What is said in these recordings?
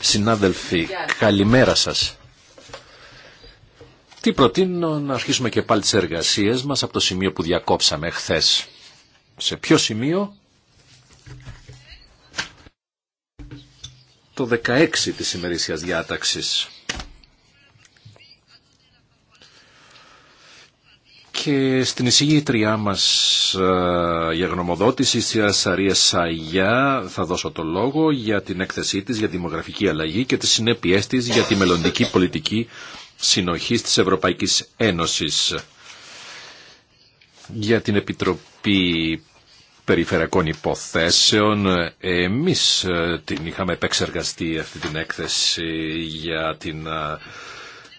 Συνάδελφοι, καλημέρα σας. Τι προτείνω να αρχίσουμε και πάλι τις εργασίες μας από το σημείο που διακόψαμε χθες. Σε ποιο σημείο? Το 16 της ημερήσιας διάταξης. και στην εισηγήτριά μας ε, για γνωμοδότηση η Σαρία Σαγιά θα δώσω το λόγο για την έκθεσή της για δημογραφική αλλαγή και τις συνέπειές της για τη μελλοντική πολιτική συνοχή της Ευρωπαϊκής Ένωσης. Για την Επιτροπή Περιφερειακών Υποθέσεων εμείς ε, την είχαμε επεξεργαστεί αυτή την έκθεση για την ε,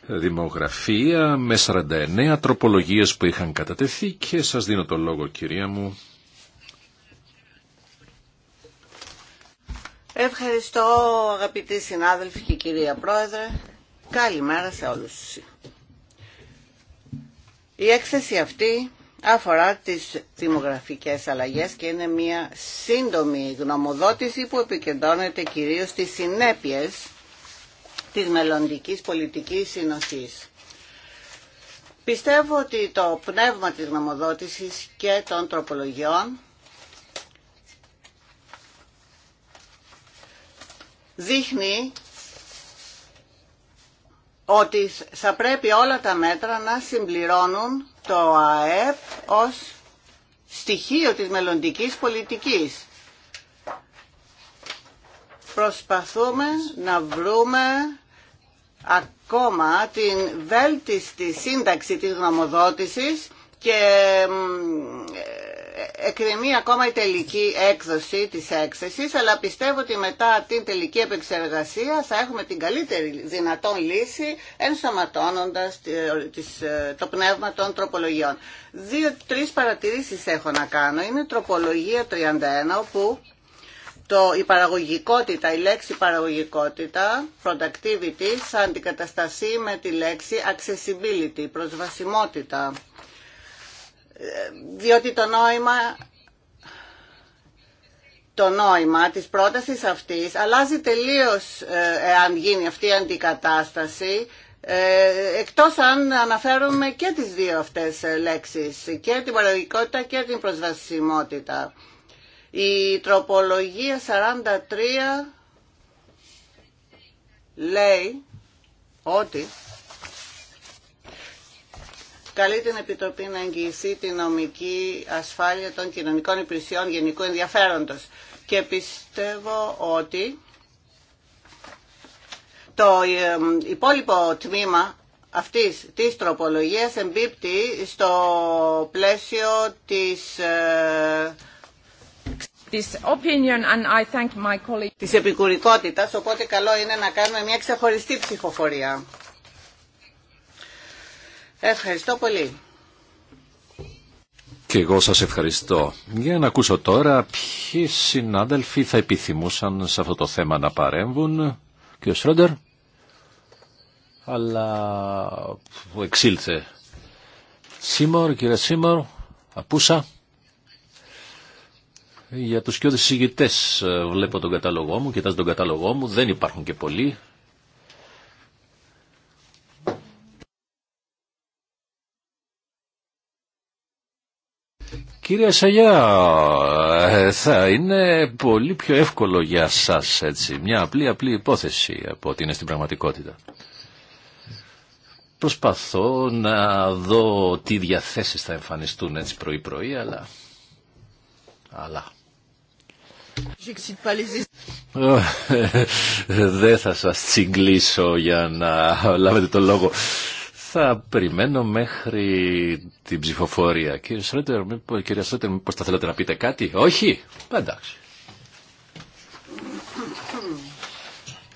δημογραφία με 49 τροπολογίες που είχαν κατατεθεί και σας δίνω το λόγο κυρία μου. Ευχαριστώ αγαπητοί συνάδελφοι και κυρία Πρόεδρε. Καλημέρα σε όλους. Η έκθεση αυτή αφορά τις δημογραφικές αλλαγές και είναι μια σύντομη γνωμοδότηση που επικεντρώνεται κυρίως στις συνέπειες της μελλοντικής πολιτικής συνοχής. Πιστεύω ότι το πνεύμα της νομοδότησης και των τροπολογιών δείχνει ότι θα πρέπει όλα τα μέτρα να συμπληρώνουν το ΑΕΠ ως στοιχείο της μελλοντικής πολιτικής. Προσπαθούμε να βρούμε ακόμα την βέλτιστη σύνταξη της γνωμοδότησης και ε, εκκρεμεί ακόμα η τελική έκδοση της έκθεσης, αλλά πιστεύω ότι μετά την τελική επεξεργασία θα έχουμε την καλύτερη δυνατόν λύση ενσωματώνοντας ε, το πνεύμα των τροπολογιών. Δύο-τρεις παρατηρήσεις έχω να κάνω. Είναι τροπολογία 31, όπου το, η παραγωγικότητα, η λέξη παραγωγικότητα, productivity, θα αντικατασταθεί με τη λέξη accessibility, προσβασιμότητα. Ε, διότι το νόημα, το νόημα της πρότασης αυτής αλλάζει τελείως αν ε, γίνει αυτή η αντικατάσταση ε, εκτός αν αναφέρουμε και τις δύο αυτές λέξεις, και την παραγωγικότητα και την προσβασιμότητα. Η τροπολογία 43 λέει ότι καλεί την Επιτροπή να εγγυηθεί την νομική ασφάλεια των κοινωνικών υπηρεσιών γενικού ενδιαφέροντος. Και πιστεύω ότι το ε, υπόλοιπο τμήμα αυτής της τροπολογίας εμπίπτει στο πλαίσιο της ε, This opinion and I thank my της επικουρικότητας, οπότε καλό είναι να κάνουμε μια ξεχωριστή ψηφοφορία. Ευχαριστώ πολύ. Και εγώ σας ευχαριστώ. Για να ακούσω τώρα ποιοι συνάδελφοι θα επιθυμούσαν σε αυτό το θέμα να παρέμβουν. Κύριο Σρόντερ, αλλά που εξήλθε. Σίμωρ, κύριε Σίμωρ, απούσα. Για τους κοιόδες συγγητές ε, βλέπω τον κατάλογό μου, κοιτάζω τον κατάλογό μου, δεν υπάρχουν και πολλοί. Κύριε Σαγιά, ε, θα είναι πολύ πιο εύκολο για σας έτσι, μια απλή απλή υπόθεση από ότι είναι στην πραγματικότητα. Προσπαθώ να δω τι διαθέσεις θα εμφανιστούν έτσι πρωί πρωί, αλλά... αλλά... Δεν θα σας τσιγκλίσω για να λάβετε το λόγο. Θα περιμένω μέχρι την ψηφοφορία. Κύριε Σρέτερ, μήπως, μήπως θα θέλατε να πείτε κάτι. Όχι. Εντάξει.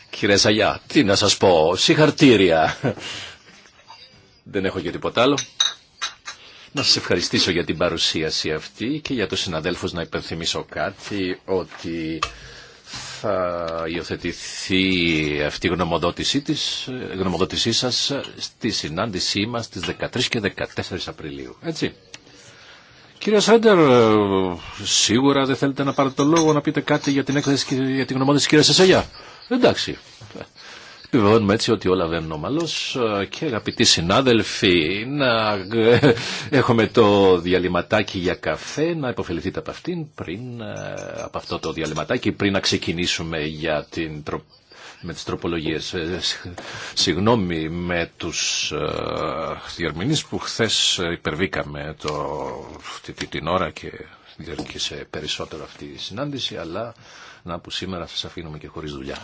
Κύριε Σαγιά, τι να σας πω. Συγχαρτήρια. Δεν έχω και τίποτα άλλο. Να σας ευχαριστήσω για την παρουσίαση αυτή και για τους συναδέλφους να υπενθυμίσω κάτι ότι θα υιοθετηθεί αυτή η γνωμοδότησή, της, γνωμοδότησή σας στη συνάντησή μας στις 13 και 14 Απριλίου. Έτσι. Κύριε Σέντερ, σίγουρα δεν θέλετε να πάρετε το λόγο να πείτε κάτι για την έκθεση για την γνωμοδότηση κυρία Σεσαγιά. Εντάξει. Επιβεβαιώνουμε έτσι ότι όλα βαίνουν ομαλώς και αγαπητοί συνάδελφοι να έχουμε το διαλυματάκι για καφέ να υποφεληθείτε από αυτήν πριν ε, από αυτό το διαλυματάκι πριν να ξεκινήσουμε για την με τις τροπολογίες. Ε, συγγνώμη με τους ε, διερμηνείς που χθες υπερβήκαμε το, την, ώρα και διερκήσε περισσότερο αυτή η συνάντηση, αλλά να που σήμερα σας αφήνουμε και χωρίς δουλειά.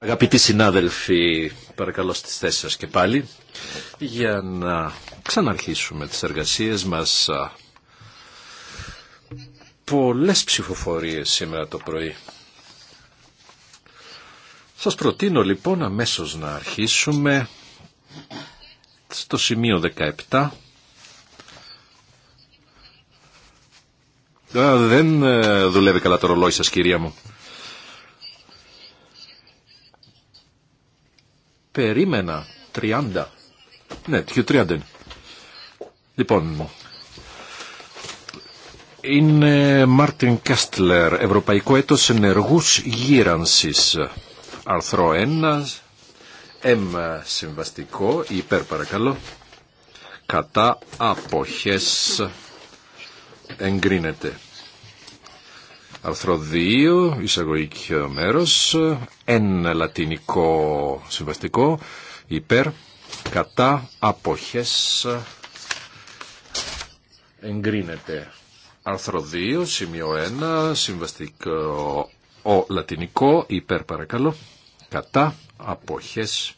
Αγαπητοί συνάδελφοι, παρακαλώ στις θέσεις σας και πάλι για να ξαναρχίσουμε τις εργασίες μας. Πολλές ψηφοφορίες σήμερα το πρωί. Σας προτείνω λοιπόν αμέσως να αρχίσουμε στο σημείο 17 Δεν ε, δουλεύει καλά το ρολόι σας κυρία μου. περίμενα 30. Ναι, Q30 είναι. Λοιπόν, είναι Μάρτιν Κέστλερ, Ευρωπαϊκό Έτος Ενεργούς Γύρανσης, άρθρο 1, M συμβαστικό, υπέρ παρακαλώ, κατά αποχές εγκρίνεται. Αρθρό 2, εισαγωγικό μέρο, εν λατινικό συμβαστικό, υπέρ, κατά, αποχές, εγκρίνεται. Άρθρο 2, σημείο 1, συμβαστικό ο λατινικό, υπέρ παρακαλώ, κατά, αποχές,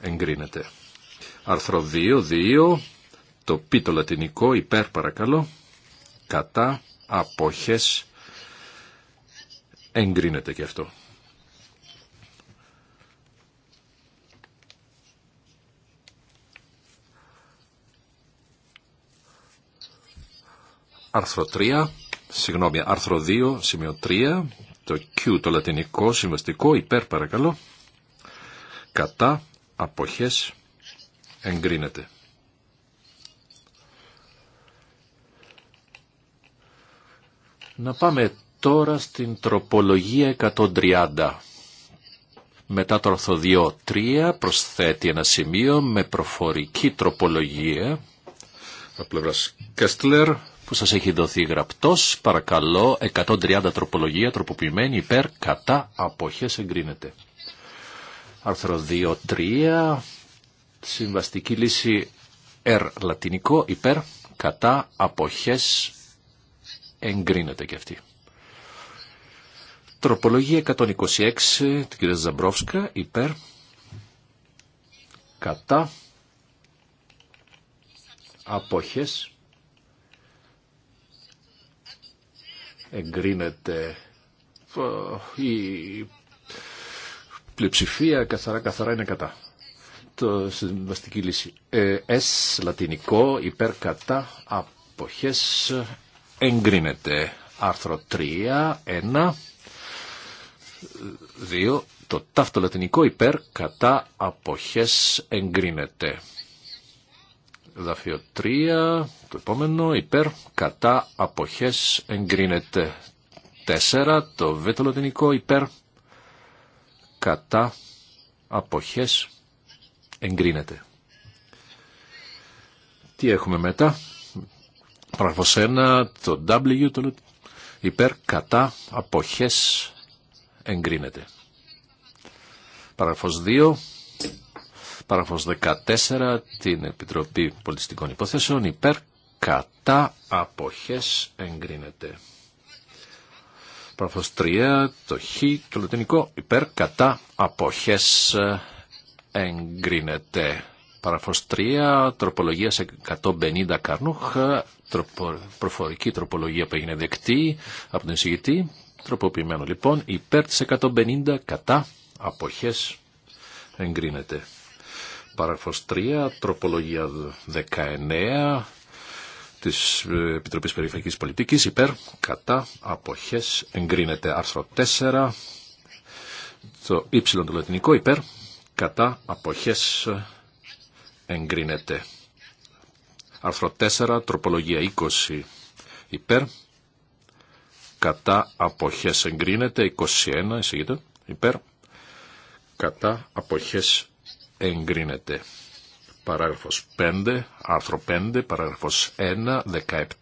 εγκρίνεται. Άρθρο 2, 2, το πι το λατινικό, υπέρ παρακαλώ, κατά, αποχές, Εγκρίνεται και αυτό. Άρθρο 3, συγγνώμη, άρθρο 2, σημείο 3, το Q το λατινικό, συμβαστικό, υπέρ παρακαλώ, κατά, αποχές, εγκρίνεται. Να πάμε Τώρα στην τροπολογία 130. Μετά το ορθοδιό 3 προσθέτει ένα σημείο με προφορική τροπολογία από πλευρά Κέστλερ που σας έχει δοθεί γραπτός. Παρακαλώ, 130 τροπολογία, τροποποιημένη υπέρ, κατά, αποχές εγκρίνεται. Άρθρο 2.3, συμβαστική λύση R λατινικό, υπέρ, κατά, αποχές εγκρίνεται και αυτή. Τροπολογία 126 του κ. Ζαμπρόφσκα υπέρ κατά απόχες εγκρίνεται η πλειοψηφία καθαρά καθαρά είναι κατά το συμβαστική λύση ε, S λατινικό υπέρ κατά απόχες εγκρίνεται άρθρο 3 1 2. Το ταύτο λατινικό υπέρ κατά αποχές εγκρίνεται. Δαφείο 3. Το επόμενο υπέρ κατά αποχές εγκρίνεται. 4. Το βέτο λατινικό υπέρ κατά αποχές εγκρίνεται. Τι έχουμε μετά. Παραγωγός 1. Το W το υπέρ κατά αποχές εγκρίνεται. Παραγραφός 2, παραγραφός 14, την Επιτροπή Πολιτιστικών Υποθέσεων, υπέρ, κατά, αποχές, εγκρίνεται. Παραγραφός 3, το χ, το λατινικό, υπέρ, κατά, αποχές, εγκρίνεται. Παραγραφός 3, τροπολογία 150 καρνούχ, προφορική τροπολογία που έγινε δεκτή από τον εισηγητή, Τροποποιημένο λοιπόν υπέρ τη 150 κατά αποχές εγκρίνεται. Παράγραφο 3, τροπολογία 19 της ε, Επιτροπή Περιφερειακής Πολιτικής υπέρ κατά αποχές εγκρίνεται. Άρθρο 4, το ύψιλον του λατινικό υπέρ κατά αποχές εγκρίνεται. Άρθρο 4, τροπολογία 20 υπέρ κατά αποχές εγκρίνεται 21 εισηγείται υπέρ κατά αποχές εγκρίνεται παράγραφος 5 άρθρο 5 παράγραφος 1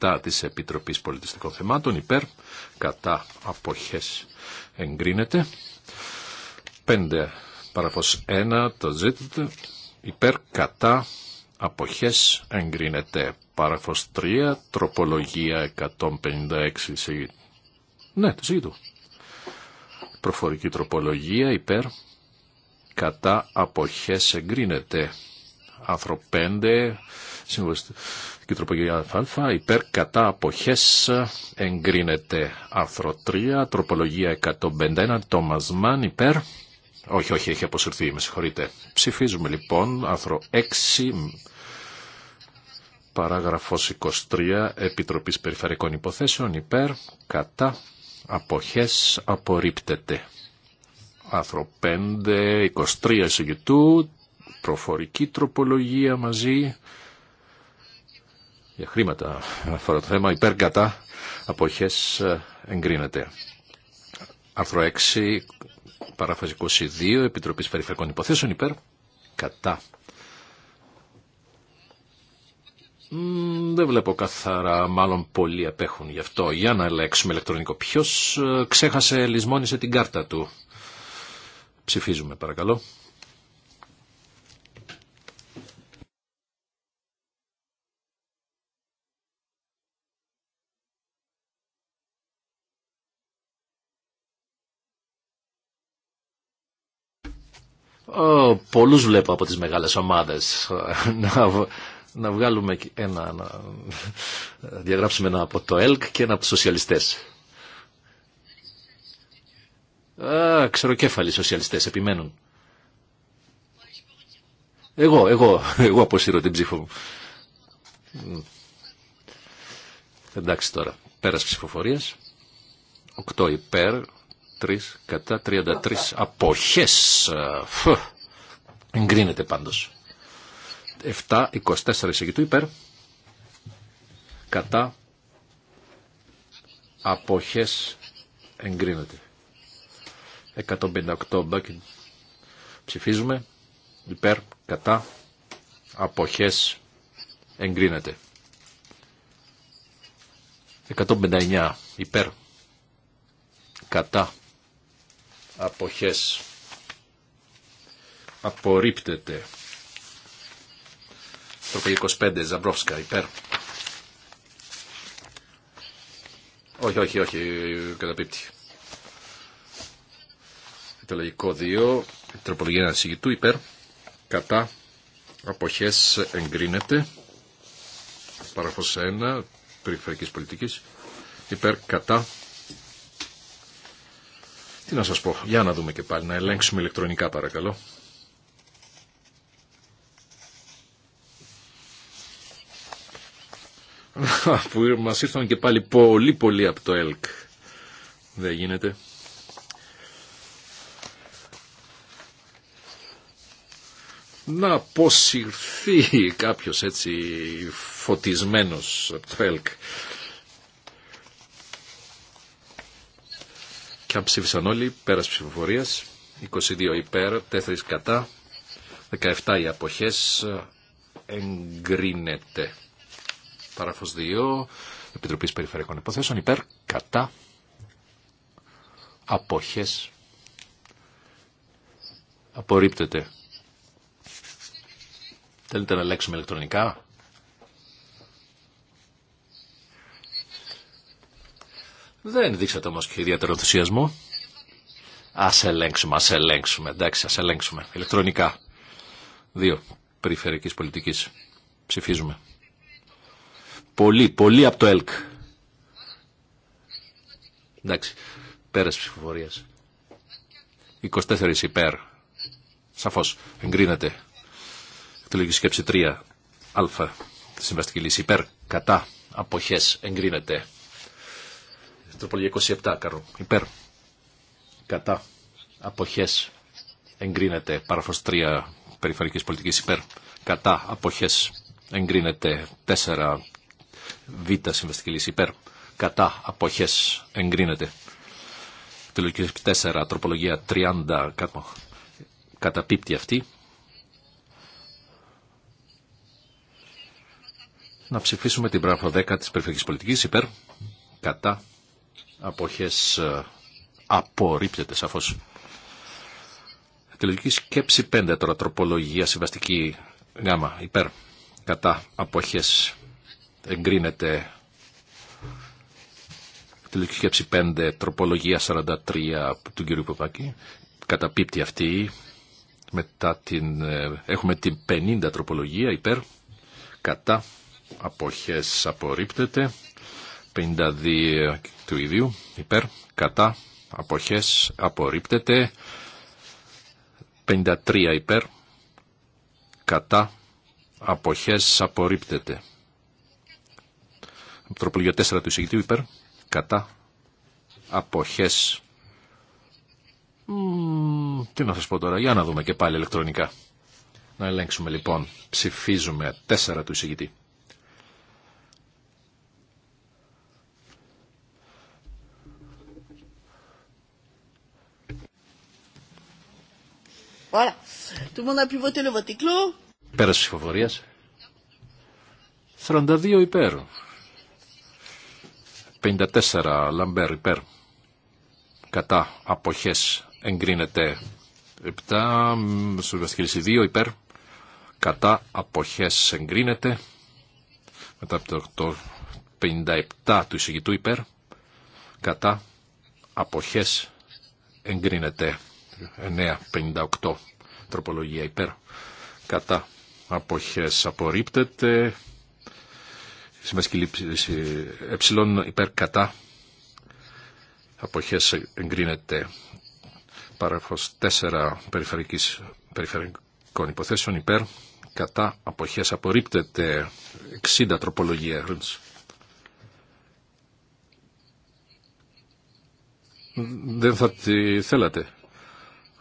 17 της Επιτροπής Πολιτιστικών Θεμάτων υπέρ κατά αποχές εγκρίνεται 5 παράγραφος 1 το ζήτητε υπέρ κατά αποχές εγκρίνεται παράγραφος 3 τροπολογία 156 ναι, του Προφορική τροπολογία υπέρ κατά αποχές εγκρίνεται. Άθρο 5, συμβουλευτική τροπολογία αλφα, υπέρ κατά αποχές εγκρίνεται. Άρθρο 3, τροπολογία 151, Τόμας Μαν υπέρ. Όχι, όχι, έχει αποσυρθεί, με συγχωρείτε. Ψηφίζουμε λοιπόν, άρθρο 6, παράγραφος 23, Επιτροπής Περιφερειακών Υποθέσεων υπέρ κατά αποχές απορρίπτεται. Άθρο 5, 23 εισηγητού, προφορική τροπολογία μαζί, για χρήματα αφορά το θέμα, υπέρ κατά αποχές ε, εγκρίνεται. Άρθρο 6, παράφαση 22, Επιτροπής Περιφερειακών Υποθέσεων, υπέρ κατά Δεν βλέπω καθαρά, μάλλον πολλοί απέχουν γι' αυτό. Για να ελέγξουμε ηλεκτρονικό. Ποιο ε, ξέχασε, λησμόνισε την κάρτα του. Ψηφίζουμε παρακαλώ. Oh, πολλούς βλέπω από τις μεγάλες ομάδες. να βγάλουμε ένα, να διαγράψουμε ένα από το ΕΛΚ και ένα από τους σοσιαλιστές. Α, ξεροκέφαλοι σοσιαλιστές, επιμένουν. Εγώ, εγώ, εγώ αποσύρω την ψήφο μου. Εντάξει τώρα, πέρας ψηφοφορίας. 8 υπέρ, 3 κατά, 33 αποχές. Εγκρίνεται πάντως. 7-24 εισηγητού υπέρ κατά αποχές εγκρίνεται. 158 μπακιν ψηφίζουμε υπέρ κατά αποχές εγκρίνεται. 159 υπέρ κατά αποχές απορρίπτεται. Τροπή 25, Ζαμπρόφσκα, υπέρ. Όχι, όχι, όχι, καταπίπτει. Το 2, τροπολογία συγκριτού, υπέρ. Κατά, αποχές εγκρίνεται. Παραγωγός 1, περιφερειακής πολιτικής. Υπέρ, κατά. Τι να σας πω, για να δούμε και πάλι, να ελέγξουμε ηλεκτρονικά παρακαλώ. που μας ήρθαν και πάλι πολύ πολύ από το ΕΛΚ. Δεν γίνεται. να αποσυρθεί κάποιος έτσι φωτισμένος από το ΕΛΚ. Και αν ψήφισαν όλοι, πέρας ψηφοφορίας, 22 υπέρ, 4 κατά, 17 οι αποχές, εγκρίνεται. Παράγραφο 2 Επιτροπής Περιφερειακών Υποθέσεων υπέρ κατά αποχές απορρίπτεται. Θέλετε να ελέγξουμε ηλεκτρονικά. Δεν δείξατε όμως και ιδιαίτερο ενθουσιασμό. Ας ελέγξουμε, ας ελέγξουμε, εντάξει, ας ελέγξουμε. Ηλεκτρονικά. Δύο περιφερειακής πολιτικής. Ψηφίζουμε. Πολύ, πολύ από το ΕΛΚ. Εντάξει, πέρας ψηφοφορίας. 24 υπέρ. Σαφώς, εγκρίνεται. Εκτελογική σκέψη 3. Α. Τη συμβαστική λύση υπέρ. Κατά. Αποχές. Εγκρίνεται. Τροπολογία 27. Καρό. Υπέρ. Κατά. Αποχές. Εγκρίνεται. Παραφός 3. Περιφερειακής πολιτικής υπέρ. Κατά. Αποχές. Εγκρίνεται. 4. Β συμβαστική λύση υπέρ. Κατά αποχές εγκρίνεται. Επιλογή 4, τροπολογία 30, κάτω, καταπίπτει αυτή. Να ψηφίσουμε την πράγμα 10 της περιφερειακής πολιτικής υπέρ. Κατά αποχές ε, απορρίπτεται σαφώς. Τελογική σκέψη 5 τώρα, τροπολογία συμβαστική γάμα υπέρ. Κατά αποχές εγκρίνεται τη σκέψη 5 τροπολογία 43 του κ. κατά καταπίπτει αυτή μετά την ε, έχουμε την 50 τροπολογία υπέρ κατά αποχές απορρίπτεται 52 του ίδιου υπέρ κατά αποχές απορρίπτεται 53 υπέρ κατά αποχές απορρίπτεται Τροπολογία 4 του εισηγητή υπέρ. Κατά. Αποχές. τι να σας πω τώρα. Για να δούμε και πάλι ηλεκτρονικά. Να ελέγξουμε λοιπόν. Ψηφίζουμε 4 του εισηγητή. Voilà. Tout le monde a pu voter le vote clos. 32 υπέρ. 54 Λαμπέρ υπέρ κατά αποχές εγκρίνεται 7 συμβαστική 2 υπέρ κατά αποχές εγκρίνεται μετά από το 57 του εισηγητού υπέρ κατά αποχές εγκρίνεται 9.58 τροπολογία υπέρ κατά αποχές απορρίπτεται λήψη ε υπέρ κατά αποχές εγκρίνεται παράγραφος 4 περιφερικής, περιφερικών υποθέσεων υπέρ κατά αποχές απορρίπτεται 60 τροπολογία Δεν θα τη θέλατε.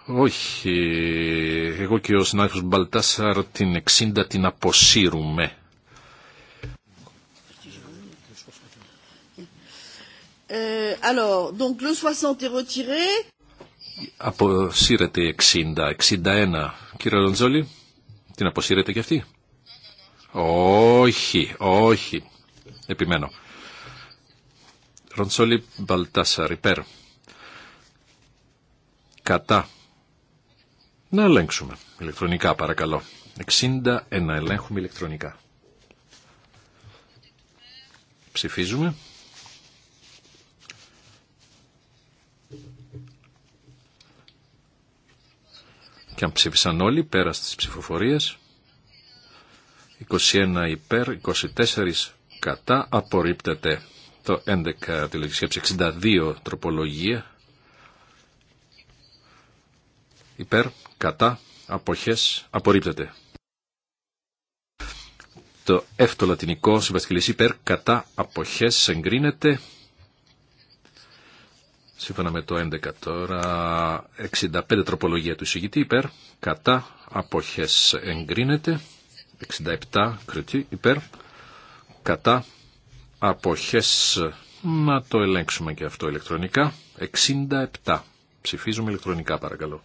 Όχι, εγώ και ο συνάδελφος Μπαλτάσαρ την 60 την αποσύρουμε. Euh, alors, donc 60 est retiré. Αποσύρεται 60, 61. Κύριε Ροντζόλη, την αποσύρεται και αυτή. Όχι, όχι. Επιμένω. Ροντσόλη Μπαλτάσα υπέρ. Κατά. Να ελέγξουμε. Ηλεκτρονικά παρακαλώ. 61 ελέγχουμε ηλεκτρονικά. Ψηφίζουμε. Και αν ψήφισαν όλοι, πέρα στις ψηφοφορίες, 21 υπέρ, 24 κατά, απορρίπτεται το 11 τη 62 τροπολογία, υπέρ, κατά, αποχές, απορρίπτεται. Το εύτο λατινικό συμβαστική υπέρ, κατά, αποχές, εγκρίνεται. Σύμφωνα με το 11 τώρα, 65 τροπολογία του εισηγητή υπέρ, κατά, αποχές εγκρίνεται, 67 κριτή υπέρ, κατά, αποχές, να το ελέγξουμε και αυτό ηλεκτρονικά, 67. Ψηφίζουμε ηλεκτρονικά παρακαλώ.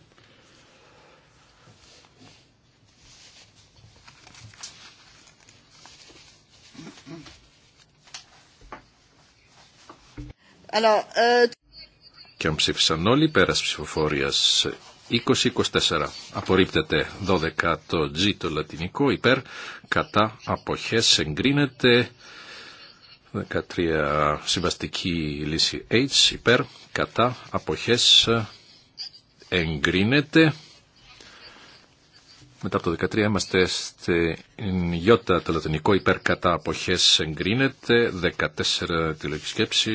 Alors, euh και αν ψήφισαν όλοι πέρας ψηφοφορίας 20-24. Απορρίπτεται 12 το G το λατινικό υπέρ κατά αποχές εγκρίνεται 13 συμβαστική λύση H υπέρ κατά αποχές εγκρίνεται μετά από το 13 είμαστε στην Ι, το λατινικό υπέρ κατά αποχές εγκρίνεται 14 τη λογική σκέψη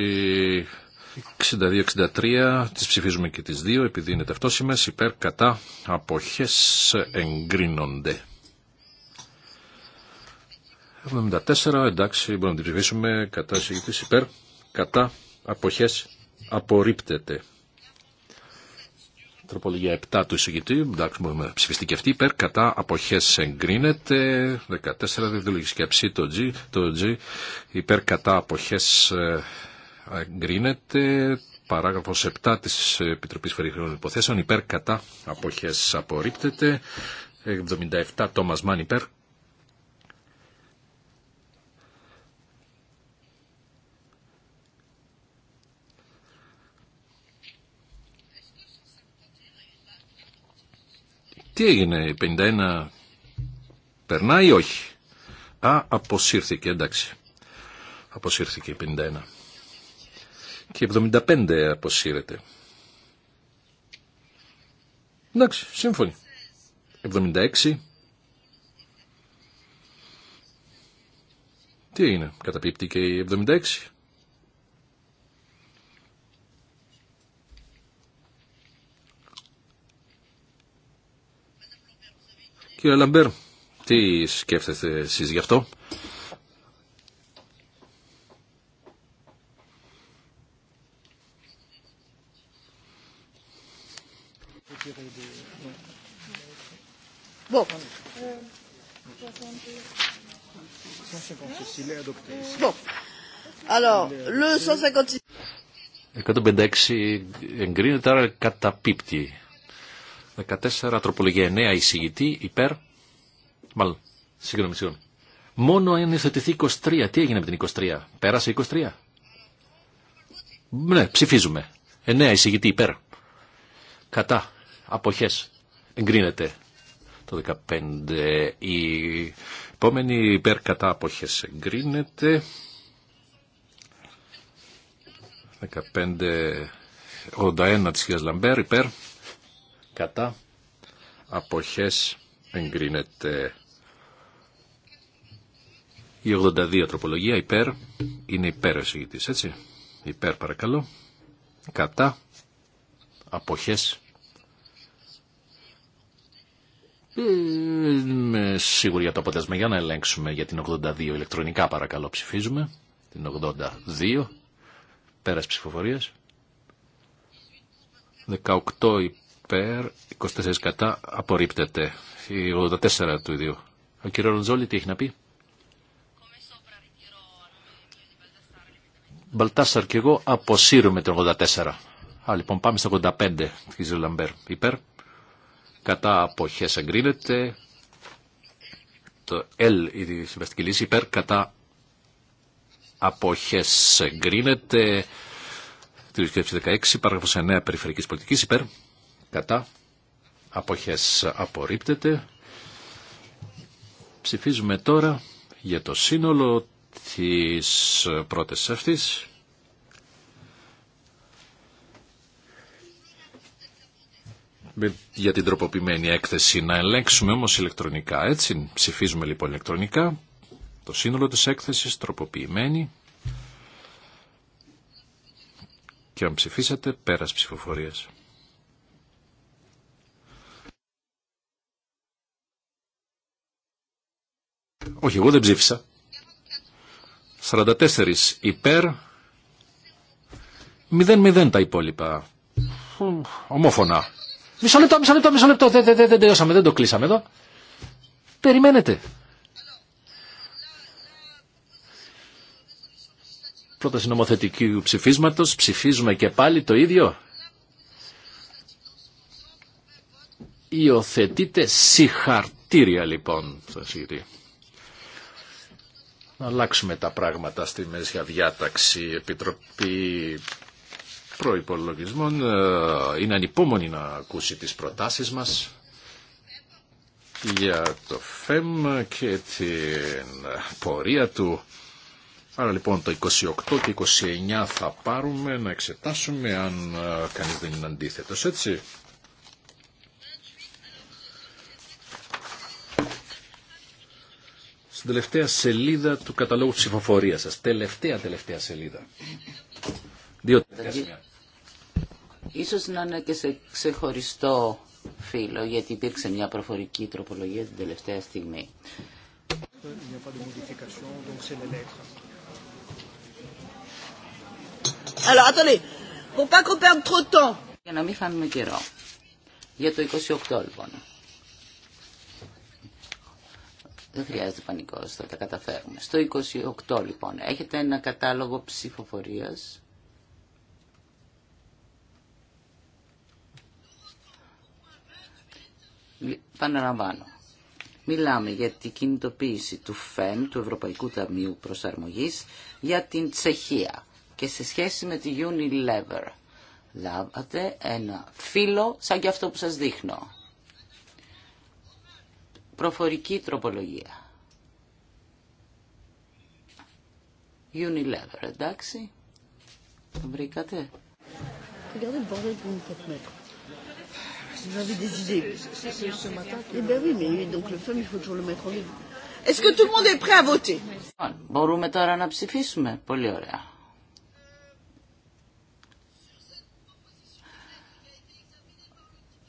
62-63, τις ψηφίζουμε και τις δύο, επειδή είναι ταυτόσιμες, υπέρ, κατά, αποχές εγκρίνονται. 74, εντάξει, μπορούμε να την ψηφίσουμε, κατά, εισηγητής, υπέρ, κατά, αποχές απορρίπτεται. Τροπολογία 7 του εισηγητή, εντάξει, μπορούμε να ψηφιστεί και αυτή, υπέρ, κατά, αποχές εγκρίνεται, 14, δεν δουλεύει σκέψη, το G, το G, υπέρ, κατά, αποχές Εγκρίνεται παράγραφο 7 της Επιτροπής Περιχρονών Υποθέσεων υπέρ κατά αποχές απορρίπτεται 77 Τόμα Μάν υπέρ Τι έγινε, 51 περνάει ή όχι. Α, αποσύρθηκε, εντάξει. Αποσύρθηκε η 51 και 75 αποσύρεται. Εντάξει, σύμφωνοι. 76. Τι είναι, καταπίπτει και η 76. Κύριε Λαμπέρ, τι σκέφτεστε εσείς γι' αυτό. Bon. Bon. Alors, le 156. 156 εγκρίνεται, άρα καταπίπτει. 14 τροπολογία 9 εισηγητή υπέρ. Μάλλον, συγγνώμη, συγγνώμη. Μόνο αν υιοθετηθεί 23. Τι έγινε με την 23. Πέρασε 23. Ναι, ψηφίζουμε. 9 εισηγητή υπέρ. Κατά. απόχέ. Εγκρίνεται. Το 15. Η επόμενη υπέρ κατά αποχές εγκρίνεται. 15.81 της κυρίας Λαμπέρ υπέρ κατά αποχές εγκρίνεται. Η 82 τροπολογία υπέρ είναι υπέρ ο έτσι. Υπέρ παρακαλώ. Κατά αποχές ε, είμαι σίγουρη για το αποτέλεσμα. Για να ελέγξουμε για την 82 ηλεκτρονικά παρακαλώ ψηφίζουμε. Την 82. Πέρας ψηφοφορία. 18 υπέρ, 24 κατά, απορρίπτεται. Η 84 του ιδίου. Ο κύριο Ροντζόλη τι έχει να πει. Μπαλτάσαρ και εγώ αποσύρουμε το 84. Α, λοιπόν πάμε στο 85 Λαμπέρ. Υπέρ, κατά αποχές εγκρίνεται. Το L, η συμβαστική λύση, υπέρ κατά αποχές εγκρίνεται. Τη 2016, παράγραφος 9 περιφερειακής πολιτικής, υπέρ κατά αποχές απορρίπτεται. Ψηφίζουμε τώρα για το σύνολο της πρώτης αυτής για την τροποποιημένη έκθεση. Να ελέγξουμε όμως ηλεκτρονικά, έτσι. Ψηφίζουμε λοιπόν ηλεκτρονικά. Το σύνολο της έκθεσης τροποποιημένη. Και αν ψηφίσατε, πέρας ψηφοφορίας. Όχι, εγώ δεν ψήφισα. 44 υπέρ, 0-0 τα υπόλοιπα. Ομόφωνα. Μισό λεπτό, μισό λεπτό, μισό λεπτό. Δεν, δεν, δεν, δεν τελειώσαμε, δεν το κλείσαμε εδώ. Περιμένετε. Πρόταση νομοθετικού ψηφίσματος. Ψηφίζουμε και πάλι το ίδιο. Υιοθετείτε συγχαρτήρια λοιπόν. να αλλάξουμε τα πράγματα στη μέση διάταξη. Επιτροπή προϋπολογισμών ε, είναι ανυπόμονη να ακούσει τις προτάσεις μας για το ΦΕΜ και την πορεία του. Άρα λοιπόν το 28 και 29 θα πάρουμε να εξετάσουμε αν ε, κανείς δεν είναι αντίθετος, έτσι. στην τελευταία σελίδα του καταλόγου ψηφοφορία σας, Τελευταία, τελευταία σελίδα. Δύο τελευταία σημεία. Ίσως να είναι και σε ξεχωριστό φύλλο, γιατί υπήρξε μια προφορική τροπολογία την τελευταία στιγμή. Για να μην χάνουμε καιρό. Για το 28 λοιπόν. Δεν χρειάζεται πανικό, θα τα καταφέρουμε. Στο 28 λοιπόν έχετε ένα κατάλογο ψηφοφορίας. Παναλαμβάνω. Μιλάμε για την κινητοποίηση του ΦΕΜ, του Ευρωπαϊκού Ταμείου Προσαρμογής, για την Τσεχία και σε σχέση με τη Unilever. Λάβατε ένα φύλλο σαν και αυτό που σας δείχνω. Προφορική τροπολογία. Unilever, εντάξει. Το βρήκατε. J'avais des idées. Eh bien oui, mais donc le femme, il faut toujours le mettre en ligne. Est-ce que tout le monde est prêt à voter Μπορούμε τώρα να ψηφίσουμε. Πολύ ωραία.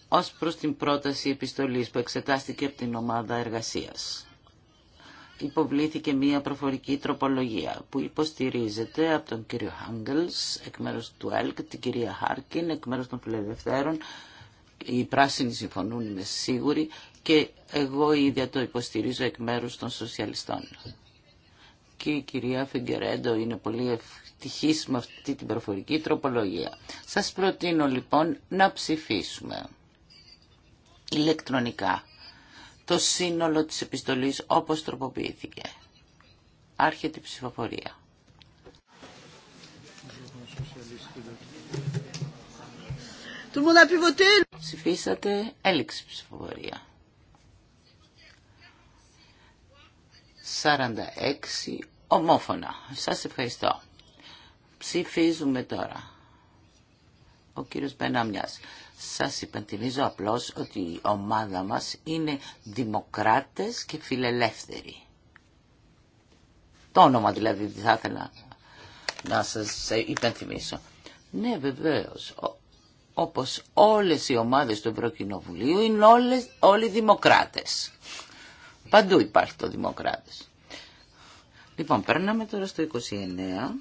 Ως προς την πρόταση επιστολής που εξετάστηκε από την ομάδα εργασίας. Υποβλήθηκε μία προφορική τροπολογία που υποστηρίζεται από τον κύριο Χάγκελς εκ μέρους του ΕΛΚ, την κυρία Χάρκιν εκ μέρους των Φιλελευθέρων οι πράσινοι συμφωνούν, είμαι σίγουρη, και εγώ ίδια το υποστηρίζω εκ μέρους των σοσιαλιστών. Και η κυρία Φιγκερέντο είναι πολύ ευτυχής με αυτή την προφορική τροπολογία. Σας προτείνω λοιπόν να ψηφίσουμε ηλεκτρονικά το σύνολο της επιστολής όπως τροποποιήθηκε. Άρχεται η ψηφοφορία. Του Ψηφίσατε, έληξε ψηφοφορία. 46 ομόφωνα. Σας ευχαριστώ. Ψηφίζουμε τώρα. Ο κύριος Μπενάμιας. Σας υπενθυμίζω απλώς ότι η ομάδα μας είναι δημοκράτες και φιλελεύθεροι. Το όνομα δηλαδή θα ήθελα να σας υπενθυμίσω. Ναι βεβαίως όπως όλες οι ομάδες του Ευρωκοινοβουλίου, είναι όλες, όλοι δημοκράτες. Παντού υπάρχει το δημοκράτες. Λοιπόν, περνάμε τώρα στο 29,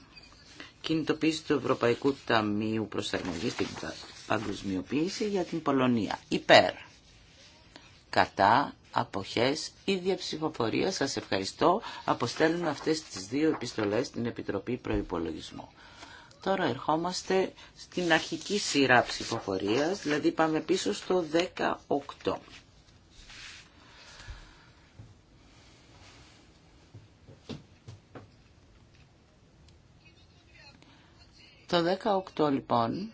κινητοποίηση του Ευρωπαϊκού Ταμείου Προσαρμογής στην Παγκοσμιοποίηση για την Πολωνία. Υπέρ. Κατά αποχές ή διαψηφοφορία. Σας ευχαριστώ. Αποστέλνουμε αυτές τις δύο επιστολές στην Επιτροπή Προϋπολογισμού. Τώρα ερχόμαστε στην αρχική σειρά ψηφοφορίας, δηλαδή πάμε πίσω στο 18. Το 18 λοιπόν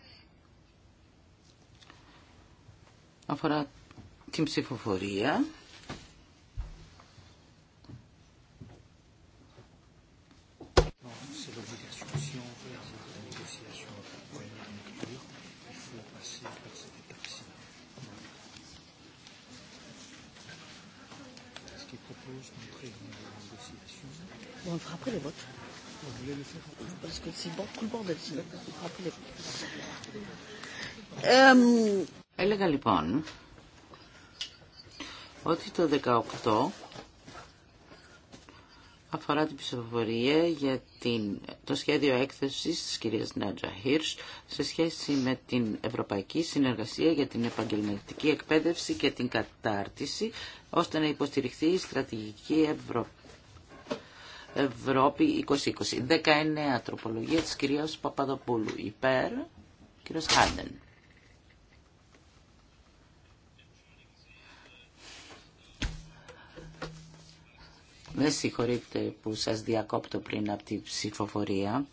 αφορά την ψηφοφορία après Έλεγα λοιπόν ότι το 18 αφορά την ψηφοφορία για την, το σχέδιο έκθεσης της κυρίας Νέτζα Χίρς σε σχέση με την Ευρωπαϊκή Συνεργασία για την Επαγγελματική Εκπαίδευση και την Κατάρτιση ώστε να υποστηριχθεί η Στρατηγική Ευρωπαϊκή Ευρώπη 2020. 19 τροπολογία της κυρίας Παπαδοπούλου. Υπέρ, κύριος Χάντεν. Δεν συγχωρείτε που σας διακόπτω πριν από τη ψηφοφορία,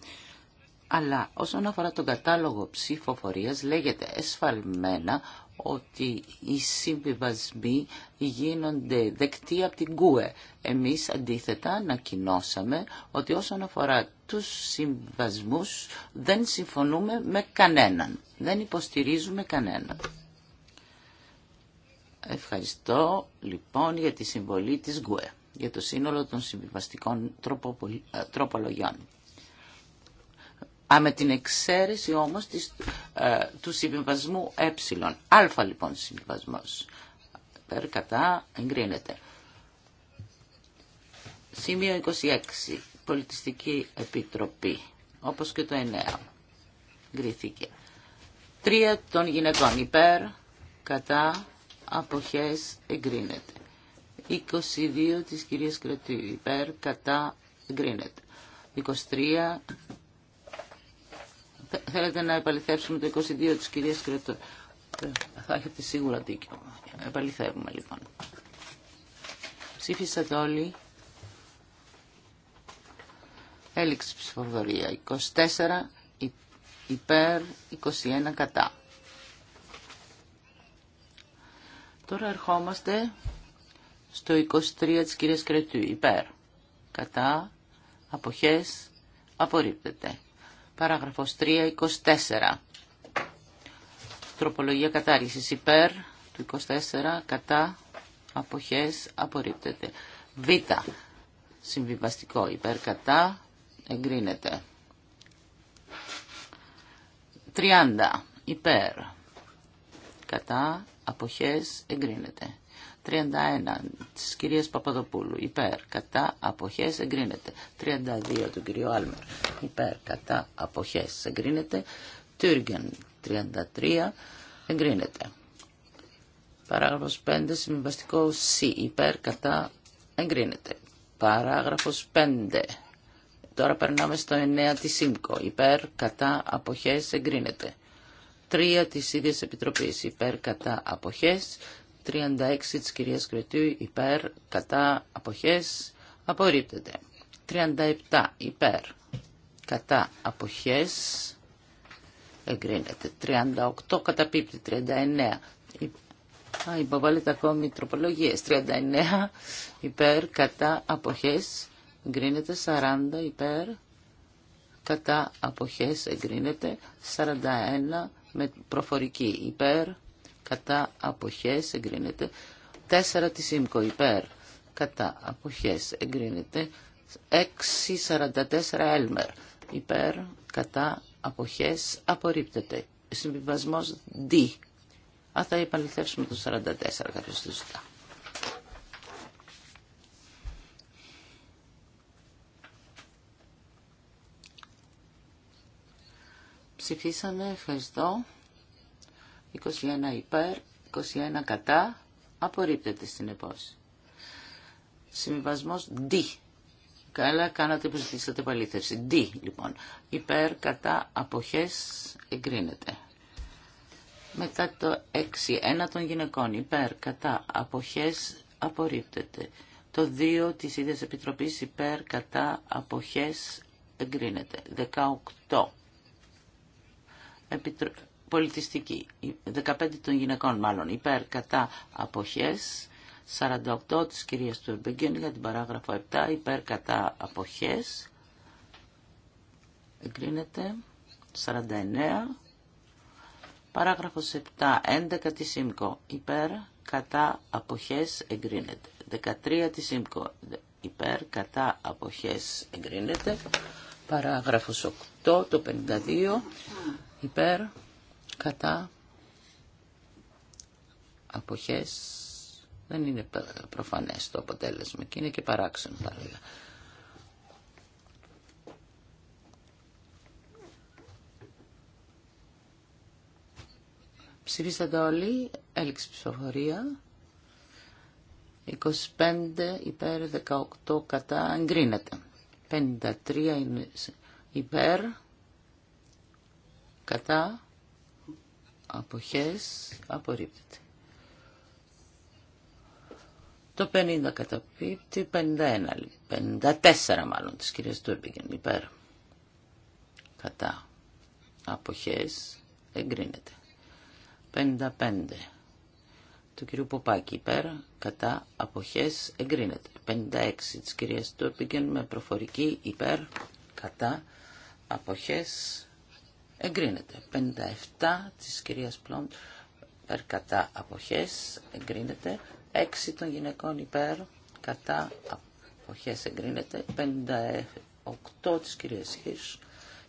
αλλά όσον αφορά τον κατάλογο ψηφοφορίας λέγεται εσφαλμένα ότι οι συμβιβασμοί γίνονται δεκτοί από την ΚΟΕ. Εμείς αντίθετα ανακοινώσαμε ότι όσον αφορά τους συμβασμούς δεν συμφωνούμε με κανέναν. Δεν υποστηρίζουμε κανέναν. Ευχαριστώ λοιπόν για τη συμβολή της ΚΟΕ για το σύνολο των συμβιβαστικών ε, τροπολογιών. Α, με την εξαίρεση όμως ε, του συμβιβασμού ε. Α λοιπόν συμβιβασμός. Περ κατά εγκρίνεται. Σημείο 26. Πολιτιστική Επιτροπή. Όπως και το 9. Γκρίθηκε. Τρία των γυναικών υπέρ, κατά, αποχές, εγκρίνεται. 22 της κυρίας Κρετή υπέρ, κατά, εγκρίνεται. 23 Θέλετε να επαληθεύσουμε το 22 της κυρίας Κρετού. Ε, θα έχετε σίγουρα δίκιο. Επαληθεύουμε λοιπόν. Ψήφισατε όλοι. Έληξη ψηφοδορία 24 υπέρ, 21 κατά. Τώρα ερχόμαστε στο 23 της κυρίας Κρετού. Υπέρ. Κατά. Αποχές. Απορρίπτεται. Παράγραφος 3.24. Τροπολογία κατάργησης υπέρ του 24, κατά, αποχές, απορρίπτεται. Β. Συμβιβαστικό υπέρ, κατά, εγκρίνεται. 30. Υπέρ. Κατά, αποχές, εγκρίνεται. 31 της κυρίας Παπαδοπούλου υπέρ κατά αποχές εγκρίνεται 32 του κυρίου Άλμερ υπέρ κατά αποχές εγκρίνεται Τούργεν 33 εγκρίνεται Παράγραφος 5 συμβαστικό C υπέρ κατά εγκρίνεται Παράγραφος 5 Τώρα περνάμε στο 9 τη ΣΥΜΚΟ. Υπέρ, κατά, αποχές, εγκρίνεται. 3 της ίδιας Επιτροπής. Υπέρ, κατά, αποχές, 36 της κυρίας Κρετού υπέρ κατά αποχές απορρίπτεται. 37 υπέρ κατά αποχές εγκρίνεται. 38 καταπίπτει. 39 υποβάλλεται ακόμη τροπολογίες. 39 υπέρ κατά αποχές εγκρίνεται. 40 υπέρ κατά αποχές εγκρίνεται. 41 με προφορική υπέρ κατά αποχές εγκρίνεται. 4 της ΙΜΚΟ υπέρ κατά αποχές εγκρίνεται. 644 Έλμερ υπέρ κατά αποχές απορρίπτεται. Συμβιβασμός D. Α, θα επαληθεύσουμε το 44 κάποιος το ζητά. Ψηφίσαμε, ευχαριστώ. 21 υπέρ, 21 κατά, απορρίπτεται επόση. Συμβασμός D. Καλά κάνατε που ζητήσατε παλήθευση. D λοιπόν. Υπέρ, κατά, αποχές, εγκρίνεται. Μετά το 6, 1 των γυναικών. Υπέρ, κατά, αποχές, απορρίπτεται. Το 2 της ίδιας επιτροπής υπέρ, κατά, αποχές, εγκρίνεται. 18. Επιτρο πολιτιστική. 15 των γυναικών μάλλον υπέρ κατά αποχές. 48 της κυρίας του Εμπεγγένη για την παράγραφο 7 υπέρ κατά αποχές. Εγκρίνεται. 49. Παράγραφος 7. 11 της ΣΥΜΚΟ υπέρ κατά αποχές εγκρίνεται. 13 της ΣΥΜΚΟ υπέρ κατά αποχές εγκρίνεται. Παράγραφος 8 το 52 υπέρ κατά αποχές δεν είναι προφανές το αποτέλεσμα και είναι και παράξενο θα έλεγα. Ψηφίσατε όλοι, έληξη ψηφοφορία. 25 υπέρ, 18 κατά, εγκρίνεται. 53 υπέρ, κατά, αποχές απορρίπτεται. Το 50 καταπίπτει, 51, 54 μάλλον της κυρίας Τούρμπιγεν υπέρ. Κατά. Αποχές εγκρίνεται. 55 του κυρίου Ποπάκη υπέρ, κατά, αποχές εγκρίνεται. 56 της κυρίας Τούρμπιγεν με προφορική υπέρ, κατά, αποχές εγκρίνεται. 57 της κυρίας Πλόντ υπέρ κατά αποχές εγκρίνεται. 6 των γυναικών υπέρ κατά αποχές εγκρίνεται. 58 της κυρίας Χίρς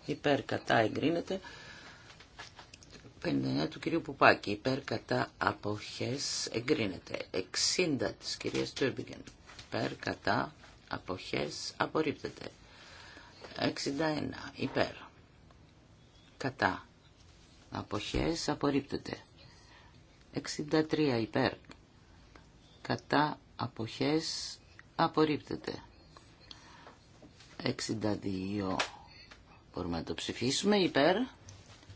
υπέρ κατά εγκρίνεται. 59 του κυρίου Πουπάκη υπέρ κατά αποχές εγκρίνεται. 60 της κυρίας Τούρμπιγκεν υπέρ κατά αποχές απορρίπτεται. 61 υπέρ κατά αποχές απορρίπτεται 63 υπέρ κατά αποχές απορρίπτεται 62 μπορούμε να το ψηφίσουμε υπέρ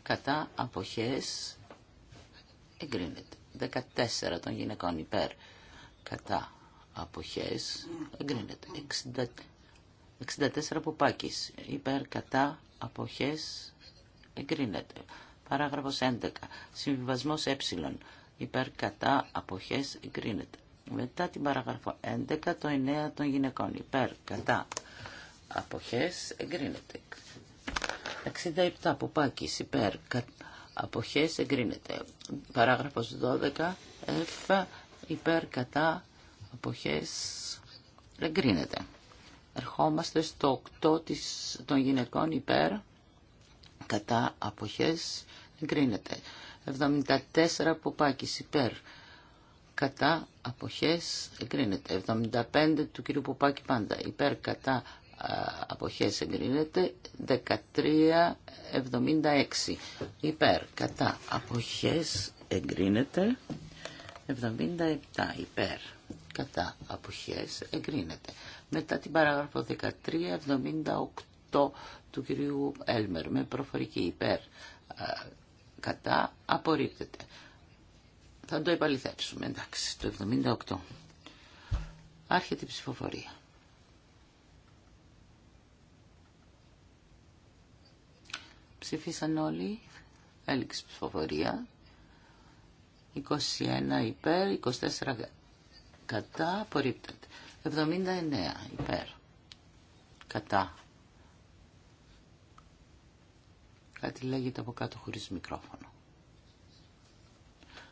κατά αποχές εγκρίνεται 14 των γυναικών υπέρ κατά αποχές εγκρίνεται 60, 64 ποπάκης υπέρ κατά αποχές εγκρίνεται. Παράγραφος 11. Συμβιβασμός ε. Υπέρ κατά αποχές εγκρίνεται. Μετά την παράγραφο 11 το 9 των γυναικών. Υπέρ κατά αποχές εγκρίνεται. 67 Πουπάκης υπέρ κατά αποχές εγκρίνεται. Παράγραφος 12. Εφ. υπέρ κατά αποχές εγκρίνεται. Ερχόμαστε στο 8 της, των γυναικών υπέρ κατά αποχές εγκρίνεται. 74 Ποπάκης υπέρ κατά αποχές εγκρίνεται. 75 του κύριου Ποπάκη πάντα υπέρ κατά αποχές εγκρίνεται 1376 υπέρ κατά αποχές εγκρίνεται 77 υπέρ κατά αποχές εγκρίνεται μετά την παράγραφο 1378 του κυρίου Έλμερ με προφορική υπέρ ε, κατά απορρίπτεται. Θα το υπαλληθέψουμε εντάξει, το 78. Άρχεται η ψηφοφορία. Ψηφίσαν όλοι, έληξε ψηφοφορία. 21 υπέρ, 24 κατά, απορρίπτεται. 79 υπέρ, κατά, Κάτι λέγεται από κάτω χωρίς μικρόφωνο.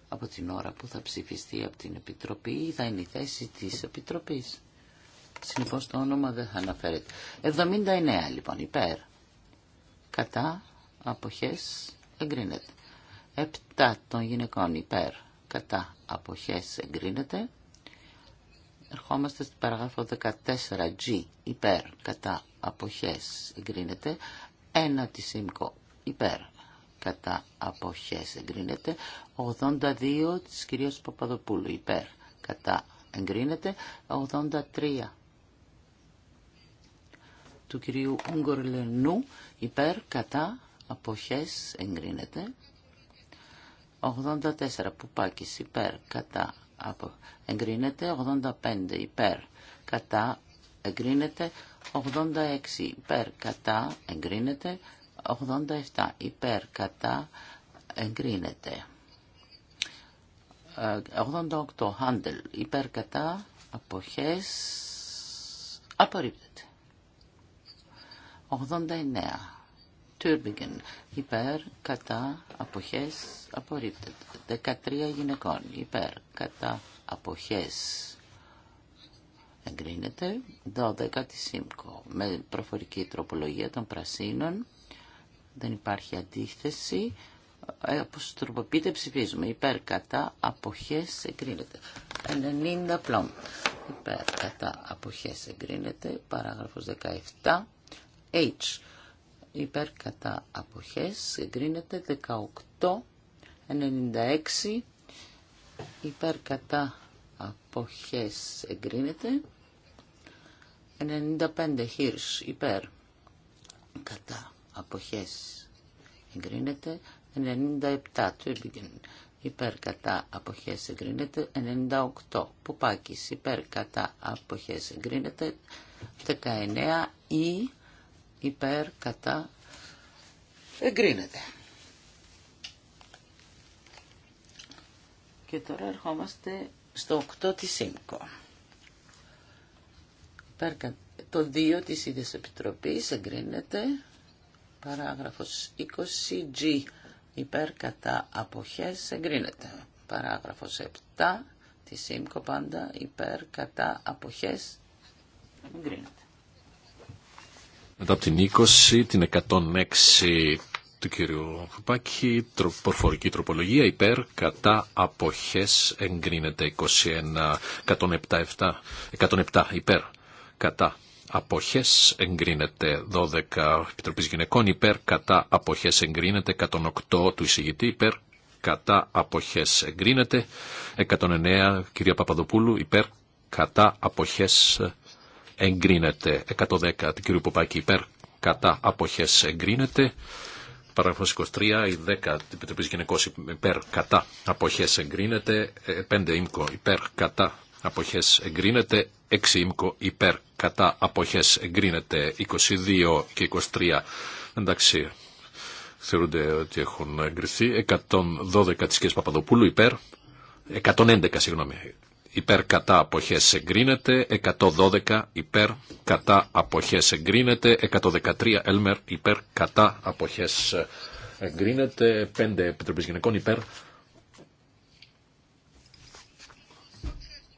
Από την ώρα που θα ψηφιστεί από την Επιτροπή θα είναι η θέση της Επιτροπής. Συνεπώς το όνομα δεν θα αναφέρεται. 79 λοιπόν υπέρ. Κατά αποχές εγκρίνεται. 7 των γυναικών υπέρ. Κατά αποχές εγκρίνεται. Ερχόμαστε στην παραγράφο 14G υπέρ κατά αποχές εγκρίνεται 1 της ΣΥΜΚΟ υπέρ κατά αποχές εγκρίνεται 82 της κυρία Παπαδοπούλου υπέρ κατά εγκρίνεται 83 του κυρίου Ούγκορλενού υπέρ κατά αποχές εγκρίνεται 84 Πουπάκης υπέρ κατά απο, εγκρίνεται 85 υπέρ κατά εγκρίνεται 86 υπέρ κατά εγκρίνεται 87 υπέρ κατά εγκρίνεται. 88 ε, Handel υπέρ κατά αποχές απορρίπτεται. 89 Τούρμπιγκεν υπέρ κατά αποχές απορρίπτεται. 13 γυναικών υπέρ κατά αποχές εγκρίνεται. 12 τη ΣΥΜΚΟ με προφορική τροπολογία των πρασίνων δεν υπάρχει αντίθεση. Ε, όπως τροποποιείται ψηφίζουμε. Υπέρ κατά αποχές εγκρίνεται. 90 πλόμ. Υπέρ κατά αποχές εγκρίνεται. Παράγραφος 17. H. Υπέρ κατά αποχές εγκρίνεται. 18. 96. Υπέρ κατά αποχές εγκρίνεται. 95 χιρς υπέρ κατά αποχές εγκρίνεται 97 του υπέρ κατά αποχές εγκρίνεται 98 Πουπάκης υπέρ κατά αποχές εγκρίνεται 19 ή υπέρ κατά εγκρίνεται και τώρα ερχόμαστε στο 8 της ΣΥΜΚΟ το 2 της ίδιας επιτροπής εγκρίνεται Παράγραφος 20G. Υπέρ κατά αποχές εγκρίνεται. Παράγραφος 7. Τη ΣΥΜΚΟ πάντα υπέρ κατά αποχές εγκρίνεται. Μετά από την 20, την 106 του κύριου Φουπάκη, προφορική τροπολογία υπέρ κατά αποχές εγκρίνεται 21, 107, 107 υπέρ κατά αποχές εγκρίνεται 12 Επιτροπής Γυναικών υπέρ κατά αποχές εγκρίνεται 108 του εισηγητή υπέρ κατά αποχές εγκρίνεται 109 κυρία Παπαδοπούλου υπέρ κατά αποχές εγκρίνεται 110 του κυρίου Ποπάκη υπέρ κατά αποχές εγκρίνεται Παραγραφός 23, η 10 Επιτροπής Γυναικός υπέρ κατά αποχές εγκρίνεται, 5 ε, ΙΜΚΟ υπέρ κατά αποχές εγκρίνεται, 6 υπέρ κατά αποχές εγκρίνεται 22 και 23 εντάξει θεωρούνται ότι έχουν εγκριθεί 112 της κ. Παπαδοπούλου υπέρ 111 συγγνώμη υπέρ κατά αποχές εγκρίνεται 112 υπέρ κατά αποχές εγκρίνεται 113 Έλμερ υπέρ κατά αποχές εγκρίνεται 5 Επιτροπής Γυναικών υπέρ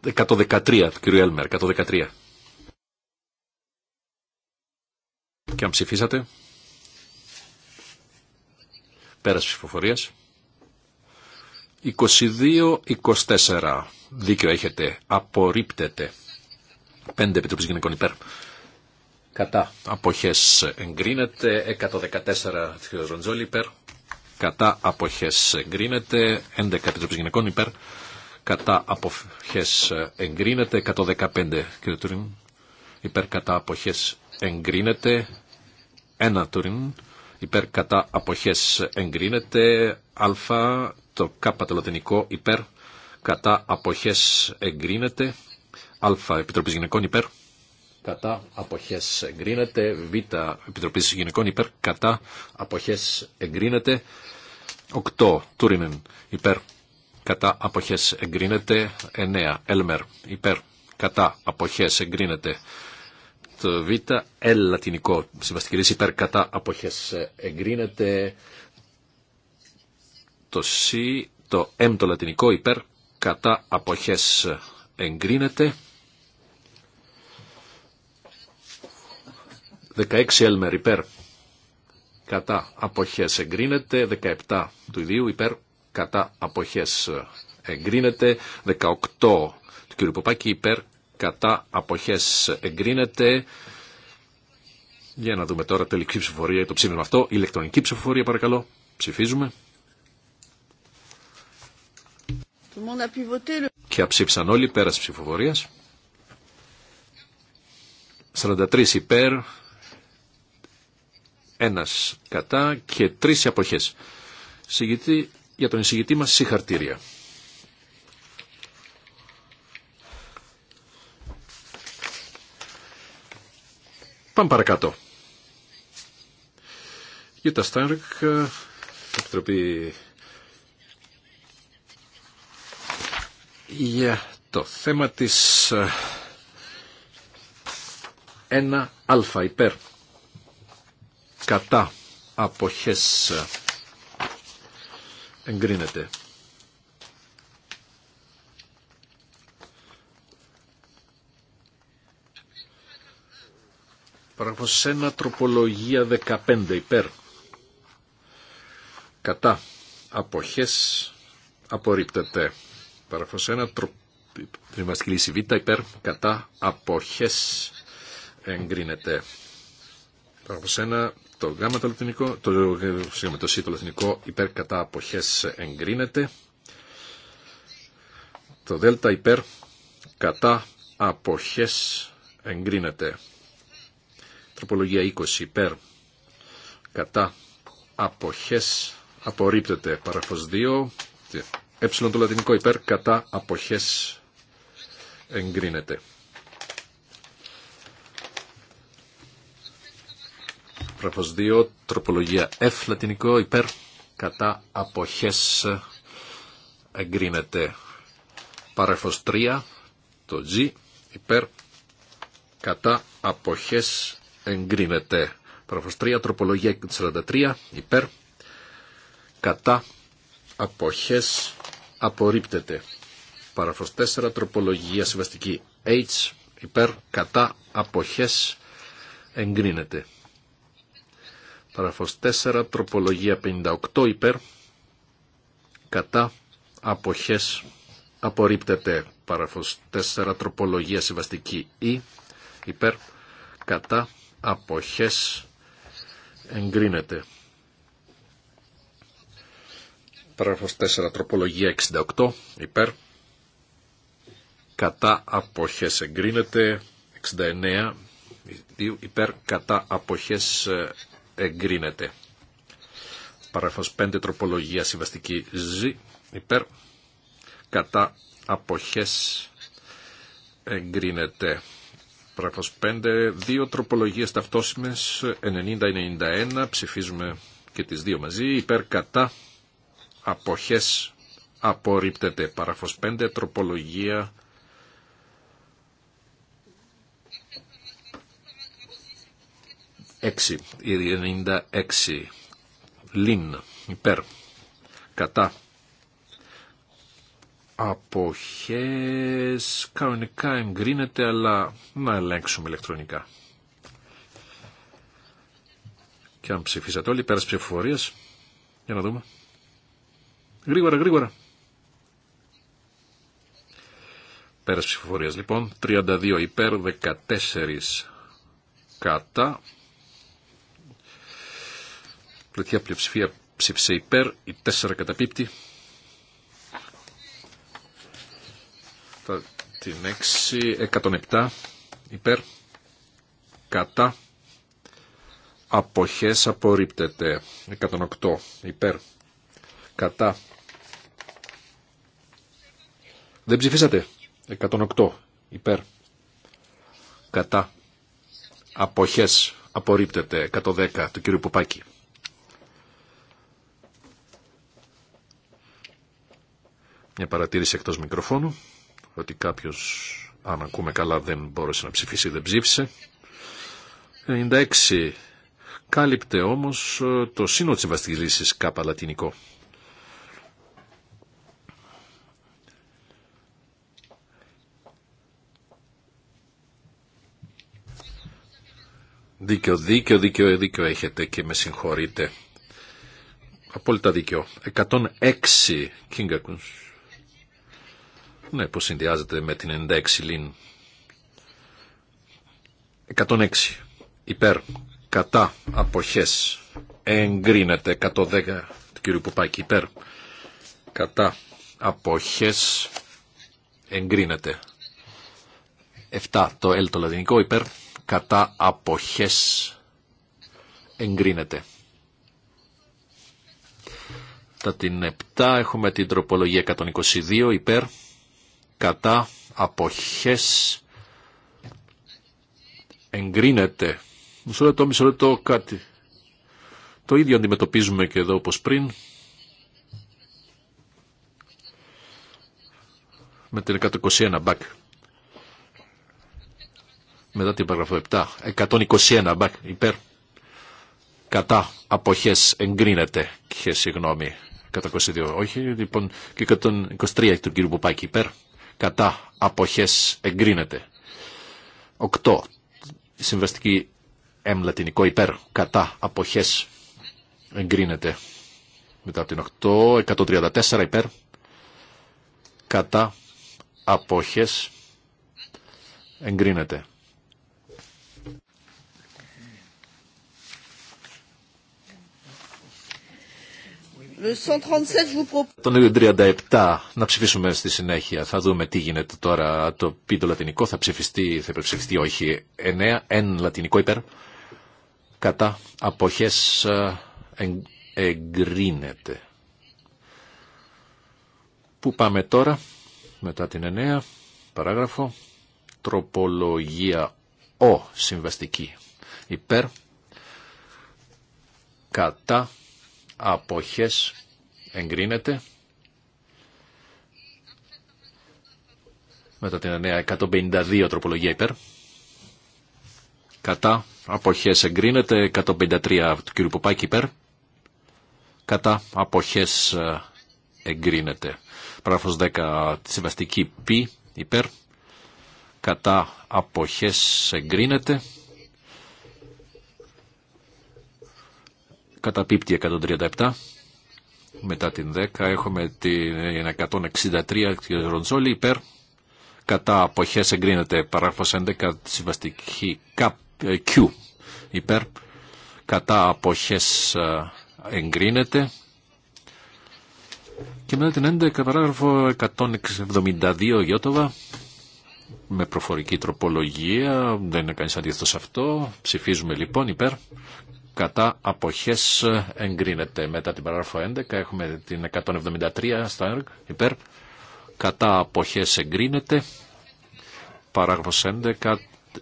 113 του κ. Έλμερ, 113. Και αν ψηφίσατε. Πέρας ψηφοφορίας. 22-24. Δίκιο έχετε. Απορρίπτεται. 5 επιτροπές γυναικών υπέρ. Κατά. Αποχές εγκρίνεται. 114 της Ροντζόλη υπέρ. Κατά. Αποχές εγκρίνεται. 11 επιτροπές γυναικών υπέρ κατά αποχές ε, εγκρίνεται, 115 κύριε Τουρίν, υπέρ κατά αποχές εγκρίνεται, 1 Τουρίν, υπέρ κατά αποχές εγκρίνεται, α το κάπα το υπέρ κατά αποχές εγκρίνεται, α Επιτροπής Γυναικών υπέρ κατά αποχές εγκρίνεται, β Επιτροπής Γυναικών υπέρ κατά αποχές εγκρίνεται, 8 Τούρινεν υπέρ κατά αποχές εγκρίνεται 9 Έλμερ υπέρ κατά αποχές εγκρίνεται το Β Ελ. λατινικό συμβαστική λύση υπέρ κατά αποχές εγκρίνεται το Σ, το ΕΜ. το λατινικό υπέρ κατά αποχές εγκρίνεται 16 Έλμερ υπέρ κατά αποχές εγκρίνεται 17 του ιδίου υπέρ κατά αποχές εγκρίνεται. 18 του κ. Ποπάκη υπέρ κατά αποχές εγκρίνεται. Για να δούμε τώρα τελική ψηφοφορία το ψήφισμα αυτό. Ηλεκτρονική ψηφοφορία παρακαλώ. Ψηφίζουμε. Και ψήφισαν όλοι πέρα της ψηφοφορίας. 43 υπέρ, ένας κατά και τρεις αποχές. Συγητή για τον εισηγητή μας συγχαρτήρια. Πάμε παρακάτω. Γιούτα Στάρκ, Επιτροπή για το θέμα της 1α ε, υπέρ κατά αποχές εγκρίνεται. Παράγραφος 1, τροπολογία 15 υπέρ. Κατά. Αποχές απορρίπτεται. Παράγραφος 1, τρο... Β υπέρ. Κατά. Αποχές εγκρίνεται από 1. Το γάμα το λατινικό, το, συγγνώμη, το λατινικό υπέρ κατά αποχές εγκρίνεται. Το δέλτα υπέρ κατά αποχές εγκρίνεται. Τροπολογία 20 υπέρ κατά αποχές απορρίπτεται. παραφώς 2. Ε, ε το λατινικό υπέρ κατά αποχές εγκρίνεται. Παράγραφος 2, τροπολογία F, λατινικό, υπέρ, κατά, αποχές, εγκρίνεται. Παράγραφος 3, το G, υπέρ, κατά, αποχές, εγκρίνεται. Παράγραφος 3, τροπολογία 43, υπέρ, κατά, αποχές, απορρίπτεται. Παράγραφος 4, τροπολογία συμβαστική H, υπέρ, κατά, αποχές, εγκρίνεται. Παραγραφός 4, τροπολογία 58 υπέρ, κατά, αποχές, απορρίπτεται. Παραγραφός 4, τροπολογία συμβαστική Ή, υπέρ, κατά, αποχές, εγκρίνεται. Παράγραφος 4, τροπολογία 68, υπέρ, κατά, αποχές, εγκρίνεται. 69, υπέρ, κατά, αποχές, ε, εγκρίνεται. Παράγραφος 5 τροπολογία συμβαστική Ζ υπέρ κατά αποχές εγκρίνεται. Παράγραφος 5 δύο τροπολογίες ταυτόσιμες 90-91 ψηφίζουμε και τις δύο μαζί υπέρ κατά αποχές απορρίπτεται. Παράγραφος 5 τροπολογία 6, η 96, λιν, υπέρ, κατά, αποχές, κανονικά εγκρίνεται, αλλά να ελέγξουμε ηλεκτρονικά. Και αν ψηφίσατε όλοι, πέρας ψηφοφορίας, για να δούμε. Γρήγορα, γρήγορα. Πέρας ψηφοφορίας λοιπόν, 32 υπέρ, 14 κατά, Πλατεία πλειοψηφία ψήφισε υπέρ, η 4 καταπίπτει. Την 6, 107 υπέρ, κατά, αποχές απορρίπτεται. 108 υπέρ, κατά. Δεν ψηφίσατε. 108 υπέρ, κατά, αποχές απορρίπτεται. 110 του κύριου Πουπάκη Μια παρατήρηση εκτός μικροφώνου, ότι κάποιος, αν ακούμε καλά, δεν μπόρεσε να ψηφίσει, δεν ψήφισε. 96. Κάλυπτε όμως ε, το σύνολο της βασική λύσης κάπα λατινικό. Δίκιο, δίκαιο, δίκιο, δίκαιο έχετε και με συγχωρείτε. Απόλυτα δίκαιο. 106 King ναι, που συνδυάζεται με την 96 λίν. 106 υπέρ κατά αποχές εγκρίνεται 110 του κύριου Πουπάκη υπέρ κατά αποχές εγκρίνεται 7 το L το λατινικό υπέρ κατά αποχές εγκρίνεται τα την 7 έχουμε την τροπολογία 122 υπέρ κατά αποχές εγκρίνεται. Μισό λεπτό, μισό λεπτό κάτι. Το ίδιο αντιμετωπίζουμε και εδώ όπως πριν. Με την 121 μπακ. Μετά την παραγραφό 7. 121 μπακ υπέρ. Κατά αποχές εγκρίνεται. Και συγγνώμη. 122 όχι. Λοιπόν και 123 του κύριου Μπουπάκη υπέρ κατά αποχές εγκρίνεται. 8. Συμβαστική εμ λατινικό υπέρ κατά αποχές εγκρίνεται. Μετά από την 8, 134 υπέρ κατά αποχές εγκρίνεται. Τον 37 να ψηφίσουμε στη συνέχεια. Θα δούμε τι γίνεται τώρα. Το πει το λατινικό θα ψηφιστεί, θα υπερψηφιστεί όχι. 9, εν λατινικό υπέρ. Κατά αποχές ε, εγκρίνεται. Πού πάμε τώρα, μετά την 9, παράγραφο, τροπολογία ο συμβαστική. Υπέρ, κατά, αποχές εγκρίνεται. Μετά την νέα 152 τροπολογία υπέρ. Κατά αποχές εγκρίνεται 153 του κ. Ποπάκη ε, υπέρ. Κατά αποχές εγκρίνεται. Παράγραφος 10 τη συμβαστική π υπέρ. Κατά αποχές εγκρίνεται. Καταπίπτει 137. Μετά την 10 έχουμε την 163 Ροντζόλη υπέρ. Κατά αποχέ εγκρίνεται παράγραφο 11 συμβαστική ε, Q υπέρ. Κατά αποχέ ε, εγκρίνεται. Και μετά την 11 παράγραφο 172 Γιώτοβα με προφορική τροπολογία. Δεν είναι κανείς αντίθετος αυτό. Ψηφίζουμε λοιπόν υπέρ κατά αποχές εγκρίνεται. Μετά την παράγραφο 11 έχουμε την 173 στα υπέρ κατά αποχές εγκρίνεται. Παράγραφος 11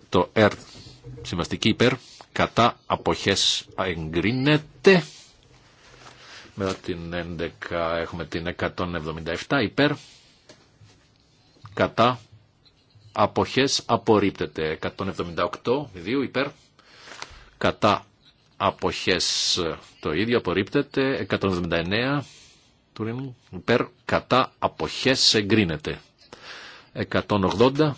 το R συμβαστική υπέρ κατά αποχές εγκρίνεται. Μετά την 11 έχουμε την 177 υπέρ κατά αποχές απορρίπτεται. 178 2 υπέρ κατά αποχές το ίδιο απορρίπτεται 179 του υπέρ κατά αποχές εγκρίνεται 180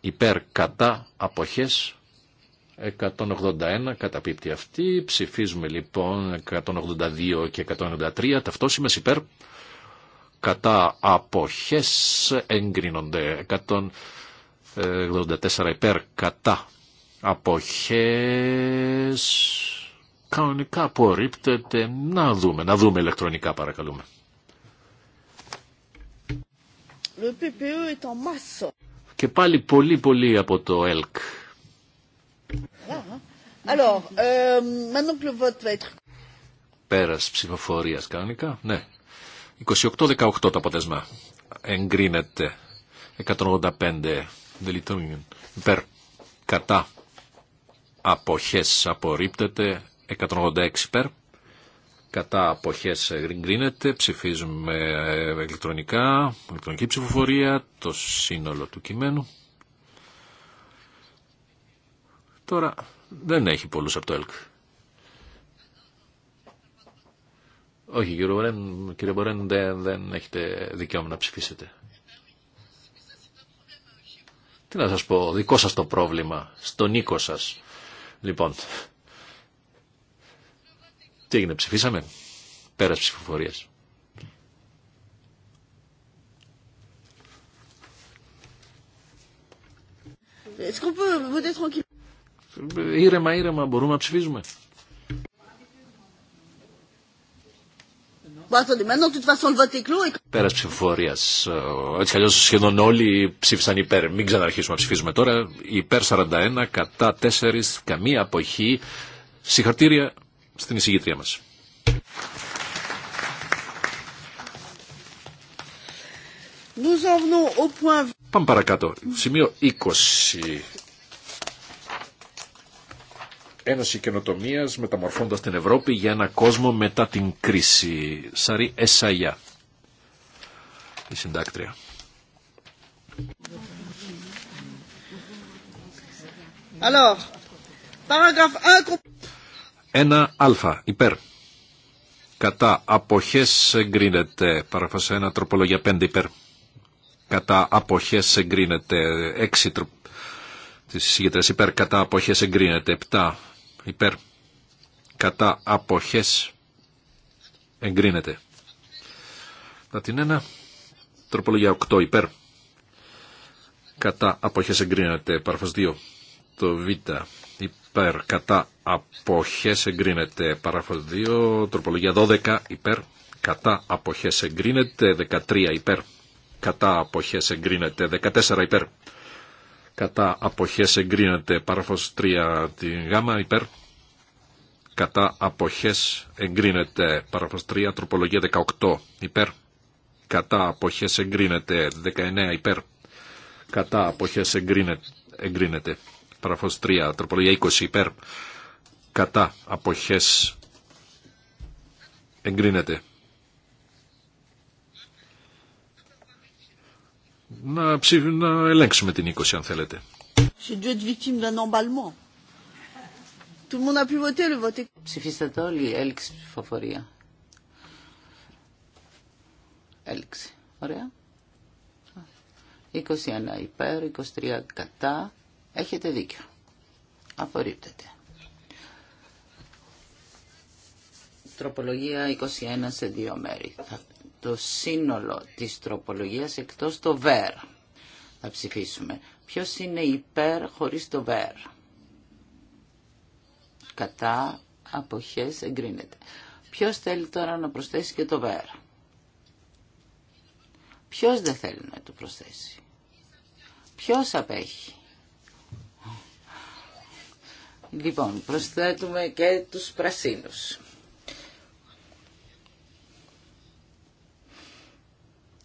υπέρ κατά αποχές 181 καταπίπτει αυτή ψηφίζουμε λοιπόν 182 και 193 ταυτόσιμες υπέρ κατά αποχές εγκρίνονται 184 υπέρ κατά αποχές κανονικά απορρίπτεται. Να δούμε, να δούμε ηλεκτρονικά παρακαλούμε. E Και πάλι πολύ πολύ από το ΕΛΚ. Ah, alors, euh, Πέρας ψηφοφορίας κανονικά, ναι. 28-18 το αποτέσμα. Εγκρίνεται. 185 υπέρ κατά αποχές απορρίπτεται 186 υπέρ. Κατά αποχές γκρίνεται. Ψηφίζουμε ε, ηλεκτρονικά, ηλεκτρονική ψηφοφορία, το σύνολο του κειμένου. Τώρα δεν έχει πολλού από το ΕΛΚ. Όχι κύριε Μπορέν, δεν, δεν έχετε δικαίωμα να ψηφίσετε. Τι να σας πω, δικό σας το πρόβλημα, στον οίκο σας. Λοιπόν, τι έγινε, ψηφίσαμε. πέρα ψηφοφορία. Ήρεμα, ήρεμα, μπορούμε να ψηφίζουμε. Πέρα ψηφοφορία. Έτσι κι αλλιώ σχεδόν όλοι ψήφισαν υπέρ. Μην ξαναρχίσουμε να ψηφίζουμε τώρα. Υπέρ 41, κατά 4, καμία αποχή. Συγχαρητήρια στην εισηγήτρια μας. Πάμε παρακάτω. Σημείο 20. Ένωση καινοτομία μεταμορφώντα την Ευρώπη για ένα κόσμο μετά την κρίση. Σαρή Εσαγιά. Η συντάκτρια. Alors, paragraphe 1. 1α υπέρ. Κατά αποχές εγκρίνεται. Παραφάσα 1 τροπολογία 5 υπέρ. Κατά αποχές εγκρίνεται. 6 τρο... της υπέρ. Κατά αποχές εγκρίνεται. 7 υπέρ. Κατά αποχές εγκρίνεται. Να την 1 τροπολογία 8 υπέρ. Κατά αποχές εγκρίνεται. Παραφάσα 2 το β υπέρ κατά αποχές εγκρίνεται. Παράγραφος 2, τροπολογία 12 υπέρ κατά αποχές εγκρίνεται. 13 υπέρ κατά αποχές εγκρίνεται. 14 υπέρ κατά αποχές εγκρίνεται. Παράγραφος 3, την γάμα υπέρ κατά αποχές εγκρίνεται. Παράγραφος 3, τροπολογία 18 υπέρ κατά αποχές εγκρίνεται. 19 υπέρ κατά αποχές εγκρίνεται. εγκρίνεται. Παραφός 3, τροπολογία 20 υπέρ, κατά αποχές εγκρίνεται. Να, ψηφ... να ελέγξουμε την 20 αν θέλετε. Ψηφίστε το όλοι, έλξη ψηφοφορία. Έλξη. Ωραία. 21 υπέρ, 23 κατά. Έχετε δίκιο. Απορρίπτεται. Τροπολογία 21 σε δύο μέρη. Το σύνολο της τροπολογίας εκτός το ΒΕΡ θα ψηφίσουμε. Ποιος είναι υπέρ χωρίς το ΒΕΡ. Κατά αποχές εγκρίνεται. Ποιος θέλει τώρα να προσθέσει και το ΒΕΡ. Ποιος δεν θέλει να το προσθέσει. Ποιος απέχει. Λοιπόν, προσθέτουμε και τους πρασίνους.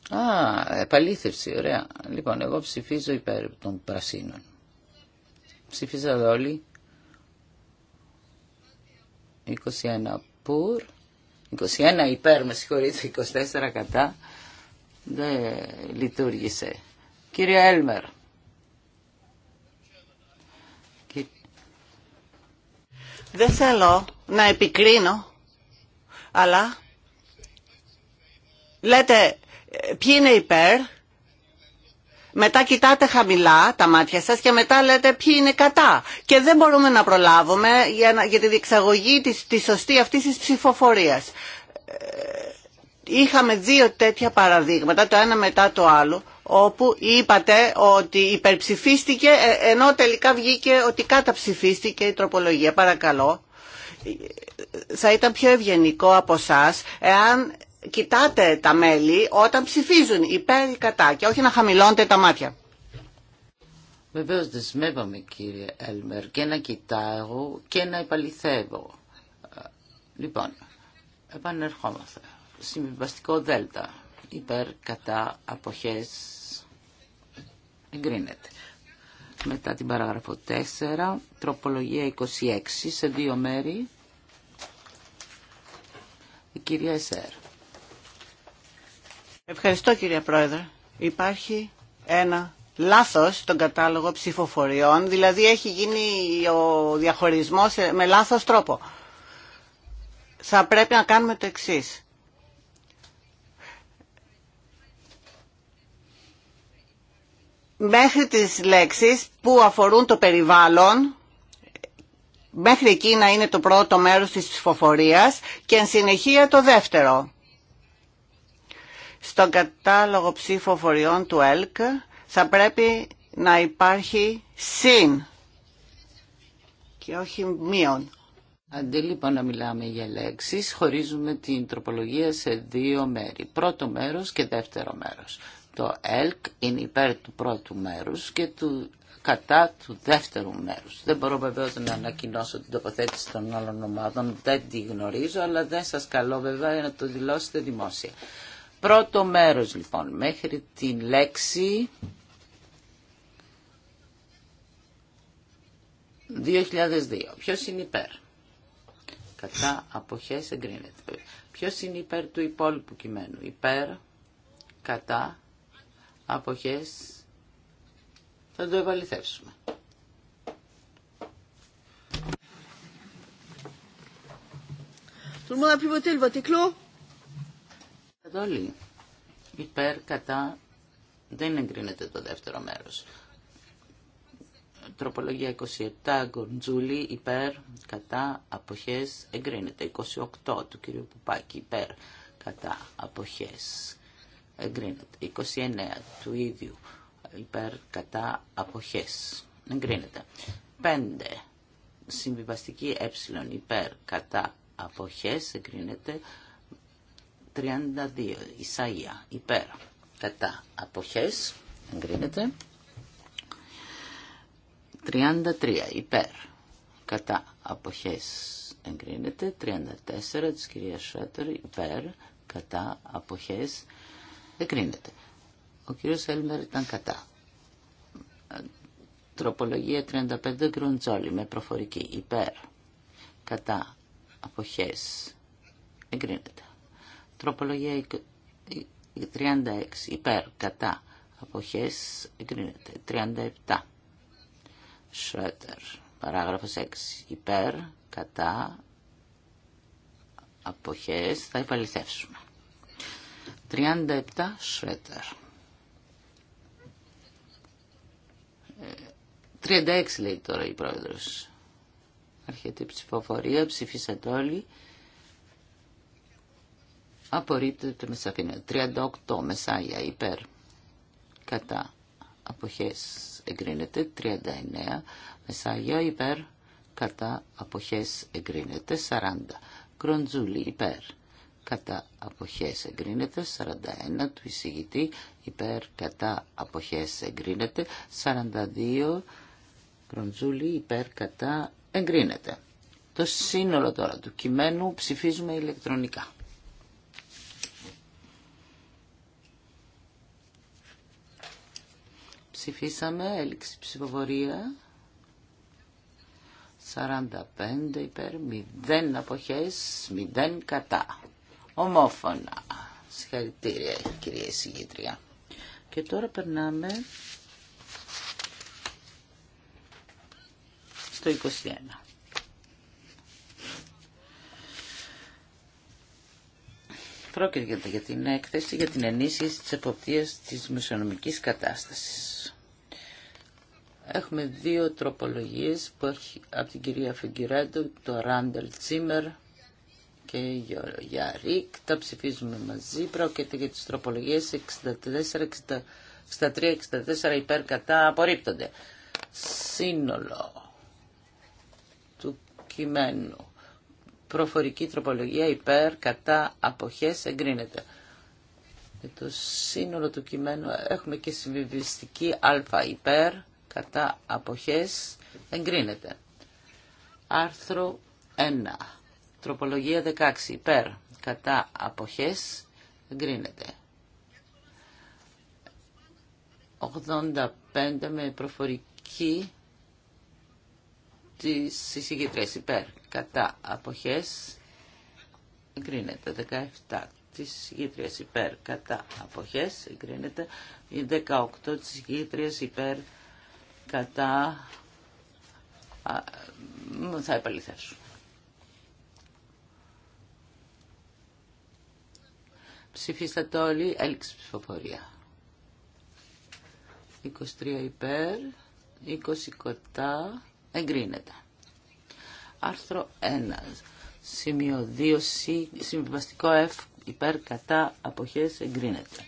Α, επαλήθευση, ωραία. Λοιπόν, εγώ ψηφίζω υπέρ των πρασίνων. Ψηφίζατε όλοι. 21 πουρ. 21 υπέρ, με συγχωρείτε, 24 κατά. Δεν λειτουργήσε. Κύριε Έλμερ. Δεν θέλω να επικρίνω, αλλά λέτε ποιοι είναι υπέρ, μετά κοιτάτε χαμηλά τα μάτια σας και μετά λέτε ποιοι είναι κατά. Και δεν μπορούμε να προλάβουμε για, να, για τη διεξαγωγή της, τη σωστή αυτής της ψηφοφορίας. Ε, είχαμε δύο τέτοια παραδείγματα, το ένα μετά το άλλο, όπου είπατε ότι υπερψηφίστηκε ε, ενώ τελικά βγήκε ότι καταψηφίστηκε η τροπολογία. Παρακαλώ, θα ήταν πιο ευγενικό από εσά εάν κοιτάτε τα μέλη όταν ψηφίζουν υπέρ κατά και όχι να χαμηλώνετε τα μάτια. Βεβαίως δεσμεύομαι κύριε Έλμερ και να κοιτάω και να υπαλληθεύω. Ε, λοιπόν, επανερχόμαστε. Συμβιβαστικό δέλτα υπέρ κατά αποχές εγκρίνεται. Μετά την παράγραφο 4, τροπολογία 26 σε δύο μέρη, η κυρία Εσέρ. Ευχαριστώ κυρία Πρόεδρε. Υπάρχει ένα λάθος στον κατάλογο ψηφοφοριών, δηλαδή έχει γίνει ο διαχωρισμός με λάθος τρόπο. Θα πρέπει να κάνουμε το εξής. μέχρι τις λέξεις που αφορούν το περιβάλλον, μέχρι εκεί να είναι το πρώτο μέρος της ψηφοφορίας και εν συνεχεία το δεύτερο. Στον κατάλογο ψηφοφοριών του ΕΛΚ θα πρέπει να υπάρχει συν και όχι μείον. Αντί λοιπόν να μιλάμε για λέξεις, χωρίζουμε την τροπολογία σε δύο μέρη. Πρώτο μέρος και δεύτερο μέρος. Το ΕΛΚ είναι υπέρ του πρώτου μέρους και του κατά του δεύτερου μέρους. Δεν μπορώ βεβαίω να ανακοινώσω την τοποθέτηση των άλλων ομάδων, δεν τη γνωρίζω, αλλά δεν σας καλώ βέβαια να το δηλώσετε δημόσια. Πρώτο μέρος λοιπόν, μέχρι την λέξη 2002. Ποιος είναι υπέρ. Κατά αποχές εγκρίνεται. Ποιος είναι υπέρ του υπόλοιπου κειμένου. Υπέρ, κατά, αποχές θα το επαληθεύσουμε. Tout Όλοι υπέρ, κατά, δεν εγκρίνεται το δεύτερο μέρος. Τροπολογία 27, γκοντζούλη υπέρ, κατά, αποχές, εγκρίνεται. 28 του κυρίου Πουπάκη, υπέρ, κατά, αποχές, εγκρίνεται. 29 του ίδιου υπέρ κατά αποχές εγκρίνεται. 5 συμβιβαστική ε υπέρ κατά αποχές εγκρίνεται. 32 Ισαΐα υπέρ κατά αποχές εγκρίνεται. 33 υπέρ κατά αποχές εγκρίνεται. 34 της κυρίας Σέτερ υπέρ κατά αποχές εγκρίνεται κρίνεται. Ο κύριος Έλμερ ήταν κατά. Τροπολογία 35 Κρουντζόλη με προφορική υπέρ. Κατά. Αποχές. Εγκρίνεται. Τροπολογία 36 υπέρ. Κατά. Αποχές. Εγκρίνεται. 37. Σρέτερ. Παράγραφος 6. Υπέρ. Κατά. Αποχές. Θα υπαλληθεύσουμε. 37 Σρέτερ. 36 ε, λέει τώρα η πρόεδρος. Αρχιετή ψηφοφορία, ψηφίσατε όλοι. Απορρίπτεται το σαφήνεια. 38 μεσάγια υπέρ. Κατά. Αποχές εγκρίνεται. 39 μεσάγια υπέρ. Κατά. Αποχές εγκρίνεται. 40. Κροντζούλη υπέρ κατά αποχές εγκρίνεται, 41 του εισηγητή υπέρ κατά αποχές εγκρίνεται, 42 κροντζούλη υπέρ κατά εγκρίνεται. Το σύνολο τώρα του κειμένου ψηφίζουμε ηλεκτρονικά. Ψηφίσαμε, έληξη ψηφοφορία. 45 υπέρ, 0 αποχές, 0 κατά ομόφωνα. Συγχαρητήρια κυρία Συγγήτρια. Και τώρα περνάμε στο 21. Πρόκειται για την έκθεση για την ενίσχυση της εποπτείας της μεσονομικής κατάστασης. Έχουμε δύο τροπολογίες που από την κυρία Φιγκυρέντο, το Ράντελ Τσίμερ και για Ρίκ. Τα ψηφίζουμε μαζί. Πρόκειται για τις τροπολογίες 64, 63, 64 υπέρ κατά απορρίπτονται. Σύνολο του κειμένου. Προφορική τροπολογία υπέρ κατά αποχές εγκρίνεται. Για το σύνολο του κειμένου έχουμε και συμβιβιστική α υπέρ κατά αποχές εγκρίνεται. Άρθρο 1 Τροπολογία 16 υπέρ κατά αποχές εγκρίνεται. 85 με προφορική της εισηγητρές. υπέρ κατά αποχές εγκρίνεται. 17 της γήτριας υπέρ κατά αποχές εγκρίνεται 18 της γήτριας υπέρ κατά α, θα επαληθεύσουμε. Ψηφίσατε όλοι. Έλξη ψηφοφορία. 23 υπέρ, 20 κοτά, εγκρίνεται. Άρθρο 1. Σημείο 2. Συμβιβαστικό F υπέρ κατά αποχές εγκρίνεται.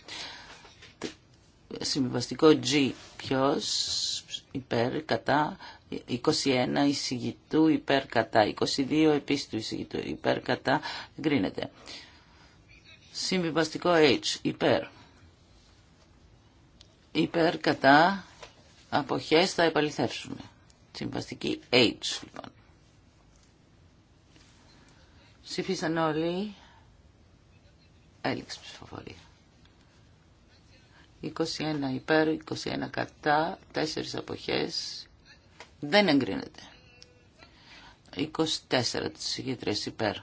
Συμβιβαστικό G. Ποιος υπέρ κατά 21 εισηγητού υπέρ κατά 22 επίσης του εισηγητού υπέρ κατά εγκρίνεται. Συμβιβαστικό H. Υπέρ. Υπέρ κατά αποχές θα επαληθεύσουμε. Συμβαστική H λοιπόν. Ψήφισαν όλοι. Έληξη ψηφοφορία. 21 υπέρ, 21 κατά, 4 αποχές. Δεν εγκρίνεται. 24 της υπέρ.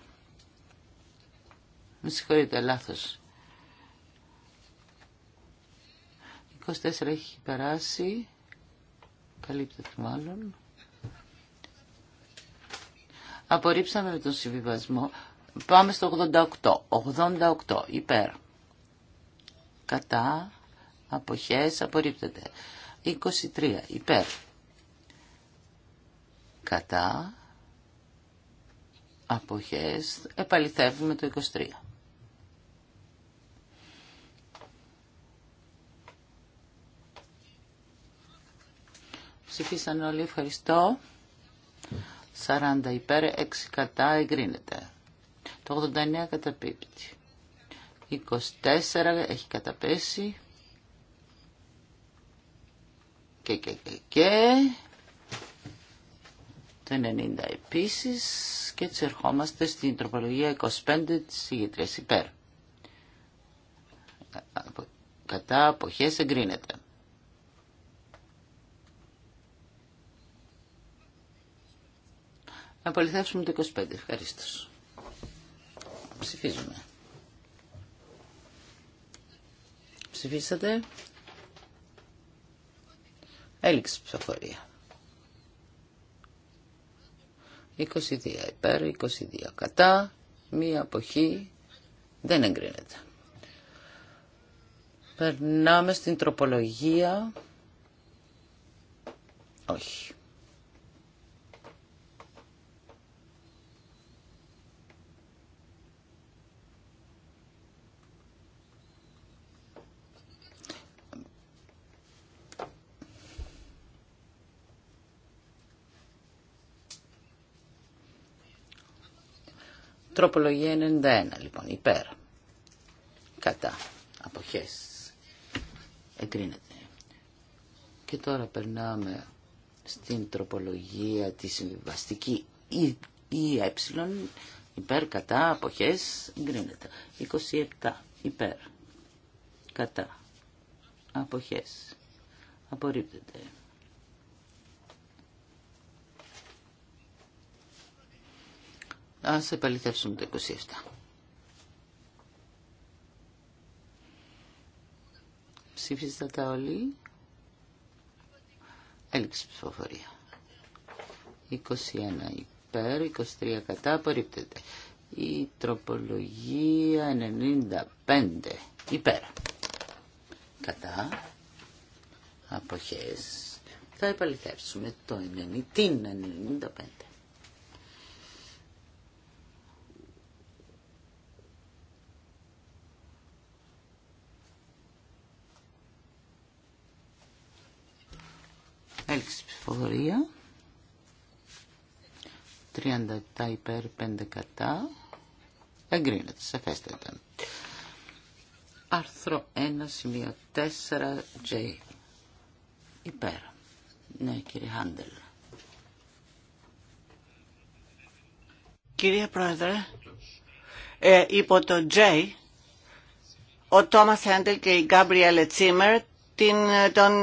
Με συγχωρείτε, λάθος. 24 έχει περάσει. Καλύπτεται μάλλον. Απορρίψαμε με τον συμβιβασμό. Πάμε στο 88. 88 υπέρ. Κατά. Αποχές. Απορρίπτεται. 23 υπέρ. Κατά. Αποχές. Επαληθεύουμε το 23. Ψηφίσαν όλοι. Ευχαριστώ. 40 υπέρ, 6 κατά. Εγκρίνεται. Το 89 καταπίπτει. 24 έχει καταπέσει. Και, και, και, και. Το 90 επίσης. Και έτσι ερχόμαστε στην τροπολογία 25 της ηγετρίας υπέρ. Κατά αποχές εγκρίνεται. Να το 25. Ευχαριστώ. Ψηφίζουμε. Ψηφίσατε. Έληξη ψηφοφορία. 22 υπέρ, 22 κατά, μία αποχή δεν εγκρίνεται. Περνάμε στην τροπολογία. Όχι. Τροπολογία 91 λοιπόν υπέρ. Κατά. Αποχές. Εγκρίνεται. Και τώρα περνάμε στην τροπολογία τη συμβιβαστική ή, ε, υπέρ κατά αποχές εγκρίνεται. 27 υπέρ κατά αποχές απορρίπτεται. Ας επαληθεύσουμε το 27. Ψήφισα τα όλοι. Έληξη ψηφοφορία. 21 υπέρ, 23 κατά, απορρίπτεται. Η τροπολογία 95 υπέρ. Κατά. Αποχές. Θα επαληθεύσουμε το 90, την 95. Έλξη ψηφοφορία. 37 υπέρ 5 κατά. Εγκρίνεται, σαφέστατα. Άρθρο 1 σημείο 4J. Υπέρ. Ναι, κύριε Χάντελ. Κύριε Πρόεδρε, ε, υπό το J, ο Τόμας Χάντελ και η Γκάμπριελ Τσίμερ την, τον,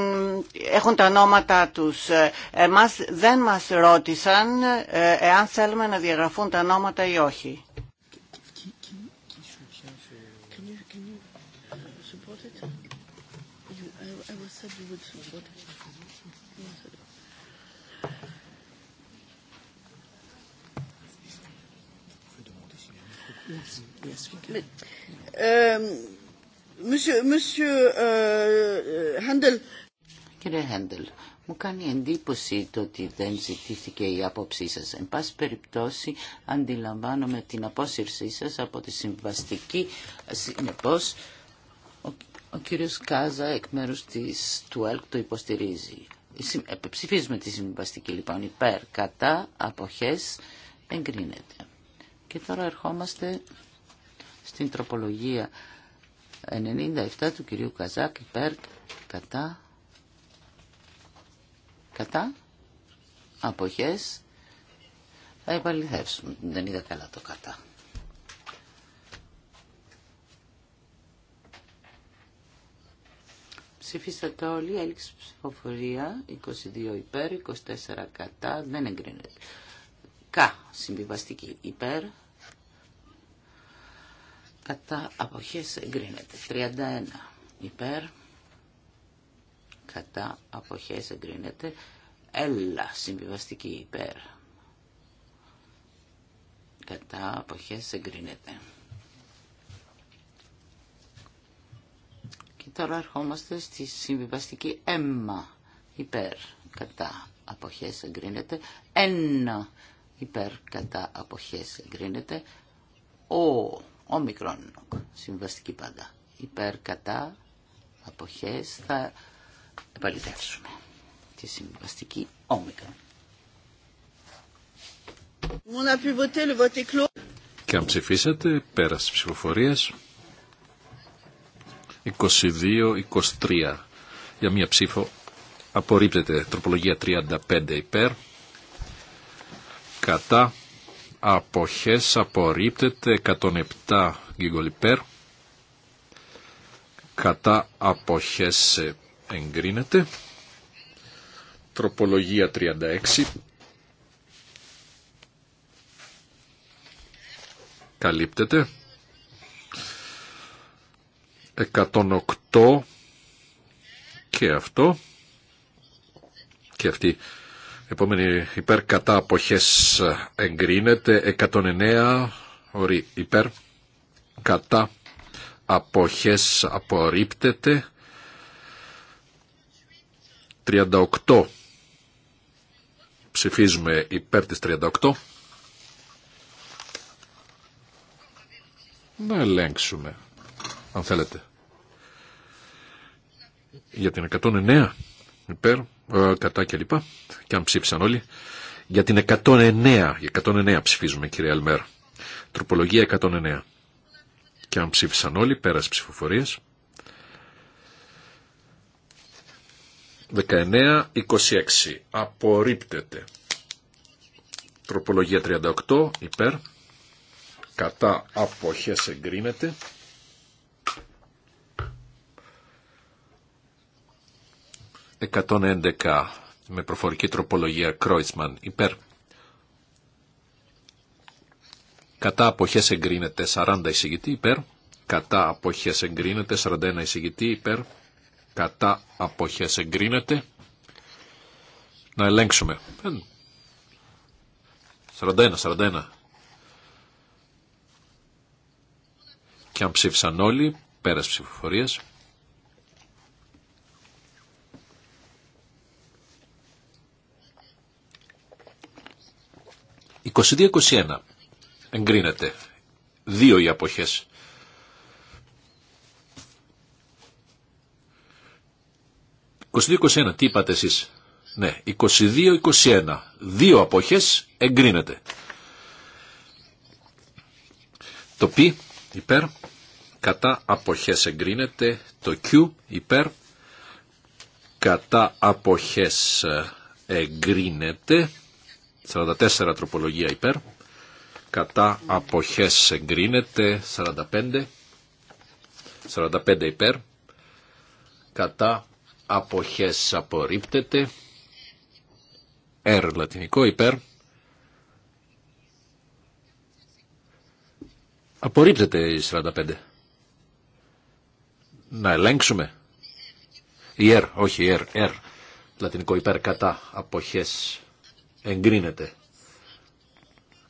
έχουν τα ονόματά τους. Εμάς δεν μας ρώτησαν ε, εάν θέλουμε να διαγραφούν τα ονόματα ή όχι. Um, Euh, Κύριε Χέντελ, μου κάνει εντύπωση το ότι δεν ζητήθηκε η άποψή σας. Εν πάση περιπτώσει αντιλαμβάνομαι την απόσυρσή σας από τη συμβαστική συνεπώς ο, ο κύριος Κάζα εκ μέρους της, του ΕΛΚ το υποστηρίζει. Ε, ψηφίζουμε τη συμβαστική λοιπόν υπέρ, κατά, αποχές, εγκρίνεται. Και τώρα ερχόμαστε στην τροπολογία 97 του κυρίου Καζάκ υπέρ κατά κατά αποχές θα επαληθεύσουμε δεν είδα καλά το κατά ψηφίσατε όλοι έληξη ψηφοφορία 22 υπέρ 24 κατά δεν εγκρίνεται κα συμβιβαστική υπέρ κατά αποχές εγκρίνεται. 31 υπέρ κατά αποχές εγκρίνεται. Έλα συμβιβαστική υπέρ κατά αποχές εγκρίνεται. Και τώρα ερχόμαστε στη συμβιβαστική έμμα υπέρ κατά αποχές εγκρίνεται. Ένα υπέρ κατά αποχές εγκρίνεται. Ο όμικρον συμβαστική πάντα υπέρ κατά αποχές θα επαληθεύσουμε τη συμβαστική όμικρον και αν ψηφίσατε πέρα ψηφοφορία 22-23 για μία ψήφο απορρίπτεται τροπολογία 35 υπέρ κατά αποχές απορρίπτεται 107 γιγκολιπέρ, κατά αποχές εγκρίνεται τροπολογία 36 καλύπτεται 108 και αυτό και αυτή Επόμενη υπέρ κατά αποχές εγκρίνεται 109 ορί υπέρ κατά αποχές απορρίπτεται 38 ψηφίζουμε υπέρ της 38 να ελέγξουμε αν θέλετε για την 109 υπέρ ε, κατά κατά λοιπά, Και αν ψήφισαν όλοι. Για την 109, 109 ψηφίζουμε κύριε Αλμέρ. Τροπολογία 109. Και αν ψήφισαν όλοι, πέρας ψηφοφορίας. 19-26. Απορρίπτεται. Τροπολογία 38. Υπέρ. Κατά αποχές εγκρίνεται. 111 με προφορική τροπολογία Κρόιτσμαν υπέρ. Κατά αποχές εγκρίνεται 40 εισηγητή υπέρ. Κατά αποχές εγκρίνεται 41 εισηγητή υπέρ. Κατά αποχές εγκρίνεται. Να ελέγξουμε. 41, 41. Και αν ψήφισαν όλοι, πέρας ψηφοφορίας. 22-21 εγκρίνεται. Δύο οι αποχές. τι είπατε εσείς. Ναι, 22-21. Δύο αποχές εγκρίνεται. Το π υπέρ κατά αποχές εγκρίνεται. Το Q υπέρ κατά αποχές εγκρίνεται. 44 τροπολογία υπέρ. Κατά αποχές εγκρίνεται 45. 45 υπέρ. Κατά αποχές απορρίπτεται. R λατινικό υπέρ. Απορρίπτεται η 45. Να ελέγξουμε. Η R, όχι η R, R. Λατινικό υπέρ κατά αποχές εγκρίνεται.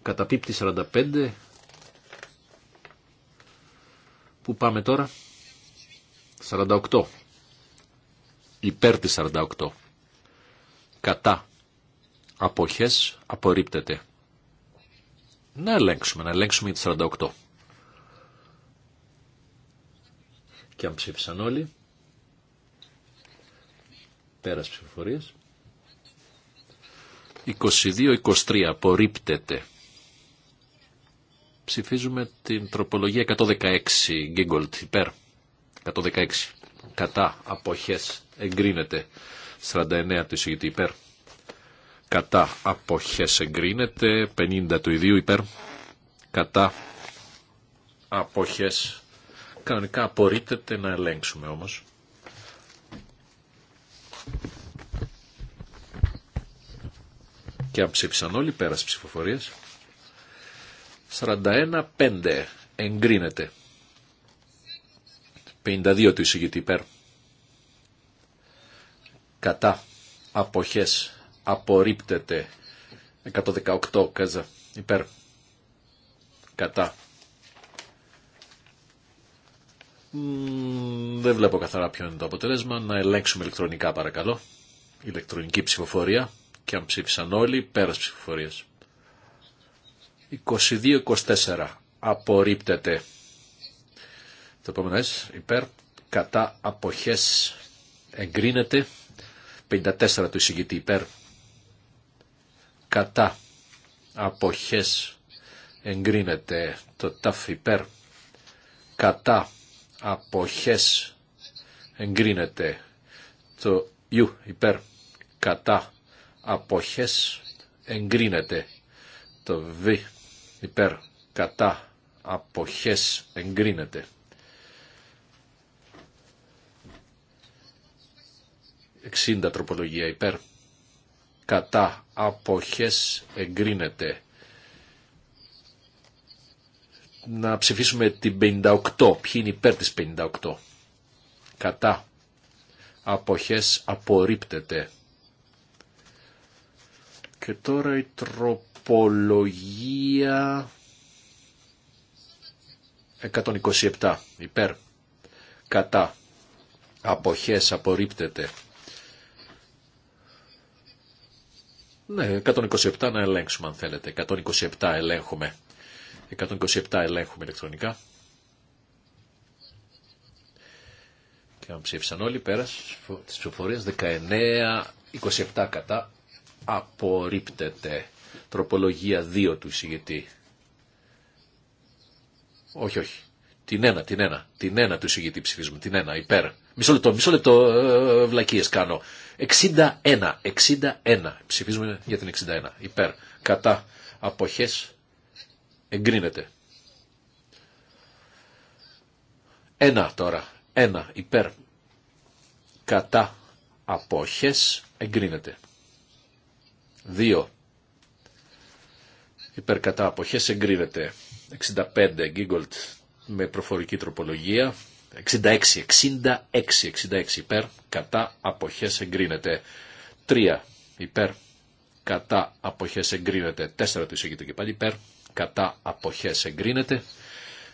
Κατά πίπτη 45. Πού πάμε τώρα. 48. Υπέρ της 48. Κατά. Αποχές απορρίπτεται. Να ελέγξουμε, να ελέγξουμε για τη 48. Και αν ψήφισαν όλοι, πέρας ψηφοφορίας, 22-23 απορρίπτεται. Ψηφίζουμε την τροπολογία 116 Γκίγκολτ υπέρ. 116 κατά αποχές εγκρίνεται. 49 του εισηγητή υπέρ. Κατά αποχές εγκρίνεται. 50 του ιδίου υπέρ. Κατά αποχές. Κανονικά απορρίπτεται να ελέγξουμε όμως. Και αν ψήφισαν όλοι, ψηφοφορια ψηφοφορίας. 41-5 εγκρίνεται. 52 του εισηγητή υπέρ. Κατά αποχές απορρίπτεται 118 καζα υπέρ. Κατά. δεν βλέπω καθαρά ποιο είναι το αποτέλεσμα. Να ελέγξουμε ηλεκτρονικά παρακαλώ. Ηλεκτρονική ψηφοφορία και αν ψήφισαν όλοι, πέρας ψηφοφορίας. 22-24 απορρίπτεται. Το επόμενο υπέρ, κατά αποχές εγκρίνεται. 54 του εισηγητή υπέρ, κατά αποχές εγκρίνεται. Το ταφ υπέρ, κατά αποχές εγκρίνεται. Το U υπέρ, κατά αποχές εγκρίνεται. Το β υπέρ κατά αποχές εγκρίνεται. Εξήντα τροπολογία υπέρ κατά αποχές εγκρίνεται. Να ψηφίσουμε την 58. Ποιοι είναι υπέρ της 58. Κατά αποχές απορρίπτεται. Και τώρα η τροπολογία 127 υπέρ κατά αποχές απορρίπτεται. Ναι, 127 να ελέγξουμε αν θέλετε. 127 ελέγχουμε. 127 ελέγχουμε ηλεκτρονικά. Και αν ψήφισαν όλοι πέρα τις ψηφοφορίες, 19, 27 κατά απορρίπτεται. Τροπολογία 2 του εισηγητή. Όχι, όχι. Την ένα, την ένα. Την ένα του εισηγητή ψηφίζουμε. Την ένα, υπέρ. Μισό λεπτό, μισό λεπτό ε, βλακίες κάνω. 61, 61. Ψηφίζουμε για την 61. Υπέρ. Κατά αποχές εγκρίνεται. Ένα τώρα. Ένα υπέρ. Κατά αποχές εγκρίνεται. 2 υπέρ αποχές εγκρίνεται 65 γίγκολτ με προφορική τροπολογία 66, 66, 66 υπέρ, κατά αποχές εγκρίνεται. 3 υπέρ, κατά αποχές εγκρίνεται. 4 του εισηγητού και πάλι υπέρ, κατά αποχές εγκρίνεται.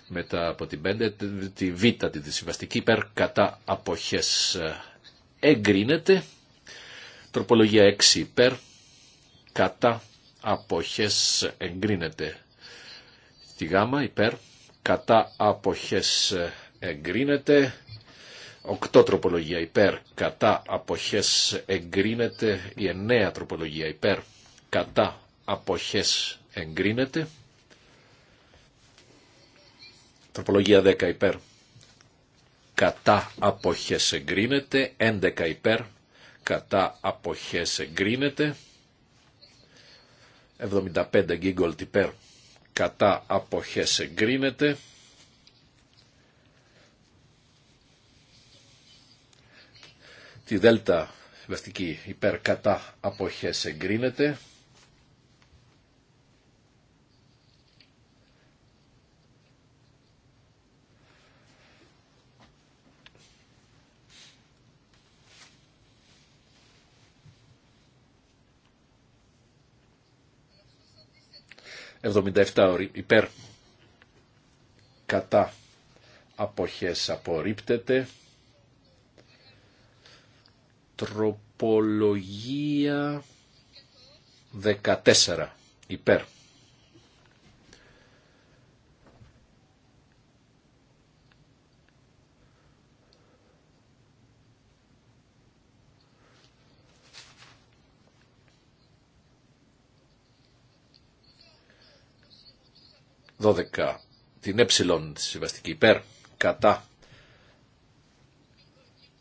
Μετά από την 5, τη β, τη συμβαστική υπέρ, κατά αποχές ε, εγκρίνεται. Τροπολογία 6 υπέρ, κατά αποχές εγκρίνεται. Τη γάμα υπέρ κατά αποχές εγκρίνεται. οκτώ τροπολογία υπέρ κατά αποχές εγκρίνεται. Η εννέα τροπολογία υπέρ κατά αποχές εγκρίνεται. Τροπολογία 10 υπέρ κατά αποχές εγκρίνεται. 11 υπέρ κατά αποχές εγκρίνεται. 75 γίγκολτ υπέρ κατά αποχές εγκρίνεται. Τη δέλτα βαστική υπέρ κατά αποχές εγκρίνεται. 77 υπέρ κατά αποχές απορρίπτεται. Τροπολογία 14 υπέρ 12 την ε τη συμβαστική υπέρ κατά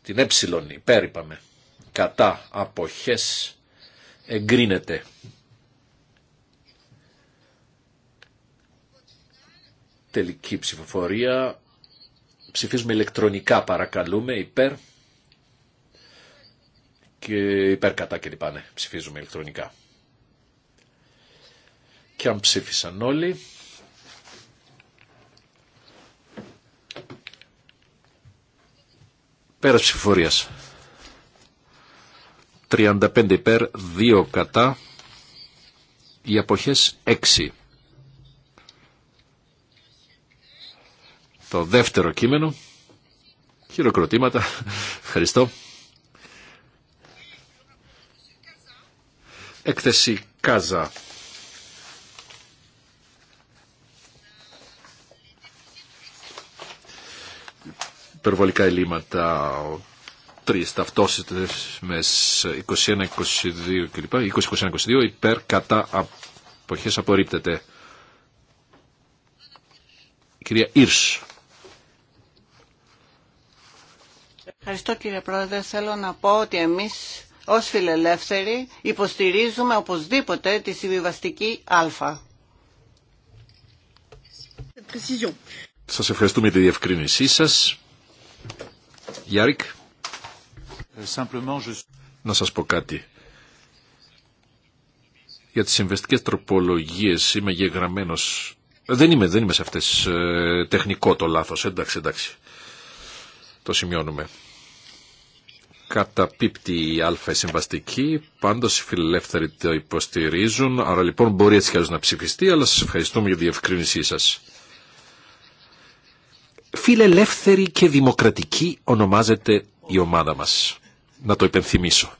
την ε υπέρ είπαμε κατά αποχές εγκρίνεται. Τελική ψηφοφορία. Ψηφίζουμε ηλεκτρονικά παρακαλούμε υπέρ και υπέρ κατά λοιπά Ναι, ψηφίζουμε ηλεκτρονικά. Και αν ψήφισαν όλοι, Πέρας ψηφορίας. 35 υπέρ, 2 κατά, οι αποχές 6. Το δεύτερο κείμενο, χειροκροτήματα, ευχαριστώ. Έκθεση Κάζα. υπερβολικά ελλείμματα, τρει ταυτόσιτε με 21-22 κλπ. 20-21-22 υπέρ κατά απορρίπτεται. απορρίπτεται. κυρία Ήρς. Ευχαριστώ κύριε Πρόεδρε. Θέλω να πω ότι εμείς ως φιλελεύθεροι υποστηρίζουμε οπωσδήποτε τη συμβιβαστική Α. Σας ευχαριστούμε για τη διευκρίνησή σας. Να σας πω κάτι. Για τις συμβεστικές τροπολογίες είμαι γεγραμμένος. Ε, δεν είμαι, δεν είμαι σε αυτές. Ε, τεχνικό το λάθος. Εντάξει, εντάξει. Το σημειώνουμε. Καταπίπτει η α συμβαστική, πάντως οι φιλελεύθεροι το υποστηρίζουν, άρα λοιπόν μπορεί έτσι κι να ψηφιστεί, αλλά σας ευχαριστούμε για τη διευκρίνησή σας φιλελεύθερη και δημοκρατική ονομάζεται η ομάδα μας. Να το υπενθυμίσω.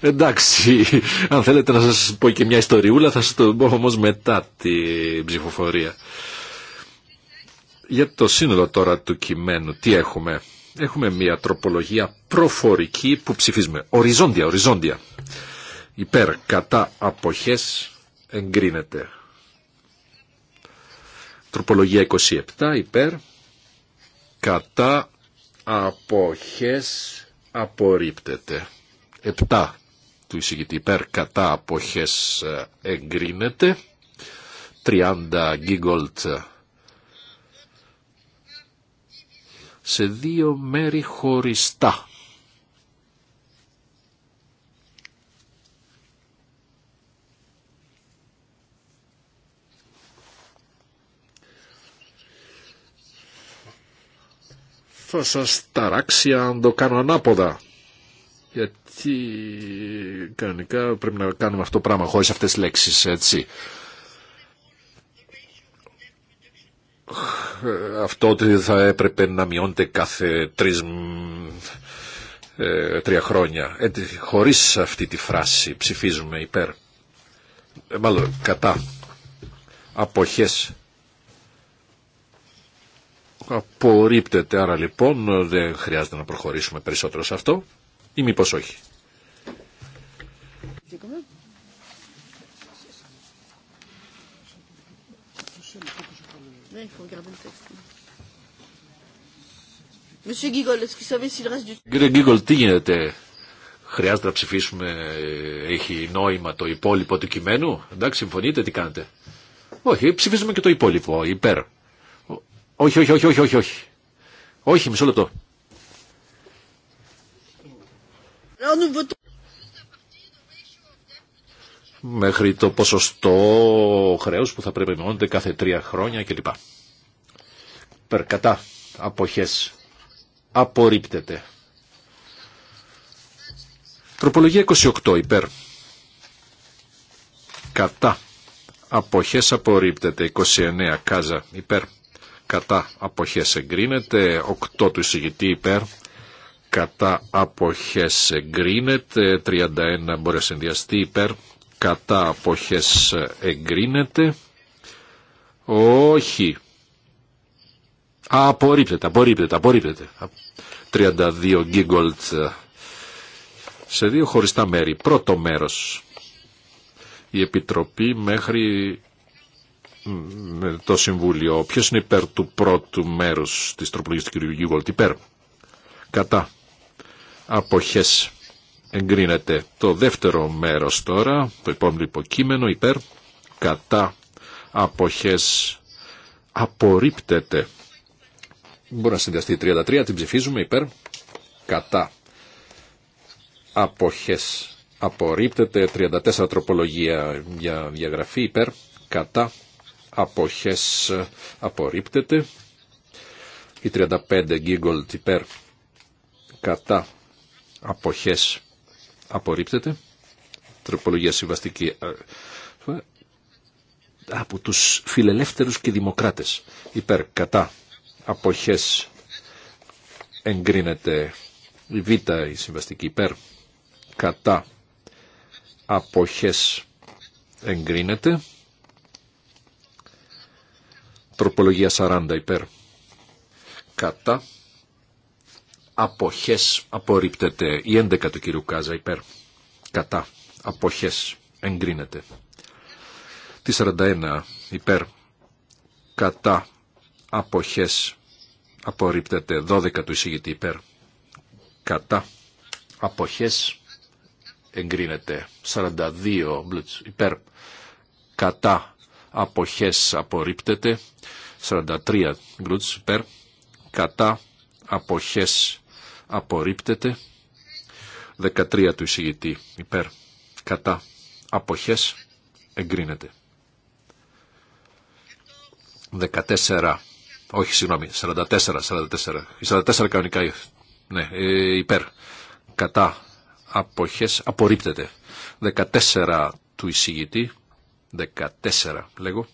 Εντάξει, αν θέλετε να σας πω και μια ιστοριούλα θα σας το πω όμως μετά την ψηφοφορία. Για το σύνολο τώρα του κειμένου, τι έχουμε. Έχουμε μια τροπολογία προφορική που ψηφίζουμε. Οριζόντια, οριζόντια. Υπέρ, κατά, αποχές, εγκρίνεται. Τροπολογία 27, υπέρ, κατά, αποχές, απορρίπτεται. 7 του εισηγητή υπέρ, κατά, αποχές, εγκρίνεται. 30 γκίγκολτ σε δύο μέρη χωριστά. Θα σας ταράξει αν το κάνω ανάποδα. Γιατί κανονικά πρέπει να κάνουμε αυτό το πράγμα χωρίς αυτές τις λέξεις, έτσι αυτό ότι θα έπρεπε να μειώνεται κάθε τρεις, ε, τρία χρόνια. Ε, χωρίς αυτή τη φράση ψηφίζουμε υπέρ. Ε, μάλλον κατά. Αποχές. Απορρίπτεται άρα λοιπόν δεν χρειάζεται να προχωρήσουμε περισσότερο σε αυτό ή μήπως όχι. Κύριε Γκίγκολ, τι γίνεται. Χρειάζεται να ψηφίσουμε, ε, έχει νόημα το υπόλοιπο του κειμένου. Εντάξει, συμφωνείτε, τι κάνετε. Όχι, ψηφίζουμε και το υπόλοιπο, υπέρ. Όχι, όχι, όχι, όχι, όχι. Όχι, όχι μισό λεπτό μέχρι το ποσοστό χρέους που θα πρέπει να μειώνεται κάθε τρία χρόνια κλπ. Περκατά αποχές απορρίπτεται. Τροπολογία 28 υπέρ. Κατά. Αποχές απορρίπτεται. 29 κάζα υπέρ. Κατά. Αποχές εγκρίνεται. 8 του εισηγητή υπέρ. Κατά. Αποχές εγκρίνεται. 31 μπορεί να συνδυαστεί υπέρ κατά αποχές ε, εγκρίνεται. Όχι. Α, απορρίπτεται, απορρίπτεται, απορρίπτεται. 32 Γίγκολτ ε, σε δύο χωριστά μέρη. Πρώτο μέρος. Η Επιτροπή μέχρι το Συμβούλιο. Ποιο είναι υπέρ του πρώτου μέρους της τροπολογίας του κ. Γίγκολτ, Υπέρ. Κατά. Αποχές εγκρίνεται. Το δεύτερο μέρος τώρα, το επόμενο κείμενο, υπέρ κατά αποχές απορρίπτεται. Μπορεί να συνδυαστεί 33, την ψηφίζουμε υπέρ κατά αποχές απορρίπτεται. 34 τροπολογία για διαγραφή υπέρ κατά αποχές απορρίπτεται. Η 35 γκίγκολτ υπέρ κατά αποχές απορρίπτεται. Τροπολογία συμβαστική από τους φιλελεύθερους και δημοκράτες. Υπέρ, κατά, αποχές εγκρίνεται η Β, η συμβαστική υπέρ, κατά, αποχές εγκρίνεται. Τροπολογία 40 υπέρ, κατά, αποχές απορρίπτεται. Η 11 του κυρίου Κάζα υπέρ κατά αποχές εγκρίνεται. Τη 41 υπέρ κατά αποχές απορρίπτεται. 12 του εισηγητή υπέρ κατά αποχές εγκρίνεται. 42 υπέρ κατά αποχές απορρίπτεται. 43 γκλουτς υπέρ κατά αποχές απορρίπτεται 13 του εισηγητή υπέρ κατά αποχές εγκρίνεται 14 όχι συγγνώμη 44 44 44 κανονικά ναι, ε, υπέρ κατά αποχές απορρίπτεται 14 του εισηγητή 14 λέγω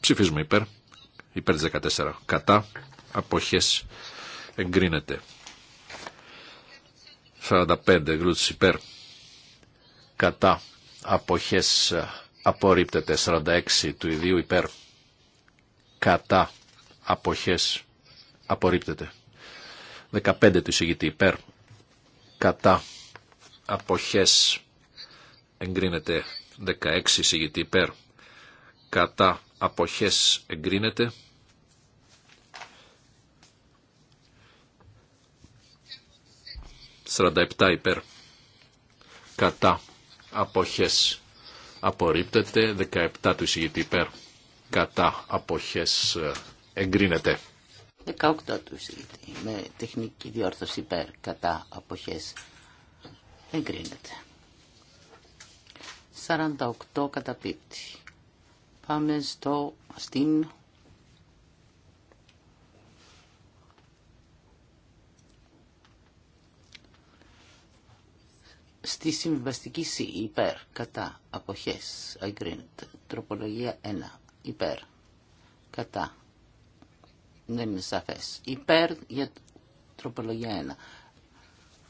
ψηφίζουμε υπέρ υπέρ της 14 κατά αποχές εγκρίνεται 45 γλούτς υπέρ κατά αποχές απορρίπτεται 46 του ιδίου υπέρ κατά αποχές απορρίπτεται 15 του εισηγητή υπέρ κατά αποχές εγκρίνεται 16 εισηγητή υπέρ κατά αποχές εγκρίνεται 47 υπέρ κατά αποχές απορρίπτεται 17 του εισηγητή υπέρ κατά αποχές ε, εγκρίνεται 18 του εισηγητή με τεχνική διόρθωση υπέρ κατά αποχές εγκρίνεται 48 καταπίπτει πάμε στο, στην στη συμβαστική C υπέρ κατά αποχές εγκρίνεται. Τροπολογία 1 υπέρ κατά δεν είναι σαφές. Υπέρ για τροπολογία 1.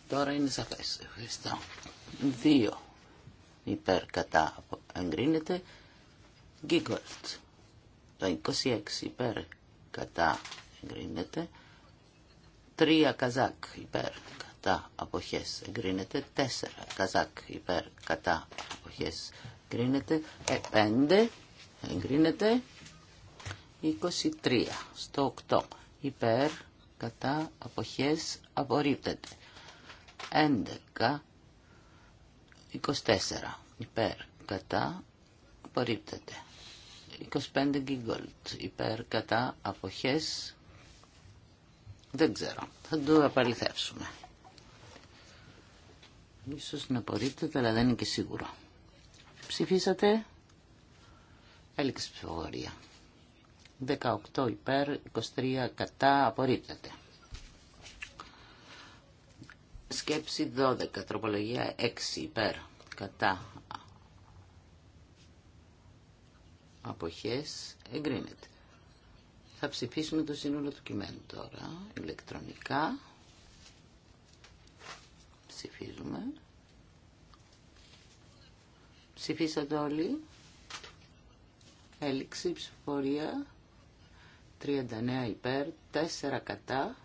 Τώρα είναι σαφές. Ευχαριστώ. 2 υπέρ κατά εγκρίνεται. γίγκολτ, Το 26 υπέρ κατά εγκρίνεται. 3 καζάκ υπέρ κατά αποχές εγκρίνεται 4 καζάκ υπέρ κατά αποχές εγκρίνεται 5 ε, εγκρίνεται 23 στο 8 υπέρ κατά αποχές απορρίπτεται 11 24 υπέρ κατά απορρίπτεται 25 γκίγκολτ υπέρ κατά αποχές δεν ξέρω. Θα το απαλληθεύσουμε. Ίσως να απορρίπτεται, αλλά δεν είναι και σίγουρο. Ψηφίσατε. Έλεξη ψηφοφορία. 18 υπέρ, 23 κατά, απορρίπτεται. Σκέψη 12, τροπολογία 6 υπέρ, κατά, αποχές, εγκρίνεται. Θα ψηφίσουμε το σύνολο του κειμένου τώρα, ηλεκτρονικά ψηφίζουμε. Ψηφίσατε όλοι. Έληξη ψηφοφορία 39 υπέρ, 4 κατά,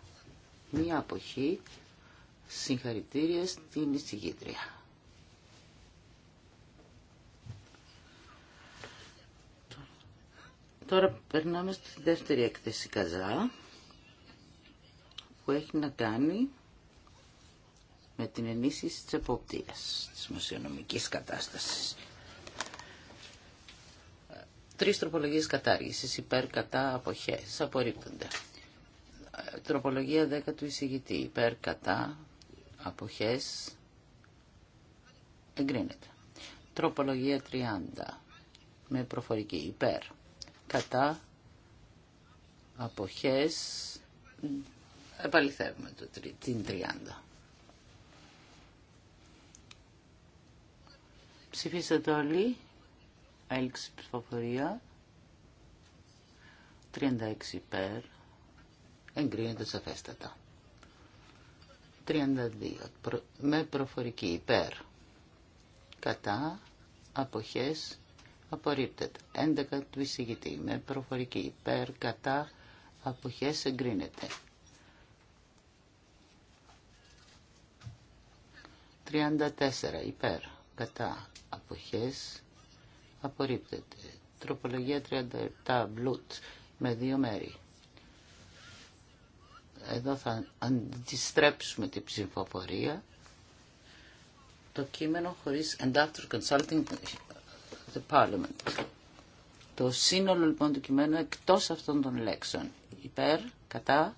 μία αποχή. Συγχαρητήρια στην εισηγήτρια. Τώρα περνάμε στη δεύτερη έκθεση Καζά που έχει να κάνει με την ενίσχυση της εποπτείας της μουσιονομικής κατάστασης. Ε, τρεις τροπολογίες κατάργησης, υπέρ, κατά, αποχές, απορρίπτονται. Ε, τροπολογία 10 του εισηγητή, υπέρ, κατά, αποχές, εγκρίνεται. Τροπολογία 30, με προφορική, υπέρ, κατά, αποχές, επαληθεύουμε το, την 30. Ψηφίσατε όλοι. Έλξη ψηφοφορία. 36 υπέρ. Εγκρίνεται σαφέστατα. 32. Με προφορική υπέρ. Κατά. Αποχές. Απορρίπτεται. 11 του εισηγητή. Με προφορική υπέρ. Κατά. Αποχές. Εγκρίνεται. 34 υπέρ κατά αποχές απορρίπτεται. Τροπολογία 37 μπλουτ με δύο μέρη. Εδώ θα αντιστρέψουμε την ψηφοφορία. Το κείμενο χωρίς and after consulting the parliament. Το σύνολο λοιπόν του κειμένου εκτός αυτών των λέξεων. Υπέρ, κατά,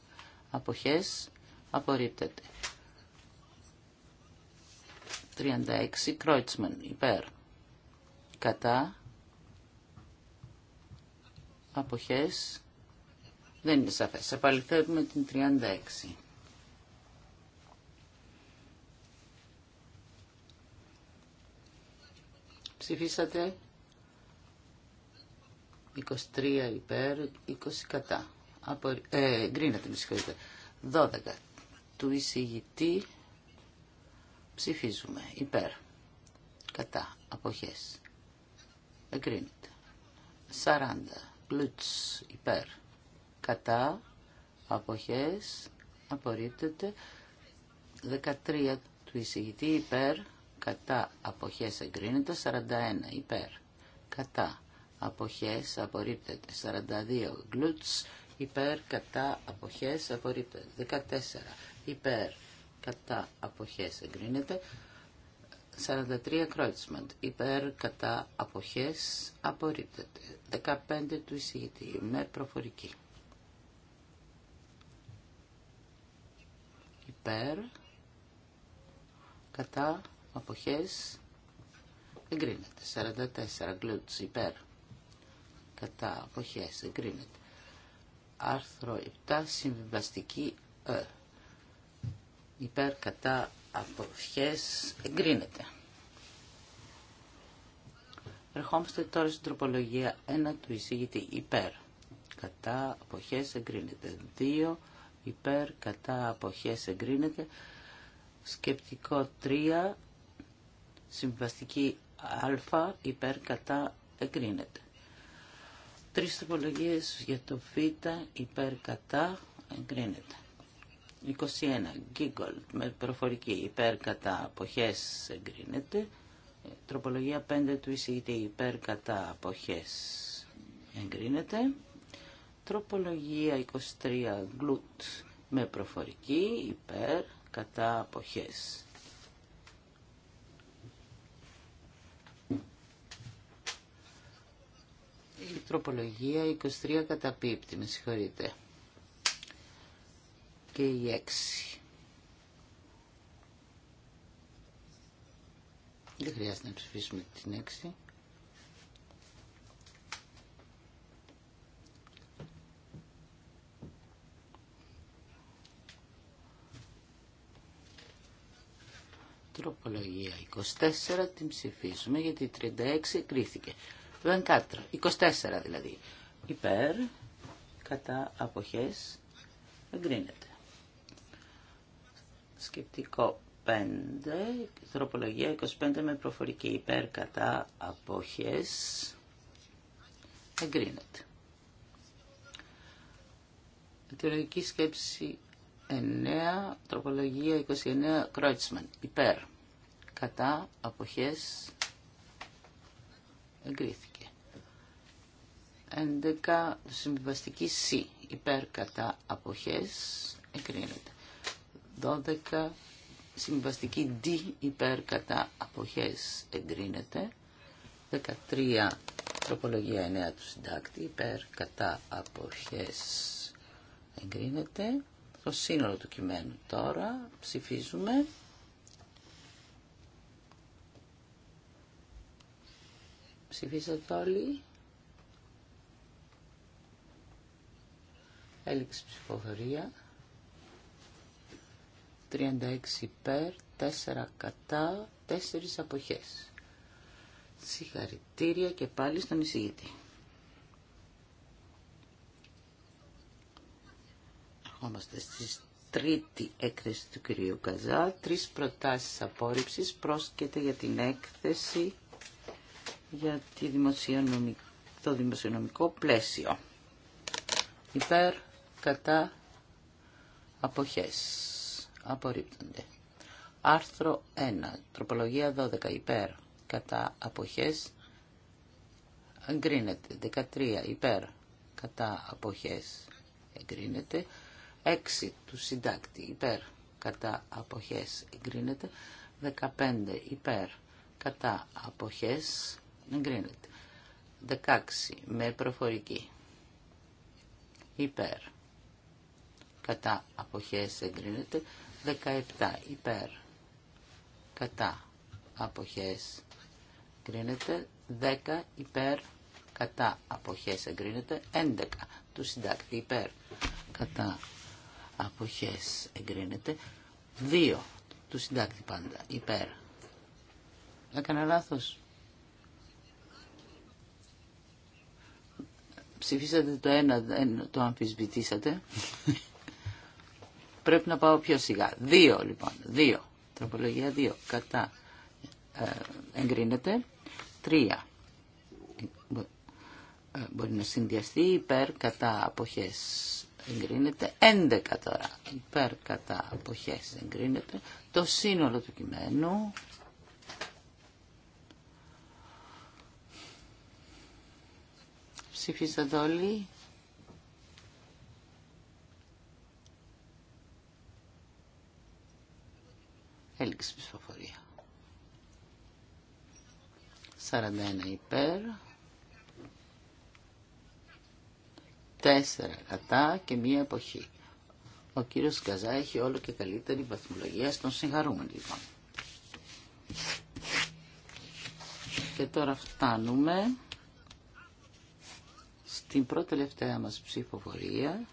αποχές, απορρίπτεται. 36 Κρόιτσμαν υπέρ κατά αποχές δεν είναι σαφές. Επαληθεύουμε την 36. Ψηφίσατε 23 υπέρ, 20 κατά. ε, γκρίνατε, με συγχωρείτε. 12 του εισηγητή Ψηφίζουμε υπέρ. Κατά. Αποχές. Εγκρίνεται. 40. Πλούτς. Υπέρ. Κατά. Αποχές. Απορρίπτεται. 13 του εισηγητή υπέρ. Κατά. Αποχές. Εγκρίνεται. 41. Υπέρ. Κατά. Αποχές. Απορρίπτεται. 42. Γλούτς, Υπέρ. Κατά. Αποχές. Απορρίπτεται. 14. Υπέρ κατά αποχές εγκρίνεται. 43 Κρότσμαντ υπέρ κατά αποχές απορρίπτεται. 15 του εισηγητή με προφορική. Υπέρ κατά αποχές εγκρίνεται. 44 Γκλουτς υπέρ κατά αποχές εγκρίνεται. Άρθρο 7 συμβιβαστική ε υπέρ κατά αποχές εγκρίνεται. Ερχόμαστε τώρα στην τροπολογία 1 του εισήγητη υπέρ. Κατά αποχές εγκρίνεται. 2 υπέρ κατά αποχές εγκρίνεται. Σκεπτικό 3 συμβαστική α υπέρ κατά εγκρίνεται. Τρεις τροπολογίες για το β υπέρ κατά εγκρίνεται. 21 γκίγκολ με προφορική υπέρ κατά αποχές εγκρίνεται. Ε, τροπολογία 5 του εισηγητή υπέρ κατά αποχές εγκρίνεται. Τροπολογία 23 γκλουτ με προφορική υπέρ κατά αποχές. Η τροπολογία 23 καταπίπτει, με συγχωρείτε και η 6. Δεν χρειάζεται να ψηφίσουμε την 6. Τροπολογία 24 την ψηφίσουμε γιατί η 36 κρίθηκε. 24 δηλαδή. Υπέρ, κατά αποχές, εγκρίνεται. Σκεπτικό 5, τροπολογία 25 με προφορική υπέρ κατά αποχές εγκρίνεται. Αιτιολογική σκέψη 9, τροπολογία 29, Κρότσμαν, υπέρ, κατά, αποχές, εγκρίθηκε. 11, συμβιβαστική C, υπέρ, κατά, αποχές, εγκρίνεται. 12 συμβαστική D υπέρ κατά αποχές εγκρίνεται. 13 τροπολογία 9 του συντάκτη υπέρ κατά αποχές εγκρίνεται. Το σύνολο του κειμένου τώρα ψηφίζουμε. Ψηφίσατε όλοι. Έληξη ψηφοφορία. 36 υπέρ, 4 κατά, 4 αποχές. Συγχαρητήρια και πάλι στον εισηγητή. Ερχόμαστε στη τρίτη έκθεση του κυρίου Καζά. Τρεις προτάσεις απόρριψης πρόσκειται για την έκθεση για τη το δημοσιονομικό πλαίσιο. Υπέρ, κατά, αποχές απορρίπτονται. Άρθρο 1. Τροπολογία 12. Υπέρ. Κατά αποχές εγκρίνεται. 13. Υπέρ. Κατά αποχές εγκρίνεται. 6. Του συντάκτη. Υπέρ. Κατά αποχές εγκρίνεται. 15. Υπέρ. Κατά αποχές εγκρίνεται. 16. Με προφορική. Υπέρ. Κατά αποχές εγκρίνεται. 17 υπέρ κατά αποχές εγκρίνεται 10 υπέρ κατά αποχές εγκρίνεται 11 του συντάκτη υπέρ κατά αποχές εγκρίνεται 2 του συντάκτη πάντα υπέρ έκανα λάθος ψηφίσατε το ένα, το αμφισβητήσατε πρέπει να πάω πιο σιγά. Δύο λοιπόν, δύο. Τροπολογία δύο. Κατά. Ε, εγκρίνεται. Τρία. Ε, ε, μπορεί να συνδυαστεί υπέρ κατά αποχές εγκρίνεται. Έντεκα τώρα υπέρ κατά αποχές εγκρίνεται. Το σύνολο του κειμένου ψηφίσατε όλοι. Έληξη ψηφοφορία. 41 υπέρ. 4 κατά και μία εποχή. Ο κύριος Καζά έχει όλο και καλύτερη βαθμολογία στον συγχαρούμενο λοιπόν. Και τώρα φτάνουμε στην πρώτη τελευταία μας ψηφοφορία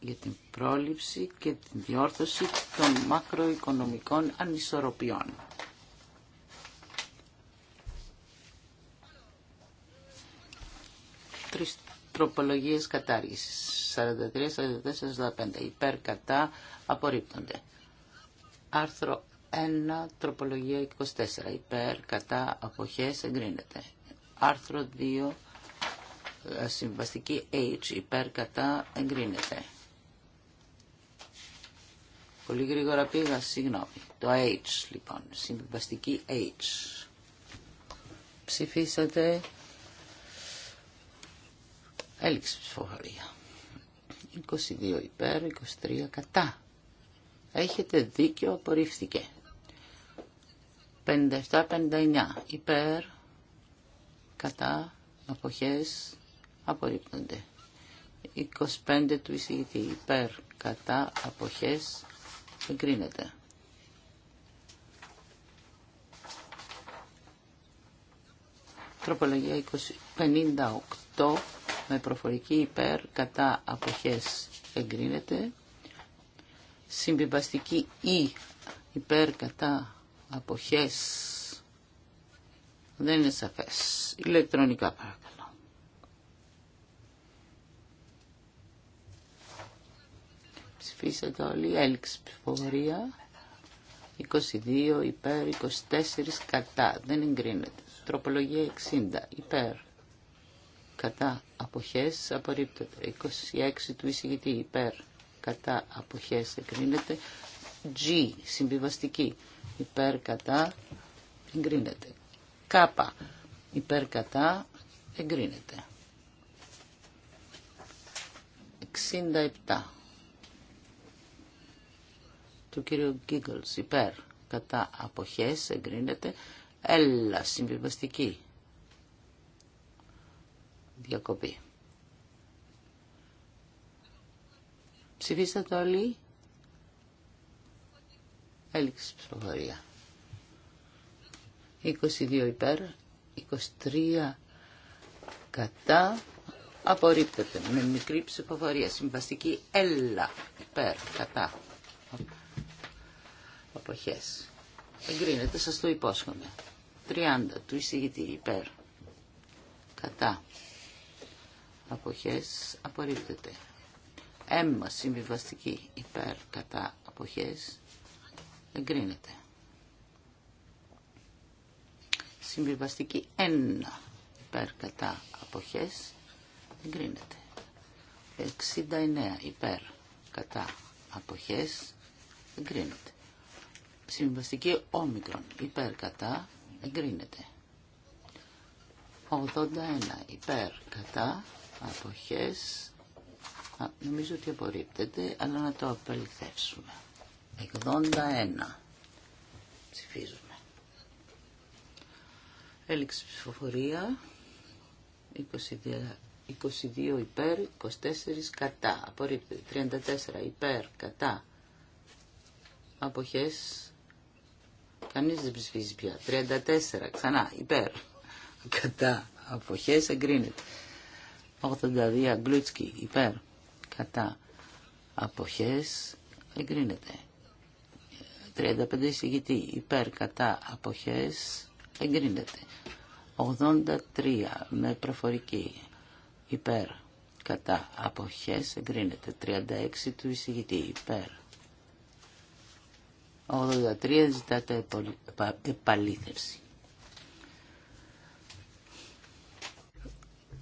για την πρόληψη και την διόρθωση των μακροοικονομικών ανισορροπιών. Τρεις τροπολογίες κατάργησης. 43, 44, 45. Υπέρ, κατά, απορρίπτονται. Άρθρο 1, τροπολογία 24. Υπέρ, κατά, αποχές, εγκρίνεται. Άρθρο 2, ε, συμβαστική H. Υπέρ, κατά, εγκρίνεται. Πολύ γρήγορα πήγα, συγγνώμη. Το H λοιπόν, συμβιβαστική H. Ψηφίσατε. Έληξη ψηφοφορία. 22 υπέρ, 23 κατά. Έχετε δίκιο, απορρίφθηκε. 57-59 υπέρ, κατά, αποχές, απορρίπτονται. 25 του εισηγητή υπέρ, κατά, αποχές, Εγκρίνεται. Τροπολογία 2058 με προφορική υπέρ κατά αποχές εγκρίνεται. συμβιβαστική ή υπέρ κατά αποχές δεν είναι σαφές. Ηλεκτρονικά παρακαλώ. Ψηφίσατε όλοι. Έλξη ψηφοφορία. 22 υπέρ, 24 κατά. Δεν εγκρίνεται. Τροπολογία 60 υπέρ. Κατά αποχές απορρίπτεται. 26 του εισηγητή υπέρ. Κατά αποχές εγκρίνεται. G συμβιβαστική υπέρ κατά εγκρίνεται. K υπέρ κατά εγκρίνεται. 67 του κύριου Γκίγκλς υπέρ κατά αποχές εγκρίνεται έλα συμβιβαστική διακοπή. Ψηφίσατε όλοι. Έληξη ψηφοφορία. 22 υπέρ, 23 κατά, απορρίπτεται με μικρή ψηφοφορία. Συμβαστική έλα υπέρ, κατά. Εγκρίνεται, σας το υπόσχομαι. 30 του εισηγητή υπέρ. Κατά. Αποχές απορρίπτεται. Έμμα συμβιβαστική υπέρ κατά αποχές εγκρίνεται. Συμβιβαστική 1 υπέρ κατά αποχές εγκρίνεται. 69 υπέρ κατά αποχές εγκρίνεται. Συμβαστική όμικρον υπέρ κατά εγκρίνεται. 81 υπέρ κατά αποχές Α, νομίζω ότι απορρίπτεται αλλά να το απελευθεύσουμε. 81 ψηφίζουμε. Έληξη ψηφοφορία 22 22 υπέρ, 24 κατά. Απορρίπτεται. 34 υπέρ, κατά. Αποχές Κανείς δεν ψηφίζει πια. 34. Ξανά. Υπέρ. Κατά. Αποχές εγκρίνεται. 82. Γκλουτσκι. Υπέρ. Κατά. Αποχές εγκρίνεται. 35. Εισηγητή. Υπέρ. Κατά. Αποχές εγκρίνεται. 83. Με προφορική. Υπέρ. Κατά. Αποχές εγκρίνεται. 36 του εισηγητή. Υπέρ 83 ζητάτε επαλήθευση.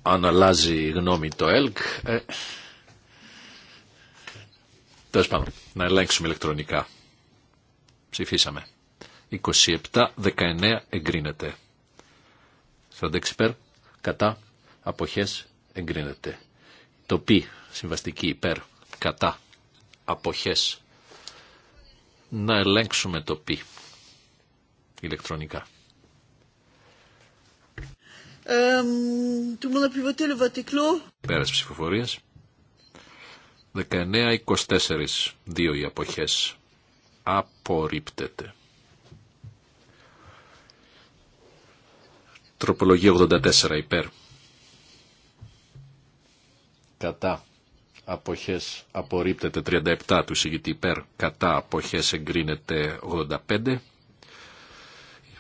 Αν αλλάζει η γνώμη το ΕΛΚ, ε, τέλος να ελέγξουμε ηλεκτρονικά. Ψηφίσαμε. 27-19 εγκρίνεται. 46 υπέρ, κατά, αποχές, εγκρίνεται. Το πι, συμβαστική υπέρ, κατά, αποχές, να ελέγξουμε το πι ηλεκτρονικά. Πέρας ψηφοφορίας. 19-24, δύο οι αποχές. Απορρίπτεται. Τροπολογία 84 υπέρ. Κατά αποχές απορρίπτεται 37 του εισηγητή υπέρ, κατά αποχές εγκρίνεται 85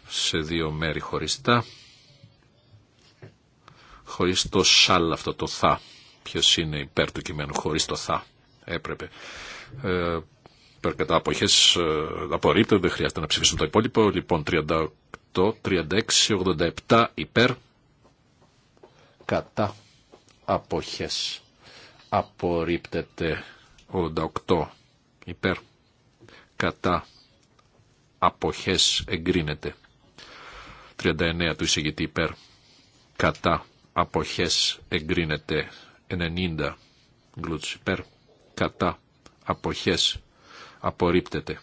σε δύο μέρη χωριστά χωρίς το σαλ αυτό το θα ποιος είναι υπέρ του κειμένου χωρίς το θα έπρεπε ε, υπέρ κατά αποχές ε, απορρίπτεται δεν χρειάζεται να ψηφίσουν το υπόλοιπο λοιπόν 38, 36, 87 υπέρ κατά αποχές απορρίπτεται 88 υπέρ κατά αποχές εγκρίνεται 39 του εισηγητή υπέρ κατά αποχές εγκρίνεται 90 γλουτς υπέρ κατά αποχές απορρίπτεται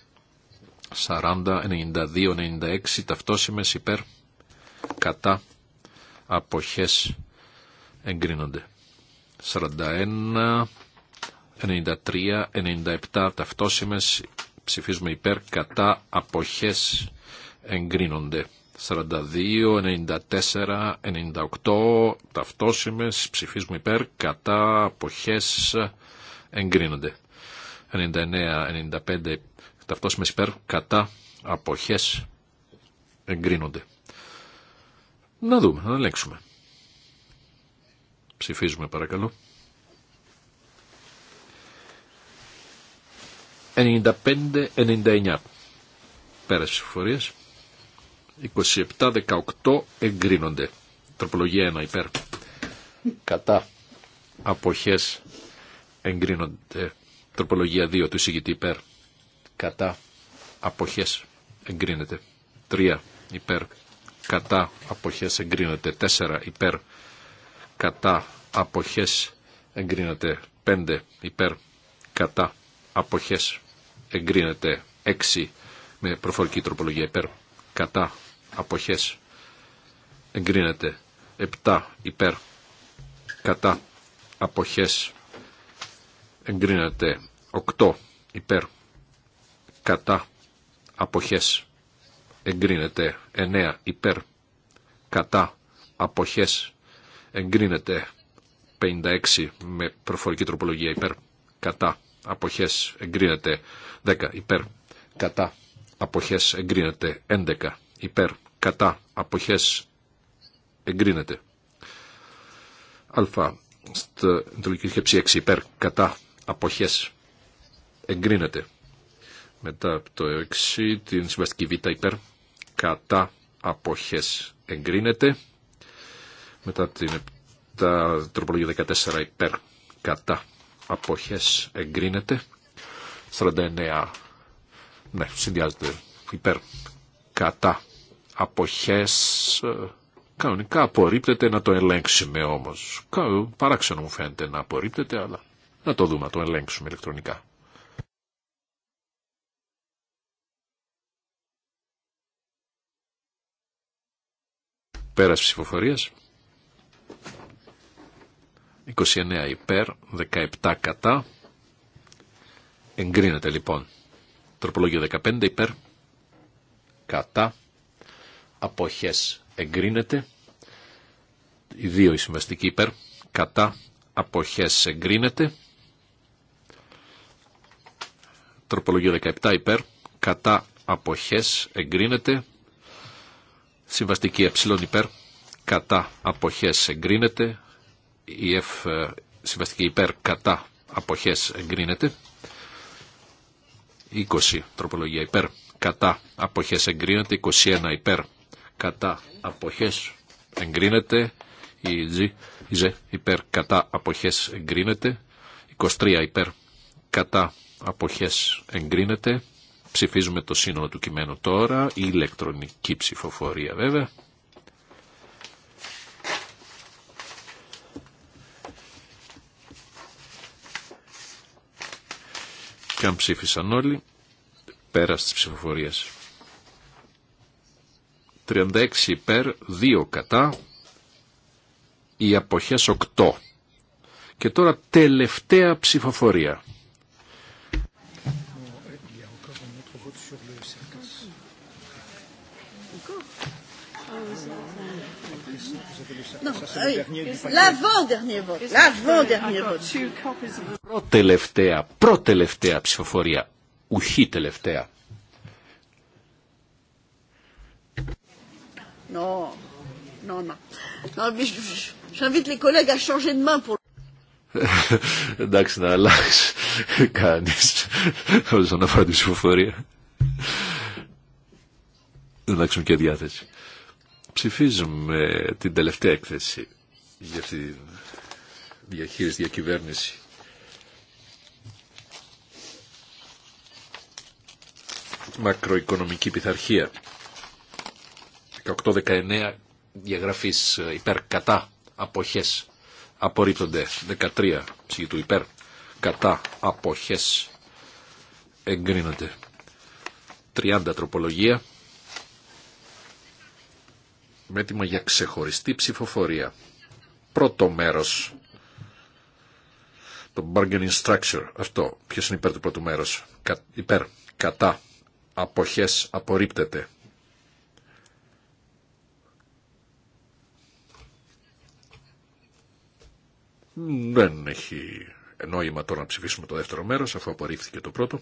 40, 92, 96 ταυτόσημες υπέρ κατά αποχές εγκρίνονται 41, 93, 97 ταυτόσημες ψηφίζουμε υπέρ κατά αποχές εγκρίνονται. 42, 94, 98 ταυτόσημες ψηφίζουμε υπέρ κατά αποχές εγκρίνονται. 99, 95 ταυτόσημες υπέρ κατά αποχές εγκρίνονται. Να δούμε, να ελέγξουμε. Ψηφίζουμε παρακαλώ. 95-99. πέραση ψηφοφορίας. 27-18 εγκρίνονται. Τροπολογία 1 υπέρ. Κατά. Αποχές εγκρίνονται. Τροπολογία 2 του εισηγητή υπέρ. Κατά. Αποχές εγκρίνεται. 3 υπέρ. Κατά. Αποχές εγκρίνονται. 4 υπέρ κατά αποχές εγκρίνεται 5 υπέρ κατά αποχές εγκρίνεται 6 με προφορική τροπολογία υπέρ κατά αποχές εγκρίνεται 7 υπέρ κατά αποχές εγκρίνεται 8 υπέρ κατά αποχές εγκρίνεται 9 υπέρ κατά αποχές εγκρίνεται 56 με προφορική τροπολογία υπέρ κατά αποχές εγκρίνεται 10 υπέρ κατά αποχές εγκρίνεται 11 υπέρ κατά αποχές εγκρίνεται α στην τελική σκέψη 6 υπέρ κατά αποχές εγκρίνεται μετά από το 6 την συμβαστική β υπέρ κατά αποχές εγκρίνεται μετά την τα τροπολογία 14 υπέρ κατά αποχές εγκρίνεται. 49 ναι, συνδυάζεται υπέρ κατά αποχές ε, κανονικά απορρίπτεται να το ελέγξουμε όμως. Παράξενο μου φαίνεται να απορρίπτεται αλλά να το δούμε, να το ελέγξουμε ηλεκτρονικά. Πέρας ψηφοφορίας 29 υπέρ, 17 κατά. Εγκρίνεται λοιπόν. Τροπολογία 15 υπέρ, κατά. Αποχές εγκρίνεται. Οι δύο οι συμβαστικοί υπέρ, κατά. Αποχές εγκρίνεται. Τροπολογία 17 υπέρ, κατά. Αποχές εγκρίνεται. Συμβαστική ε υπέρ, κατά αποχές εγκρίνεται, η εφ συμβαστική υπέρ κατά αποχές εγκρίνεται, 20 τροπολογία υπέρ κατά αποχές εγκρίνεται, 21 υπέρ κατά αποχές εγκρίνεται, η G, υπέρ κατά αποχές εγκρίνεται, 23 υπέρ κατά αποχές εγκρίνεται, ψηφίζουμε το σύνολο του κειμένου τώρα, η ηλεκτρονική ψηφοφορία βέβαια. Και αν ψήφισαν όλοι, πέρα της ψηφοφορία. 36 υπέρ, 2 κατά, οι αποχές 8. Και τώρα τελευταία ψηφοφορία. Προτελευταία, προτελευταία ψηφοφορία. Ουχή τελευταία. Non, non, non. Non, j'invite Εντάξει, να αλλάξει κανεί όσον αφορά τη ψηφοφορία. Να αλλάξουν και διάθεση. Ψηφίζουμε την τελευταία έκθεση για τη διαχείριση, διακυβέρνηση. Μακροοικονομική πειθαρχία. 18-19 διαγραφής ε, υπέρ κατά αποχές απορρίπτονται 13 ψυχή υπέρ κατά αποχές εγκρίνονται 30 τροπολογία έτοιμο για ξεχωριστή ψηφοφορία. Πρώτο μέρος. Το bargaining structure. Αυτό. Ποιος είναι υπέρ του πρώτου μέρους. υπέρ. Κατά. Αποχές. Απορρίπτεται. Δεν έχει νόημα τώρα να ψηφίσουμε το δεύτερο μέρος αφού απορρίφθηκε το πρώτο.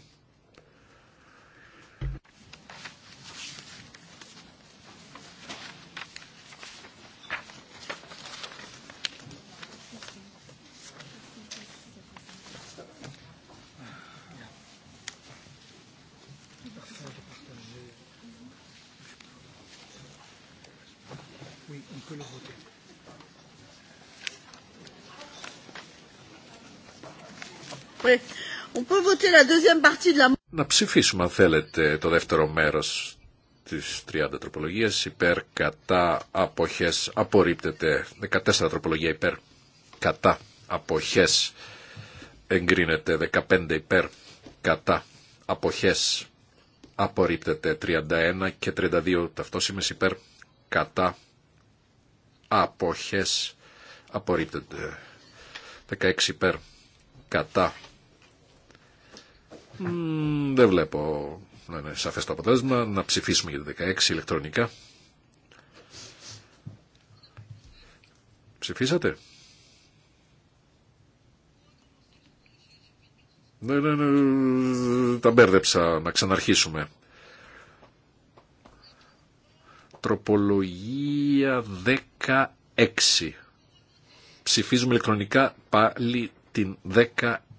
Να ψηφίσουμε αν θέλετε το δεύτερο μέρος της 30 τροπολογίας. υπέρ κατά αποχές απορρίπτεται 14 τροπολογία υπέρ κατά αποχές εγκρίνεται 15 υπέρ κατά αποχές απορρίπτεται 31 και 32 ταυτόσημες υπέρ κατά αποχές απορρίπτεται 16 υπέρ κατά δεν βλέπω να είναι σαφές το αποτέλεσμα. Να ψηφίσουμε για το 16 ηλεκτρονικά. Ψηφίσατε. Ναι, ναι, ναι, τα μπέρδεψα να ξαναρχίσουμε. Τροπολογία 16. Ψηφίζουμε ηλεκτρονικά πάλι την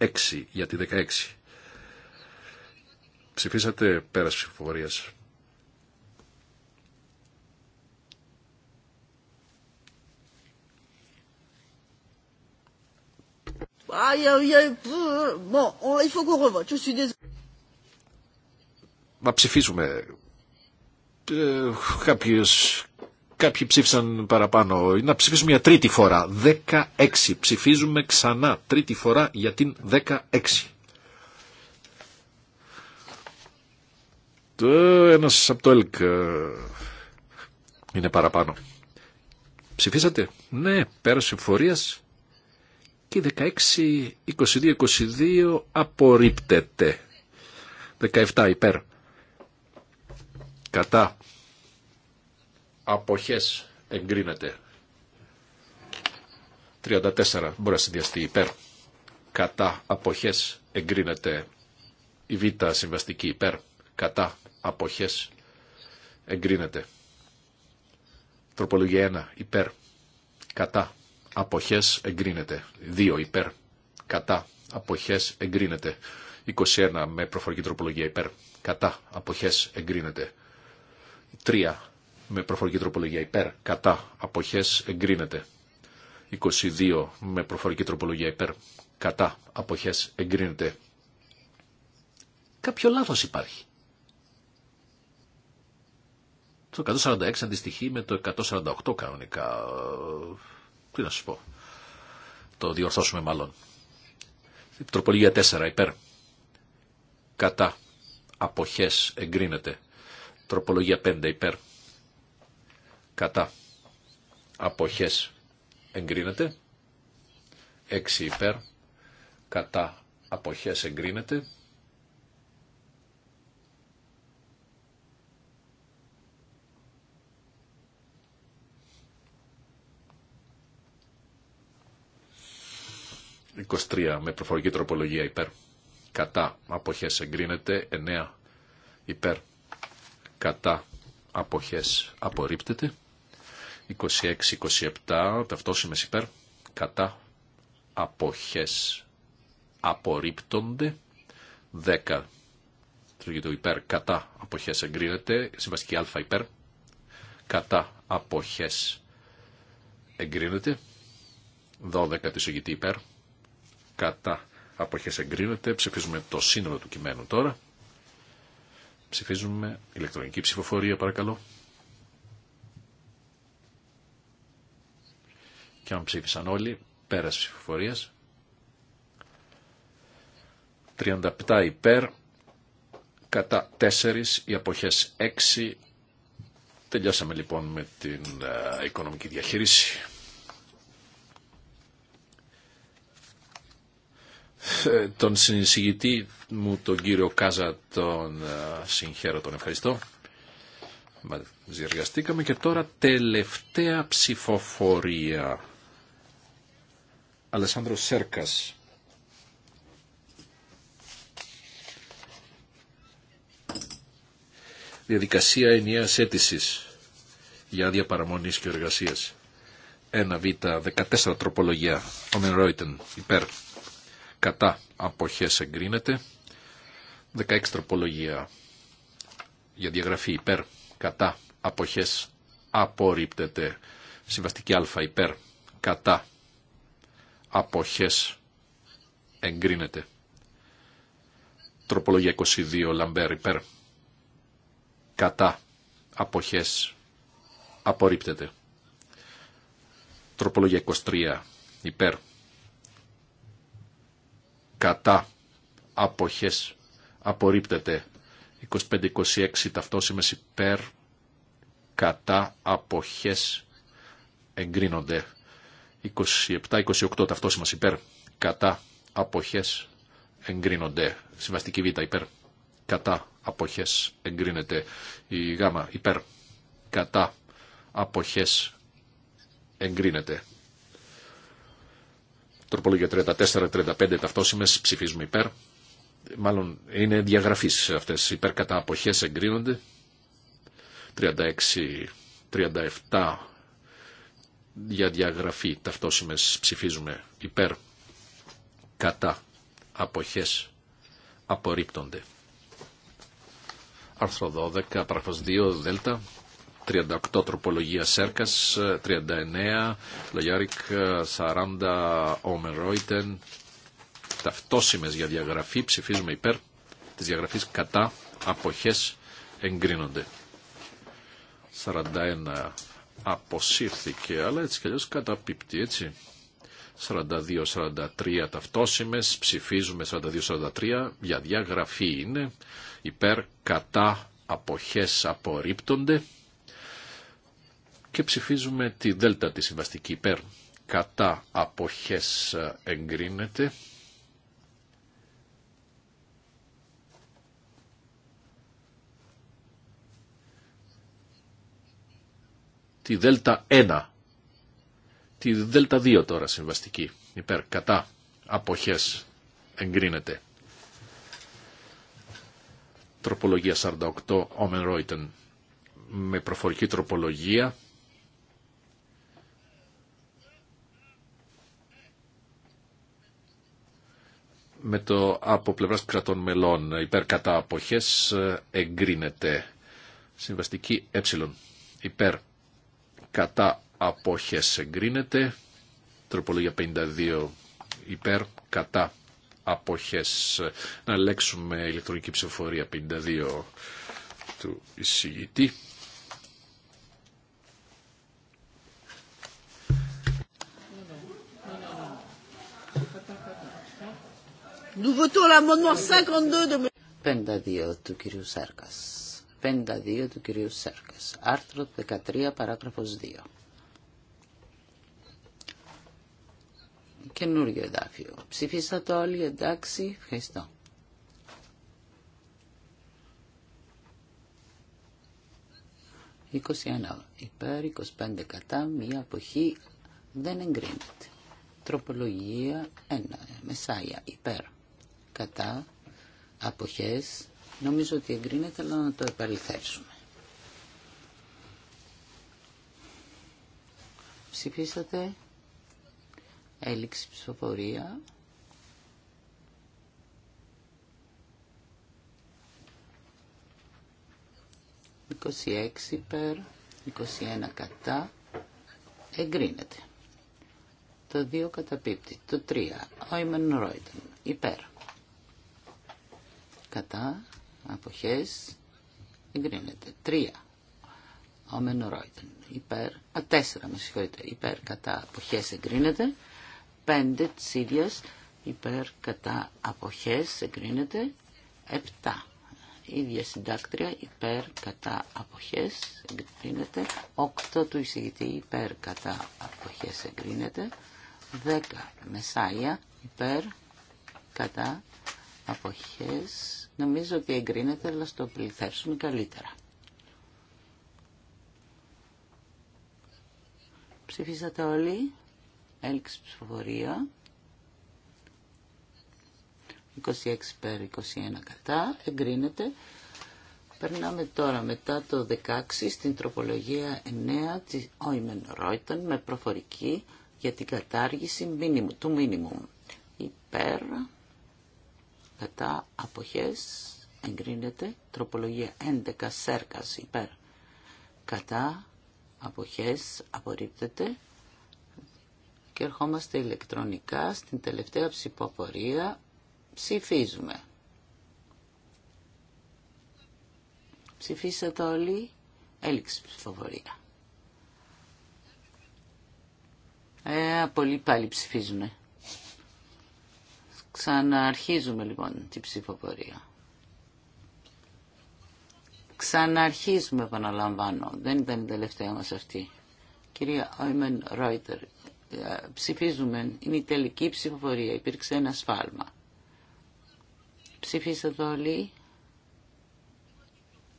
16, για τη 16. Ψηφίσατε πέρας ψηφοφορίας. Να ψηφίσουμε. Κάποιος, κάποιοι ψήφισαν παραπάνω. Να ψηφίσουμε για τρίτη φορά. 16. Ψηφίζουμε ξανά τρίτη φορά για την 16. Ένας από το ΕΛΚ ε, είναι παραπάνω. Ψηφίσατε. Ναι, πέρασε φορείας και 16-22-22 απορρίπτεται. 17 υπέρ. Κατά. Αποχές εγκρίνεται. 34 μπορεί να συνδυαστεί υπέρ. Κατά. Αποχές εγκρίνεται. Η Β συμβαστική υπέρ. Κατά αποχές εγκρίνεται. Τροπολογία 1 υπέρ κατά αποχές εγκρίνεται. 2 υπέρ κατά αποχές εγκρίνεται. 21 με προφορική τροπολογία υπέρ κατά αποχές εγκρίνεται. 3 με προφορική τροπολογία υπέρ κατά αποχές εγκρίνεται. 22 με προφορική τροπολογία υπέρ κατά αποχές εγκρίνεται. Κάποιο λάθος υπάρχει. Το 146 αντιστοιχεί με το 148 κανονικά. Ε, τι να σου πω. Το διορθώσουμε μάλλον. Τροπολογία 4 υπέρ. Κατά. Αποχές εγκρίνεται. Τροπολογία 5 υπέρ. Κατά. Αποχές εγκρίνεται. 6 υπέρ. Κατά. Αποχές εγκρίνεται. 23 με προφορική τροπολογία υπέρ. Κατά αποχές εγκρίνεται 9 υπέρ. Κατά αποχές απορρίπτεται. 26-27 ταυτόσημες υπέρ. Κατά αποχές απορρίπτονται. 10 υπέρ κατά αποχές εγκρίνεται. Συμβαστική α υπέρ κατά αποχές εγκρίνεται. 12 τη υπέρ κατά αποχές εγκρίνεται. Ψηφίζουμε το σύνολο του κειμένου τώρα. Ψηφίζουμε ηλεκτρονική ψηφοφορία παρακαλώ. Και αν ψήφισαν όλοι, πέρας ψηφοφορίας. 37 υπέρ, κατά 4, οι αποχές 6. Τελειώσαμε λοιπόν με την ε, οικονομική διαχείριση. Ε, τον συνεισηγητή μου, τον κύριο Κάζα, τον ε, συγχαίρω, τον ευχαριστώ. Διεργαστήκαμε και τώρα τελευταία ψηφοφορία. Αλεσάνδρο Σέρκας. Διαδικασία ενιαίας αίτησης για άδεια παραμονής και εργασίας. 1β, 14 τροπολογία. Ομεν Ρόιτεν, υπέρ κατά αποχές εγκρίνεται. 16 τροπολογία για διαγραφή υπέρ κατά αποχές απορρίπτεται. Συμβαστική α υπέρ κατά αποχές εγκρίνεται. Τροπολογία 22 Λαμπέρ υπέρ κατά αποχές απορρίπτεται. Τροπολογία 23 υπέρ κατά αποχές απορρίπτεται 25-26 ταυτόσημες υπέρ κατά αποχές εγκρίνονται 27-28 ταυτόσημες υπέρ κατά αποχές εγκρίνονται συμβαστική β υπέρ κατά αποχές εγκρίνεται η γάμα υπέρ κατά αποχές εγκρίνεται Τροπολογία 34-35 ταυτόσημες ψηφίζουμε υπέρ. Μάλλον είναι διαγραφής αυτές. Υπέρ κατά αποχές εγκρίνονται. 36-37 για διαγραφή ταυτόσημες ψηφίζουμε υπέρ. Κατά αποχές απορρίπτονται. Άρθρο 12, παράγραφος 2, δέλτα, 38 τροπολογία σέρκα. 39 Λογιάρικ, 40 ΟΜΕΡΟΙΤΕΝ, Ρόιτεν. για διαγραφή, ψηφίζουμε υπέρ τη διαγραφή κατά απόχέ εγκρίνονται. 41 αποσύρθηκε, αλλά έτσι κι αλλιώς καταπίπτει, έτσι. 42-43 ταυτόσιμες, ψηφίζουμε 42-43, για διαγραφή είναι, υπέρ κατά αποχές απορρίπτονται. Και ψηφίζουμε τη δέλτα τη συμβαστική υπέρ. Κατά αποχές ε, εγκρίνεται. Τη δέλτα 1. Τη δέλτα 2 τώρα συμβαστική υπέρ. Κατά αποχές εγκρίνεται. Τροπολογία 48 Omen Reuten. με προφορική τροπολογία με το από πλευρά κρατών μελών ε, υπέρ κατά αποχές ε, εγκρίνεται. Συμβαστική ε υπέρ κατά αποχές εγκρίνεται. Τροπολογία 52 υπέρ κατά αποχές. Να λέξουμε ηλεκτρονική ψηφοφορία 52 του εισηγητή. Nous votons l'amendement 52 de... 52 του κυρίου Σέρκας. 52 του κυρίου Σέρκας. Άρθρο 13 παράγραφος 2. Καινούριο εδάφιο. Ψήφισα το όλοι εντάξει. Ευχαριστώ. «21 υπέρ, 25 κατά, μία αποχή δεν εγκρίνεται». Τροπολογία 1. Μεσάια υπέρ κατά, αποχές, νομίζω ότι εγκρίνεται, αλλά να το επαληθεύσουμε. Ψηφίσατε, έληξη ψηφοφορία. «26 υπέρ, 21 κατά, εγκρίνεται». Το 2 καταπίπτει. Το 3. Ο Ιμεν Υπέρ κατά αποχές εγκρίνεται. 3. Ομένο Υπέρ, α, τέσσερα με συγχωρείτε. Υπέρ κατά αποχές εγκρίνεται. 5 της ίδιας. Υπέρ κατά αποχές εγκρίνεται. 7. Ίδια συντάκτρια υπέρ κατά αποχές εγκρίνεται. 8 του εισηγητή υπέρ κατά αποχές εγκρίνεται. 10 μεσάια. υπέρ κατά αποχές Νομίζω ότι εγκρίνεται, αλλά στο πληθεύσουμε καλύτερα. Ψηφίσατε όλοι. Έλξη ψηφοφορία. 26 πέρ 21 κατά. Εγκρίνεται. Περνάμε τώρα μετά το 16 στην τροπολογία 9 της Όιμεν Ρόιτον με προφορική για την κατάργηση του μίνιμουμ. Υπέρ κατά αποχές εγκρίνεται τροπολογία 11 σέρκας υπέρ κατά αποχές απορρίπτεται και ερχόμαστε ηλεκτρονικά στην τελευταία ψηφοφορία ψηφίζουμε ψηφίσατε όλοι έληξη ψηφοφορία ε, πολλοί πάλι ψηφίζουνε Ξαναρχίζουμε λοιπόν την ψηφοφορία. Ξαναρχίζουμε επαναλαμβάνω. Δεν ήταν η τελευταία μας αυτή. Κυρία Όιμεν Ρόιτερ, ψηφίζουμε. Είναι η τελική ψηφοφορία. Υπήρξε ένα σφάλμα. Ψηφίσατε όλοι.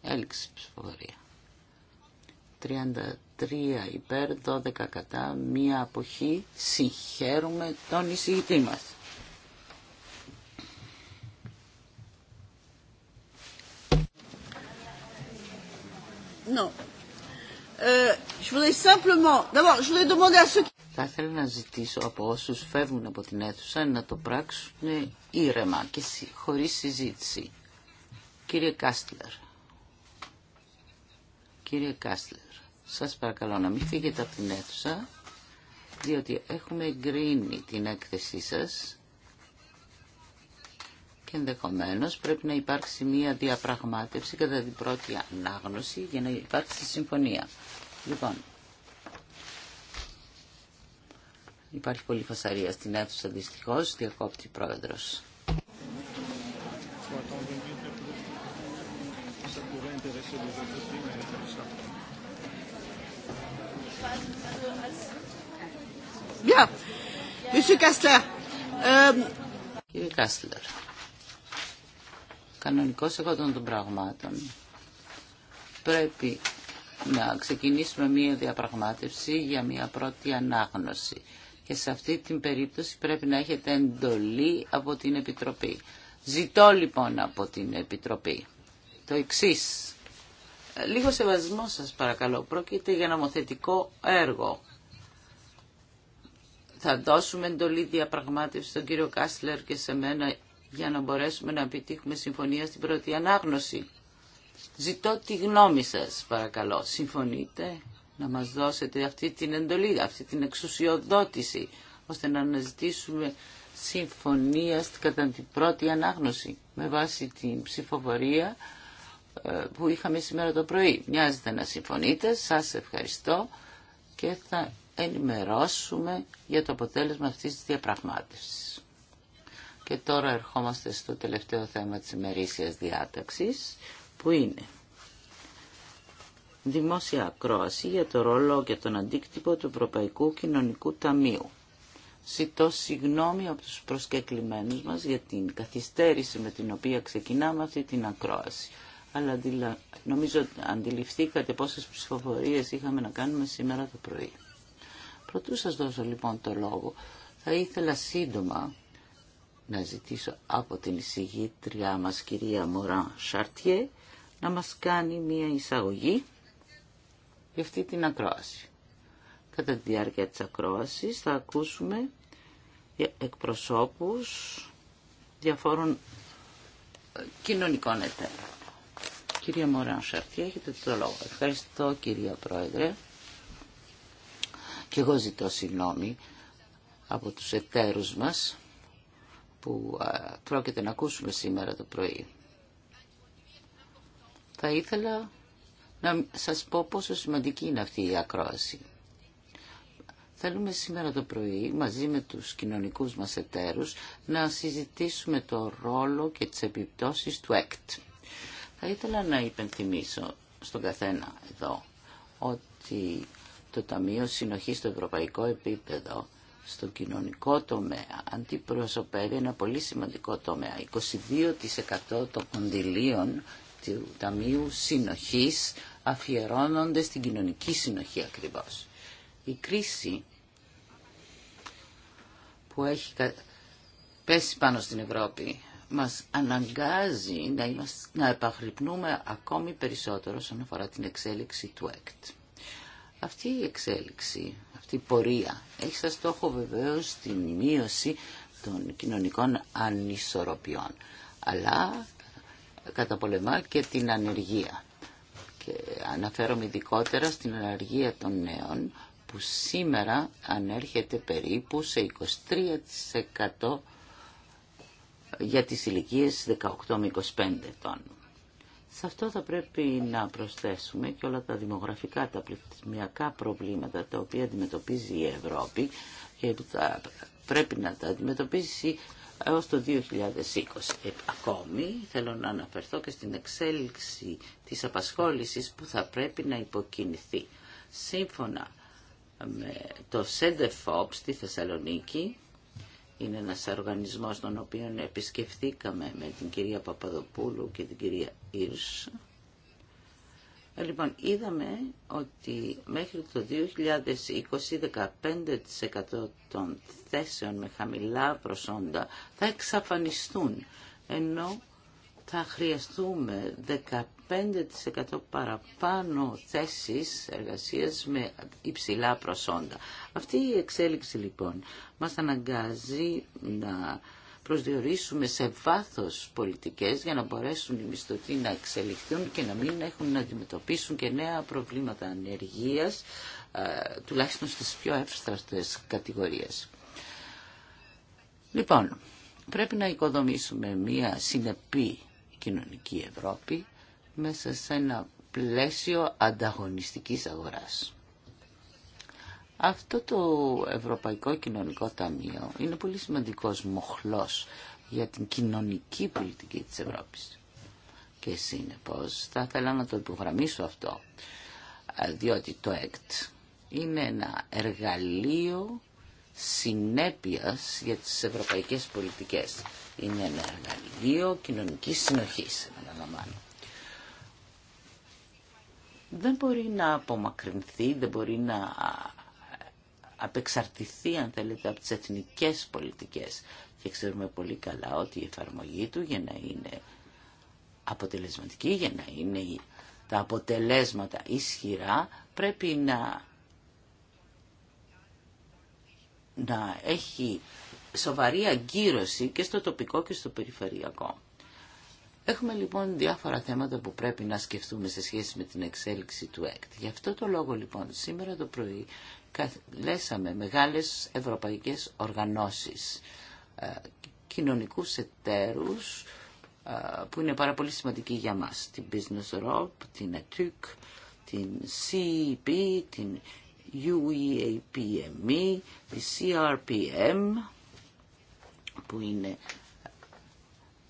Έλξη ψηφοφορία. 33 υπέρ, 12 κατά, μία αποχή. Συγχαίρουμε τον εισηγητή μας. Θα ήθελα να ζητήσω από όσου φεύγουν από την αίθουσα να το πράξουν ήρεμα και χωρί συζήτηση. Κύριε Κάστλερ, κύριε Κάστλερ, σας παρακαλώ να μην φύγετε από την αίθουσα, διότι έχουμε εγκρίνει την έκθεσή σας και ενδεχομένως πρέπει να υπάρξει μία διαπραγμάτευση κατά την πρώτη ανάγνωση για να υπάρξει συμφωνία. Λοιπόν, υπάρχει πολύ φασαρία στην αίθουσα δυστυχώ, διακόπτει πρόεδρος. Bien. Monsieur um, Κύριε Κάσλερ κανονικός εγώτων των πραγμάτων. Πρέπει να ξεκινήσουμε μία διαπραγμάτευση για μία πρώτη ανάγνωση. Και σε αυτή την περίπτωση πρέπει να έχετε εντολή από την Επιτροπή. Ζητώ λοιπόν από την Επιτροπή το εξή. Λίγο σεβασμό σας παρακαλώ. Πρόκειται για νομοθετικό έργο. Θα δώσουμε εντολή διαπραγμάτευση στον κύριο Κάσλερ και σε μένα για να μπορέσουμε να επιτύχουμε συμφωνία στην πρώτη ανάγνωση. Ζητώ τη γνώμη σας, παρακαλώ. Συμφωνείτε να μας δώσετε αυτή την εντολή, αυτή την εξουσιοδότηση, ώστε να αναζητήσουμε συμφωνία κατά την πρώτη ανάγνωση, με βάση την ψηφοφορία ε, που είχαμε σήμερα το πρωί. Μοιάζεται να συμφωνείτε, σας ευχαριστώ και θα ενημερώσουμε για το αποτέλεσμα αυτής της διαπραγμάτευσης. Και τώρα ερχόμαστε στο τελευταίο θέμα της ημερήσιας διάταξης, που είναι δημόσια ακρόαση για το ρόλο και τον αντίκτυπο του Ευρωπαϊκού Κοινωνικού Ταμείου. Σητώ συγγνώμη από τους προσκεκλημένους μας για την καθυστέρηση με την οποία ξεκινάμε αυτή την ακρόαση. Αλλά νομίζω αντιληφθήκατε πόσες ψηφοφορίες είχαμε να κάνουμε σήμερα το πρωί. Πρωτού σας δώσω λοιπόν το λόγο, θα ήθελα σύντομα να ζητήσω από την εισηγήτριά μας κυρία Μωράν Σαρτιέ να μας κάνει μία εισαγωγή για αυτή την ακρόαση. Κατά τη διάρκεια της ακρόασης θα ακούσουμε εκπροσώπους διαφόρων ε, κοινωνικών εταίρων. Κυρία Μωράν Σαρτιέ, έχετε το λόγο. Ευχαριστώ κυρία Πρόεδρε. Και εγώ ζητώ συγγνώμη από τους εταίρους μας που πρόκειται να ακούσουμε σήμερα το πρωί. Θα ήθελα να σας πω πόσο σημαντική είναι αυτή η ακρόαση. Θέλουμε σήμερα το πρωί μαζί με τους κοινωνικούς μας εταίρους να συζητήσουμε το ρόλο και τις επιπτώσεις του ΕΚΤ. Θα ήθελα να υπενθυμίσω στον καθένα εδώ ότι το Ταμείο Συνοχής στο ευρωπαϊκό επίπεδο στο κοινωνικό τομέα αντιπροσωπεύει ένα πολύ σημαντικό τομέα. 22% των κονδυλίων του Ταμείου Συνοχής αφιερώνονται στην κοινωνική συνοχή ακριβώς. Η κρίση που έχει πέσει πάνω στην Ευρώπη μας αναγκάζει να, είμαστε, να ακόμη περισσότερο όσον αφορά την εξέλιξη του ΕΚΤ. Αυτή η εξέλιξη στη πορεία. Έχει σαν στόχο βεβαίως τη μείωση των κοινωνικών ανισορροπιών, αλλά καταπολεμά και την ανεργία. Και αναφέρομαι ειδικότερα στην ανεργία των νέων, που σήμερα ανέρχεται περίπου σε 23% για τις ηλικίες 18 με 25 ετών. Σε αυτό θα πρέπει να προσθέσουμε και όλα τα δημογραφικά, τα πληθυσμιακά προβλήματα τα οποία αντιμετωπίζει η Ευρώπη και θα πρέπει να τα αντιμετωπίσει έως το 2020. Ε, ακόμη θέλω να αναφερθώ και στην εξέλιξη της απασχόλησης που θα πρέπει να υποκινηθεί. Σύμφωνα με το ΣΕΝΤΕΦΟΠ στη Θεσσαλονίκη είναι ένας οργανισμός τον οποίο επισκεφθήκαμε με την κυρία Παπαδοπούλου και την κυρία Ήρς. Ε, λοιπόν, είδαμε ότι μέχρι το 2020 15% των θέσεων με χαμηλά προσόντα θα εξαφανιστούν, ενώ θα χρειαστούμε 5% παραπάνω θέσεις εργασίας με υψηλά προσόντα. Αυτή η εξέλιξη λοιπόν μας αναγκάζει να προσδιορίσουμε σε βάθος πολιτικές για να μπορέσουν οι μισθωτοί να εξελιχθούν και να μην έχουν να αντιμετωπίσουν και νέα προβλήματα ανεργίας, ε, τουλάχιστον στις πιο εύστραστες κατηγορίες. Λοιπόν, πρέπει να οικοδομήσουμε μία συνεπή κοινωνική Ευρώπη μέσα σε ένα πλαίσιο ανταγωνιστικής αγοράς. Αυτό το Ευρωπαϊκό Κοινωνικό Ταμείο είναι πολύ σημαντικός μοχλός για την κοινωνική πολιτική της Ευρώπης. Και συνεπώς θα ήθελα να το υπογραμμίσω αυτό, διότι το ΕΚΤ είναι ένα εργαλείο συνέπειας για τις ευρωπαϊκές πολιτικές. Είναι ένα εργαλείο κοινωνικής συνοχής, επαναλαμβάνω δεν μπορεί να απομακρυνθεί, δεν μπορεί να απεξαρτηθεί αν θέλετε από τις εθνικές πολιτικές και ξέρουμε πολύ καλά ότι η εφαρμογή του για να είναι αποτελεσματική, για να είναι τα αποτελέσματα ισχυρά πρέπει να, να έχει σοβαρή αγκύρωση και στο τοπικό και στο περιφερειακό. Έχουμε λοιπόν διάφορα θέματα που πρέπει να σκεφτούμε σε σχέση με την εξέλιξη του ΕΚΤ. Γι' αυτό το λόγο λοιπόν σήμερα το πρωί καλέσαμε μεγάλες ευρωπαϊκές οργανώσεις, ε, κοινωνικούς εταίρους ε, που είναι πάρα πολύ σημαντικοί για μας. Την Business Europe, την ETUC, την CEP, την UEAPME, e, τη CRPM που είναι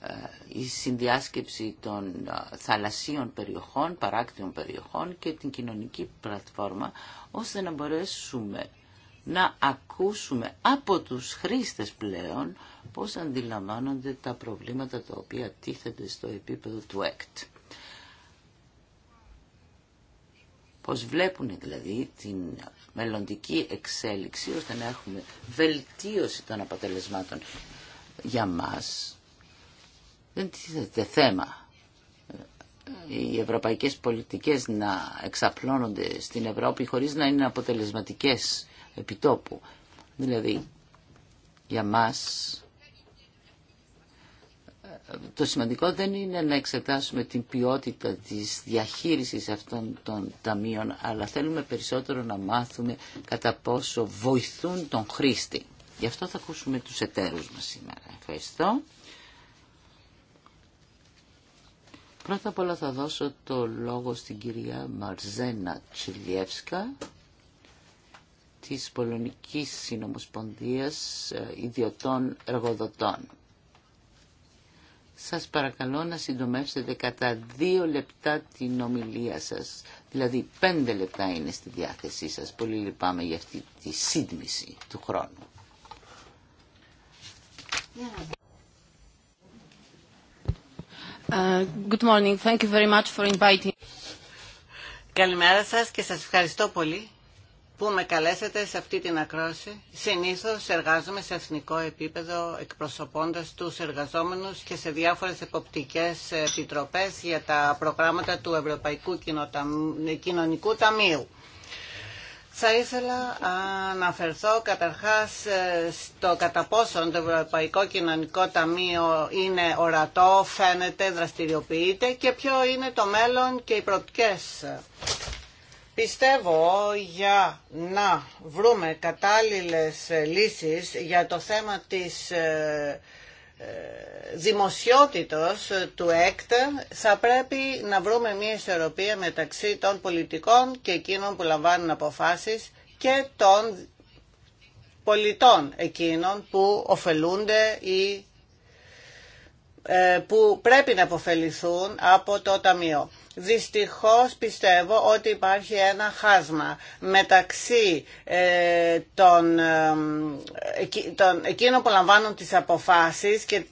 ε, η συνδιάσκεψη των ε, θαλασσίων περιοχών, παράκτιων περιοχών και την κοινωνική πλατφόρμα, ώστε να μπορέσουμε να ακούσουμε από τους χρήστες πλέον πώς αντιλαμβάνονται τα προβλήματα τα οποία τίθεται στο επίπεδο του ΕΚΤ. Πώς βλέπουν δηλαδή την μελλοντική εξέλιξη ώστε να έχουμε βελτίωση των αποτελεσμάτων για μας δεν τίθεται θέμα οι ευρωπαϊκές πολιτικές να εξαπλώνονται στην Ευρώπη χωρίς να είναι αποτελεσματικές επιτόπου. Δηλαδή, για μας το σημαντικό δεν είναι να εξετάσουμε την ποιότητα της διαχείρισης αυτών των ταμείων, αλλά θέλουμε περισσότερο να μάθουμε κατά πόσο βοηθούν τον χρήστη. Γι' αυτό θα ακούσουμε τους εταίρους μας σήμερα. Ευχαριστώ. Πρώτα απ' όλα θα δώσω το λόγο στην κυρία Μαρζένα Τσιλιεύσκα της Πολωνικής Συνομοσπονδίας ε, Ιδιωτών Εργοδοτών. Σας παρακαλώ να συντομεύσετε κατά δύο λεπτά την ομιλία σας. Δηλαδή πέντε λεπτά είναι στη διάθεσή σας. Πολύ λυπάμαι για αυτή τη σύντμηση του χρόνου. Uh, Καλημέρα σας και σας ευχαριστώ πολύ που με καλέσατε σε αυτή την ακρόση. Συνήθως εργάζομαι σε εθνικό επίπεδο εκπροσωπώντας τους εργαζόμενους και σε διάφορες εποπτικές επιτροπές για τα προγράμματα του Ευρωπαϊκού Κοινωνικού Ταμείου. Θα ήθελα να αναφερθώ καταρχάς ε, στο κατά πόσον το Ευρωπαϊκό Κοινωνικό Ταμείο είναι ορατό, φαίνεται, δραστηριοποιείται και ποιο είναι το μέλλον και οι προοπτικές. Πιστεύω για να βρούμε κατάλληλες ε, λύσεις για το θέμα της ε, δημοσιότητος του ΕΚΤ θα πρέπει να βρούμε μια ισορροπία μεταξύ των πολιτικών και εκείνων που λαμβάνουν αποφάσεις και των πολιτών εκείνων που ωφελούνται ή ε, που πρέπει να αποφεληθούν από το Ταμείο. Δυστυχώς πιστεύω ότι υπάρχει ένα χάσμα μεταξύ ε, των, ε, των εκείνων που λαμβάνουν τις αποφάσεις και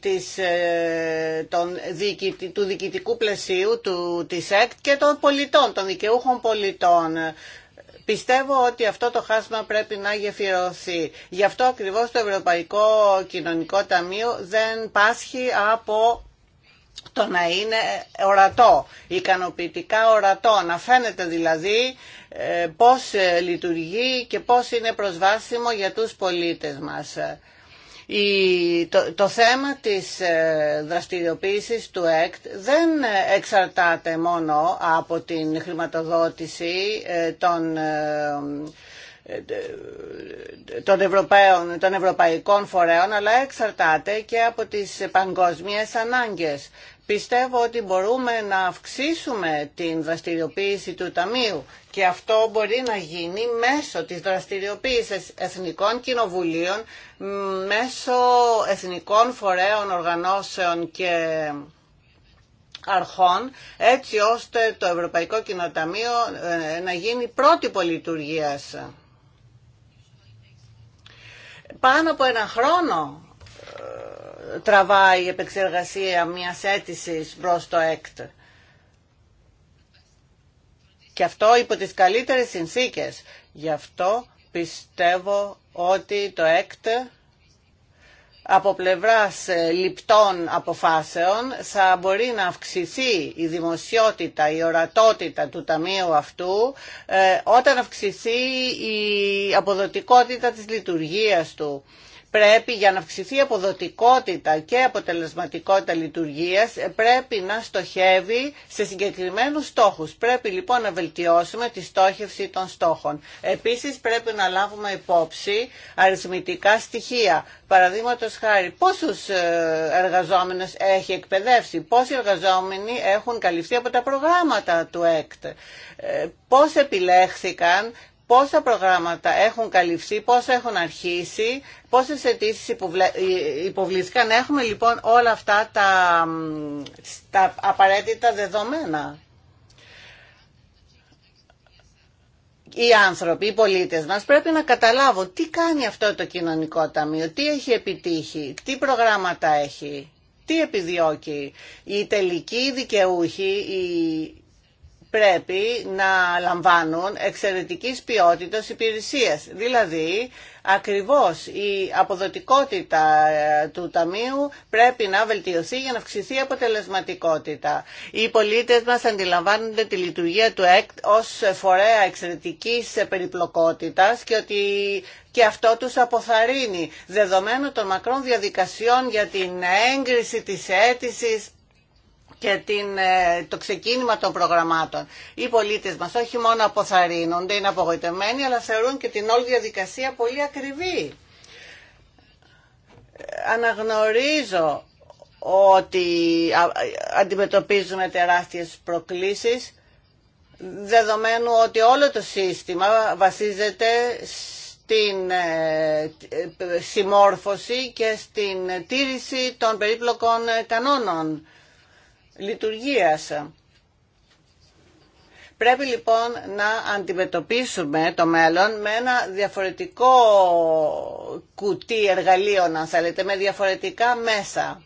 της, του διοικητικού πλαισίου του, της ΕΚΤ και των πολιτών, των δικαιούχων πολιτών Πιστεύω ότι αυτό το χάσμα πρέπει να γεφυρωθεί. Γι' αυτό ακριβώς το Ευρωπαϊκό Κοινωνικό Ταμείο δεν πάσχει από το να είναι ορατό, ικανοποιητικά ορατό, να φαίνεται δηλαδή ε, πώς ε, λειτουργεί και πώς είναι προσβάσιμο για τους πολίτες μας το, θέμα της ε, δραστηριοποίησης του ΕΚΤ δεν εξαρτάται μόνο από την χρηματοδότηση ε, των ε, των ευρωπαϊκών φορέων αλλά εξαρτάται και από τις παγκόσμιες ανάγκες. Πιστεύω ότι μπορούμε να αυξήσουμε την δραστηριοποίηση του Ταμείου και αυτό μπορεί να γίνει μέσω της δραστηριοποίησης εθνικών κοινοβουλίων, μέσω εθνικών φορέων, οργανώσεων και αρχών, έτσι ώστε το Ευρωπαϊκό Κοινοταμείο ε, να γίνει πρώτη λειτουργίας. Πάνω από ένα χρόνο τραβάει η επεξεργασία μιας αίτησης προ το ΕΚΤ. Και αυτό υπό τις καλύτερες συνθήκες. Γι' αυτό πιστεύω ότι το ΕΚΤ από πλευράς ε, λιπτών αποφάσεων θα μπορεί να αυξηθεί η δημοσιότητα, η ορατότητα του Ταμείου αυτού ε, όταν αυξηθεί η αποδοτικότητα της λειτουργίας του πρέπει για να αυξηθεί αποδοτικότητα και αποτελεσματικότητα λειτουργίας ε, πρέπει να στοχεύει σε συγκεκριμένους στόχους. Πρέπει λοιπόν να βελτιώσουμε τη στόχευση των στόχων. Επίσης πρέπει να λάβουμε υπόψη αριθμητικά στοιχεία. Παραδείγματο χάρη πόσους ε, εργαζόμενους έχει εκπαιδεύσει, πόσοι εργαζόμενοι έχουν καλυφθεί από τα προγράμματα του ΕΚΤ, ε, Πώ επιλέχθηκαν, πόσα προγράμματα έχουν καλυφθεί, πόσα έχουν αρχίσει, πόσες αιτήσει ε, υποβλήθηκαν. Έχουμε λοιπόν όλα αυτά τα, απαραίτητα δεδομένα. οι άνθρωποι, οι πολίτες μας πρέπει να καταλάβουν τι κάνει αυτό το κοινωνικό ταμείο, τι έχει επιτύχει, τι προγράμματα έχει, τι επιδιώκει. Οι τελικοί δικαιούχοι, πρέπει να λαμβάνουν εξαιρετικής ποιότητας υπηρεσίες. Δηλαδή, ακριβώς η αποδοτικότητα ε, του Ταμείου πρέπει να βελτιωθεί για να αυξηθεί η αποτελεσματικότητα. Οι πολίτες μας αντιλαμβάνονται τη λειτουργία του ΕΚΤ ως φορέα εξαιρετικής περιπλοκότητας και ότι και αυτό τους αποθαρρύνει, δεδομένου των μακρών διαδικασιών για την έγκριση της αίτησης και την, ε, το ξεκίνημα των προγραμμάτων. Οι πολίτες μας όχι μόνο αποθαρρύνονται, είναι απογοητευμένοι, αλλά θεωρούν και την όλη διαδικασία πολύ ακριβή. Αναγνωρίζω ότι αντιμετωπίζουμε τεράστιες προκλήσεις, δεδομένου ότι όλο το σύστημα βασίζεται στην ε, ε, συμμόρφωση και στην τήρηση των περίπλοκων κανόνων λειτουργίας. Πρέπει λοιπόν να αντιμετωπίσουμε το μέλλον με ένα διαφορετικό κουτί εργαλείων, αν θέλετε, με διαφορετικά μέσα.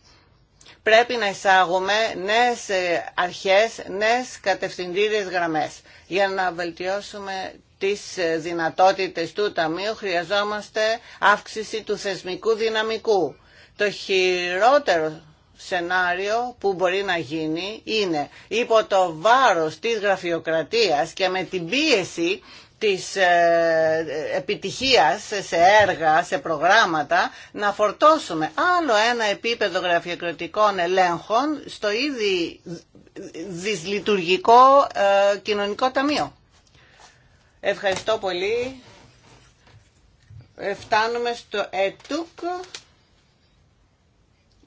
Πρέπει να εισάγουμε νέες ε, αρχές, νέες κατευθυντήριες γραμμές. Για να βελτιώσουμε τις ε, δυνατότητες του Ταμείου χρειαζόμαστε αύξηση του θεσμικού δυναμικού. Το χειρότερο σενάριο που μπορεί να γίνει είναι υπό το βάρος της γραφειοκρατίας και με την πίεση της ε, επιτυχίας σε έργα, σε προγράμματα, να φορτώσουμε άλλο ένα επίπεδο γραφειοκρατικών ελέγχων στο ήδη δυσλειτουργικό ε, κοινωνικό ταμείο. Ευχαριστώ πολύ. Ε, φτάνουμε στο ΕΤΟΚ.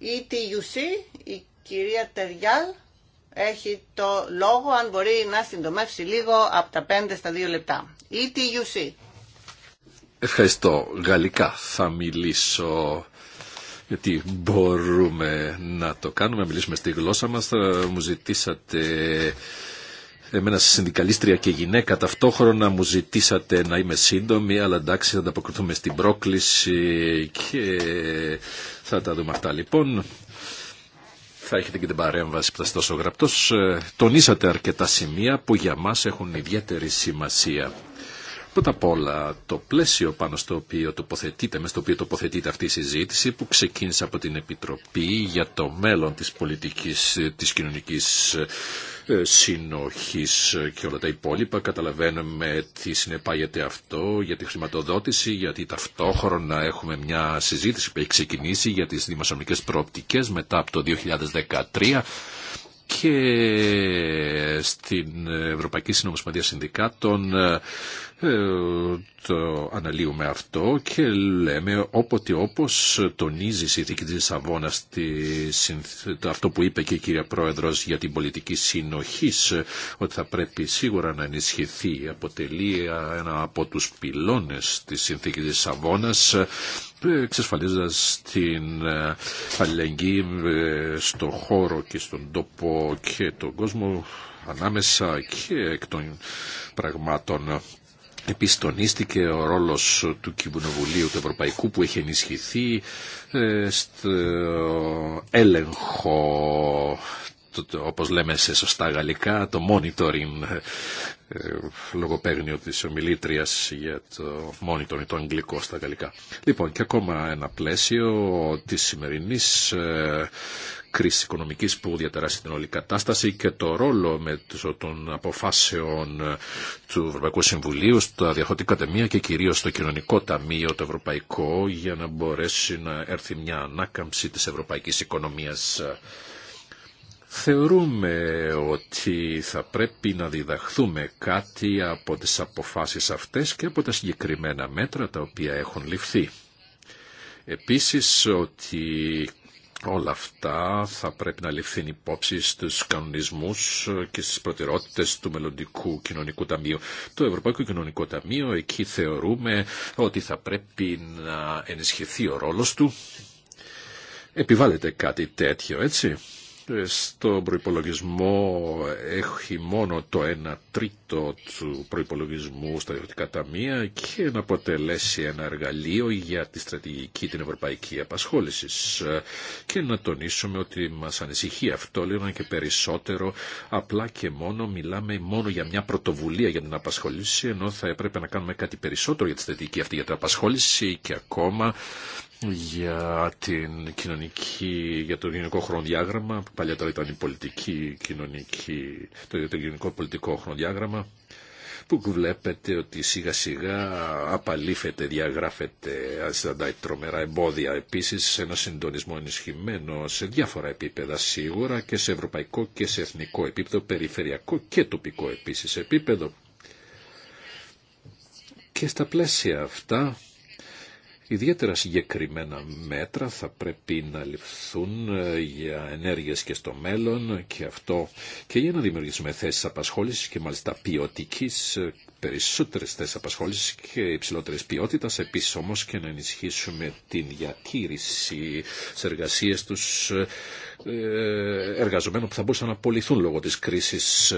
ETUC, η κυρία Τεριάλ, έχει το λόγο αν μπορεί να συντομεύσει λίγο από τα πέντε στα δύο λεπτά. ETUC. Ευχαριστώ. Γαλλικά θα μιλήσω γιατί μπορούμε να το κάνουμε, να μιλήσουμε στη γλώσσα μας. Ε, μου ζητήσατε Εμένα συνδικαλίστρια και γυναίκα ταυτόχρονα μου ζητήσατε να είμαι σύντομη, αλλά εντάξει θα ανταποκριθούμε στην πρόκληση και θα τα δούμε αυτά λοιπόν. Θα έχετε και την παρέμβαση που θα στώσω γραπτός. Ε, τονίσατε αρκετά σημεία που για μας έχουν ιδιαίτερη σημασία. Πρώτα απ' όλα το πλαίσιο πάνω στο οποίο τοποθετείται, με στο οποίο τοποθετείται αυτή η συζήτηση που ξεκίνησε από την Επιτροπή για το μέλλον της πολιτικής, της κοινωνικής ε, συνοχής και όλα τα υπόλοιπα. Καταλαβαίνουμε τι συνεπάγεται αυτό για τη χρηματοδότηση, γιατί ταυτόχρονα έχουμε μια συζήτηση που έχει ξεκινήσει για τις δημοσιονομικές προοπτικές μετά από το 2013 και στην Ευρωπαϊκή Συνομοσπονδία Συνδικάτων ε, ε, το αναλύουμε αυτό και λέμε όποτε όπως τονίζει η συνθήκη της Αβώνας αυτό που είπε και η κυρία Πρόεδρος για την πολιτική συνοχή ότι θα πρέπει σίγουρα να ενισχυθεί αποτελεί ένα από τους πυλώνες της συνθήκης της Αβώνας εξασφαλίζοντας την ε, αλληλεγγύη ε, στον χώρο και στον τόπο και τον κόσμο ανάμεσα και εκ των πραγμάτων Επιστονίστηκε ο ρόλος του Κοινοβουλίου του Ευρωπαϊκού που έχει ενισχυθεί ε, στο έλεγχο, όπως λέμε σε σωστά γαλλικά, το monitoring ε, λογοπαίγνιο της ομιλήτριας για το monitoring, το αγγλικό στα γαλλικά. Λοιπόν, και ακόμα ένα πλαίσιο της σημερινής ε, κρίση οικονομική που διαταράσσει την όλη κατάσταση και το ρόλο με των αποφάσεων του Ευρωπαϊκού Συμβουλίου στα διαχωτικά ταμεία και κυρίως στο κοινωνικό ταμείο το ευρωπαϊκό για να μπορέσει να έρθει μια ανάκαμψη της ευρωπαϊκής οικονομίας. Θεωρούμε ότι θα πρέπει να διδαχθούμε κάτι από τις αποφάσεις αυτές και από τα συγκεκριμένα μέτρα τα οποία έχουν ληφθεί. Επίσης ότι Όλα αυτά θα πρέπει να ληφθούν υπόψη στους κανονισμούς και στις προτεραιότητες του Μελλοντικού Κοινωνικού Ταμείου. Το Ευρωπαϊκό Κοινωνικό Ταμείο, εκεί θεωρούμε ότι θα πρέπει να ενισχυθεί ο ρόλος του. Επιβάλλεται κάτι τέτοιο, έτσι. Ε, στον προϋπολογισμό έχει μόνο το 1 τρίτο του προϋπολογισμού στα διευθυντικά ταμεία και να αποτελέσει ένα εργαλείο για τη στρατηγική την ευρωπαϊκή απασχόληση. Και να τονίσουμε ότι μας ανησυχεί αυτό λέω και περισσότερο απλά και μόνο μιλάμε μόνο για μια πρωτοβουλία για την απασχόληση ενώ θα έπρεπε να κάνουμε κάτι περισσότερο για τη στρατηγική αυτή για την απασχόληση και ακόμα για την κοινωνική, για το γενικό χρονοδιάγραμμα, παλιότερα ήταν η πολιτική, κοινωνική, το, το κοινωνικό πολιτικό χρονοδιάγραμμα, που βλέπετε ότι σιγά σιγά απαλήφεται, διαγράφεται, τα τρομερά εμπόδια επίσης σε ένα συντονισμό ενισχυμένο σε διάφορα επίπεδα σίγουρα και σε ευρωπαϊκό και σε εθνικό επίπεδο, περιφερειακό και τοπικό επίσης επίπεδο. Και στα πλαίσια αυτά Ιδιαίτερα συγκεκριμένα μέτρα θα πρέπει να ληφθούν ε, για ενέργειες και στο μέλλον και αυτό και για να δημιουργήσουμε θέσεις απασχόλησης και μάλιστα ποιοτική ε, περισσότερε θέσει απασχόλησης και υψηλότερης ποιότητα, επίσης όμως και να ενισχύσουμε την διατήρηση σε εργασίες τους ε, εργαζομένων που θα μπορούσαν να απολυθούν λόγω της κρίσης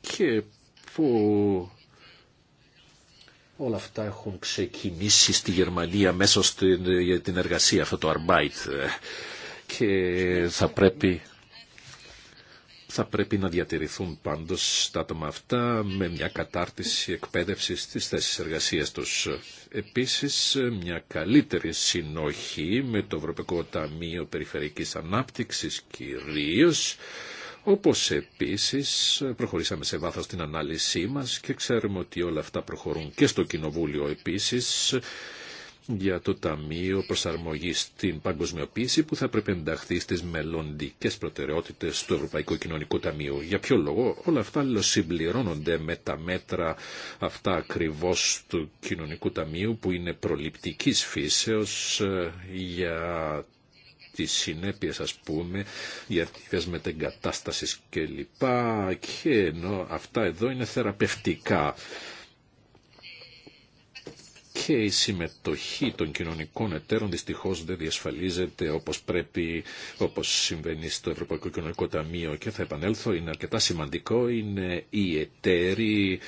και που Όλα αυτά έχουν ξεκινήσει στη Γερμανία μέσα στην, την εργασία, αυτό το Arbeit. Και θα πρέπει, θα πρέπει να διατηρηθούν πάντως τα άτομα αυτά με μια κατάρτιση εκπαίδευση στις θέσεις εργασίας τους. Επίσης, μια καλύτερη συνοχή με το Ευρωπαϊκό Ταμείο Περιφερειακής Ανάπτυξης κυρίως όπως επίσης προχωρήσαμε σε βάθος την ανάλυση μας και ξέρουμε ότι όλα αυτά προχωρούν και στο Κοινοβούλιο επίσης για το Ταμείο Προσαρμογής στην Παγκοσμιοποίηση που θα πρέπει να ενταχθεί στις μελλοντικές προτεραιότητες του Ευρωπαϊκού Κοινωνικού Ταμείου. Για ποιο λόγο όλα αυτά συμπληρώνονται με τα μέτρα αυτά ακριβώς του Κοινωνικού Ταμείου που είναι προληπτικής φύσεως ε, για τις συνέπειες ας πούμε για τις μετεγκατάστασης κλπ. Και ενώ αυτά εδώ είναι θεραπευτικά και η συμμετοχή των κοινωνικών εταίρων δυστυχώς δεν διασφαλίζεται όπως πρέπει, όπως συμβαίνει στο Ευρωπαϊκό Κοινωνικό Ταμείο και θα επανέλθω, είναι αρκετά σημαντικό, είναι οι εταίροι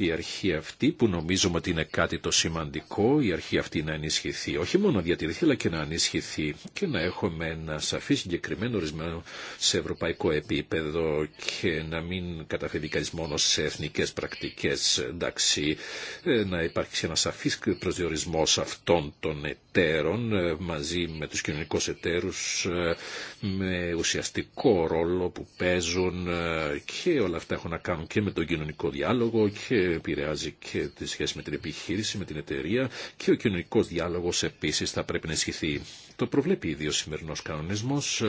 η αρχή αυτή που νομίζουμε ότι είναι κάτι το σημαντικό, η αρχή αυτή να ενισχυθεί, όχι μόνο να διατηρηθεί αλλά και να ενισχυθεί και να έχουμε ένα σαφή συγκεκριμένο ορισμένο σε ευρωπαϊκό επίπεδο και να μην καταφεύγει κανεί μόνο σε εθνικέ πρακτικέ. Εντάξει, ε, να υπάρξει ένα σαφή προσδιορισμό αυτών των εταίρων ε, μαζί με τους κοινωνικούς εταίρους ε, με ουσιαστικό ρόλο που παίζουν ε, και όλα αυτά έχουν να κάνουν και με τον κοινωνικό διάλογο και επηρεάζει και τη σχέση με την επιχείρηση, με την εταιρεία και ο κοινωνικός διάλογος επίσης θα πρέπει να ισχυθεί. Το προβλέπει ήδη ο σημερινός κανονισμός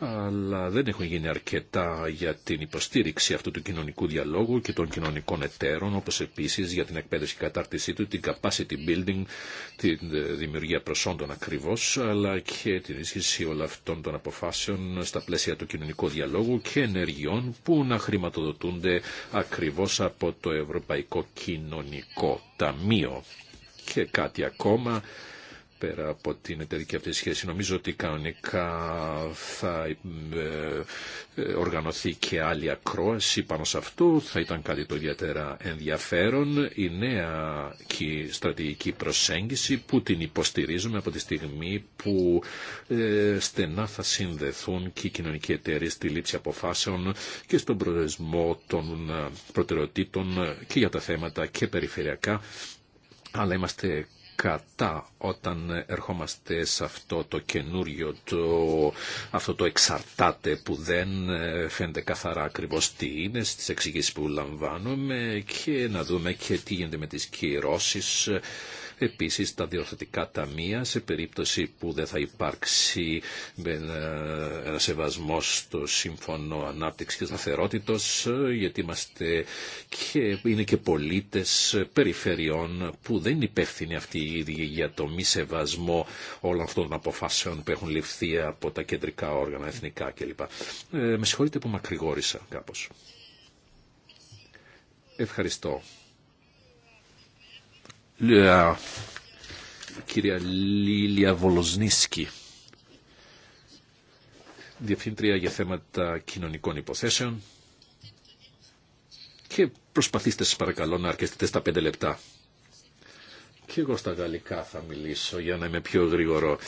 αλλά δεν έχουν γίνει αρκετά για την υποστήριξη αυτού του κοινωνικού διαλόγου και των κοινωνικών εταίρων, όπως επίσης για την εκπαίδευση και κατάρτισή του, την capacity building, τη δημιουργία προσόντων ακριβώς, αλλά και την ίσχυση όλων αυτών των αποφάσεων στα πλαίσια του κοινωνικού διαλόγου και ενεργειών που να χρηματοδοτούνται ακριβώς από το Ευρωπαϊκό Κοινωνικό Ταμείο. Και κάτι ακόμα, πέρα από την εταιρική αυτή σχέση. Νομίζω ότι κανονικά θα ε, ε, οργανωθεί και άλλη ακρόαση πάνω σε αυτό. Θα ήταν κάτι το ιδιαίτερα ενδιαφέρον. Η νέα και στρατηγική προσέγγιση που την υποστηρίζουμε από τη στιγμή που ε, στενά θα συνδεθούν και οι κοινωνικοί εταιρείε στη λήψη αποφάσεων και στον προορισμό των προτεραιοτήτων και για τα θέματα και περιφερειακά αλλά είμαστε κατά όταν ερχόμαστε σε αυτό το καινούριο, το, αυτό το εξαρτάται που δεν ε, φαίνεται καθαρά ακριβώς τι είναι στις εξηγήσεις που λαμβάνουμε και να δούμε και τι γίνεται με τις κυρώσεις Επίσης τα διορθωτικά ταμεία σε περίπτωση που δεν θα υπάρξει ε, ένα σεβασμό στο Σύμφωνο Ανάπτυξης και σταθερότητα, γιατί είμαστε και είναι και πολίτες περιφερειών που δεν είναι υπεύθυνοι αυτοί οι ίδιοι για το μη σεβασμό όλων αυτών των αποφάσεων που έχουν ληφθεί από τα κεντρικά όργανα, εθνικά κλπ. Ε, με συγχωρείτε που μακρηγόρησα κάπως. Ευχαριστώ κυρία Λίλια Βολοσνίσκη, Διευθύντρια για θέματα κοινωνικών υποθέσεων και προσπαθήστε σας παρακαλώ να αρκεστείτε στα πέντε λεπτά. Και εγώ στα γαλλικά θα μιλήσω για να είμαι πιο γρήγορο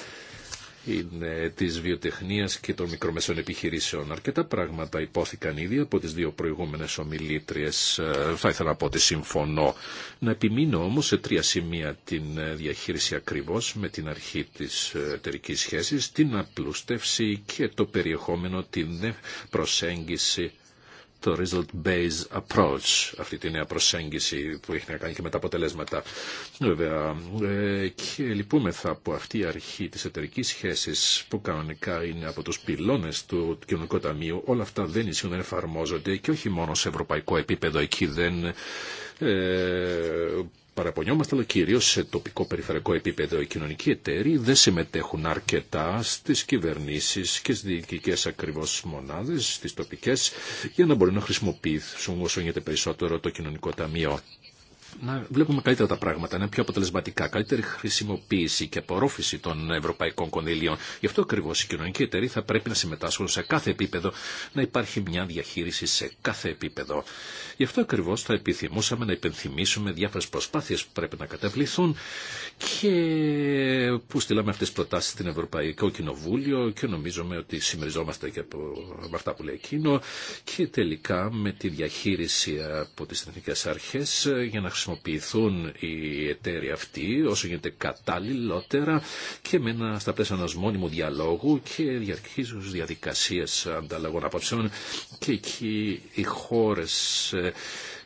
είναι της βιοτεχνίας και των μικρομεσών επιχειρήσεων. Αρκετά πράγματα υπόθηκαν ήδη από τις δύο προηγούμενες ομιλήτριες. Ε, θα ήθελα να πω ότι συμφωνώ. Να επιμείνω όμως σε τρία σημεία την ε, διαχείριση ακριβώς με την αρχή της ε, εταιρική σχέσης, την απλούστευση και το περιεχόμενο, την προσέγγιση το result-based approach, αυτή τη νέα προσέγγιση που έχει να κάνει και με τα αποτελέσματα. Βέβαια, ε, και λυπούμεθα από αυτή η αρχή της εταιρικής σχέσης που κανονικά είναι από τους πυλώνες του Κοινωνικού Ταμείου, όλα αυτά δεν ισχύουν, δεν εφαρμόζονται και όχι μόνο σε ευρωπαϊκό επίπεδο, εκεί δεν ε, παραπονιόμαστε, αλλά κυρίως σε τοπικό περιφερειακό επίπεδο οι κοινωνικοί εταίροι δεν συμμετέχουν αρκετά στις κυβερνήσεις και στις διοικητικές ακριβώς μονάδες, στις τοπικές, για να μπορούν να χρησιμοποιήσουν όσο γίνεται περισσότερο το κοινωνικό ταμείο να βλέπουμε καλύτερα τα πράγματα, να είναι πιο αποτελεσματικά, καλύτερη χρησιμοποίηση και απορρόφηση των ευρωπαϊκών κονδυλίων. Γι' αυτό ακριβώ οι κοινωνικοί εταιροί θα πρέπει να συμμετάσχουν σε κάθε επίπεδο, να υπάρχει μια διαχείριση σε κάθε επίπεδο. Γι' αυτό ακριβώ θα επιθυμούσαμε να υπενθυμίσουμε διάφορε προσπάθειε που πρέπει να καταβληθούν και που στείλαμε αυτέ τι προτάσει στην Ευρωπαϊκό Κοινοβούλιο και νομίζουμε ότι συμμεριζόμαστε και από αυτά που λέει εκείνο και τελικά με τη διαχείριση από τι εθνικέ αρχέ για να χρησιμοποιηθούν οι εταίροι αυτοί όσο γίνεται κατάλληλότερα και με ένα, στα πλαίσια ενός μόνιμου διαλόγου και διαρκείς διαδικασίες ανταλλαγών απόψεων και εκεί οι χώρες ε,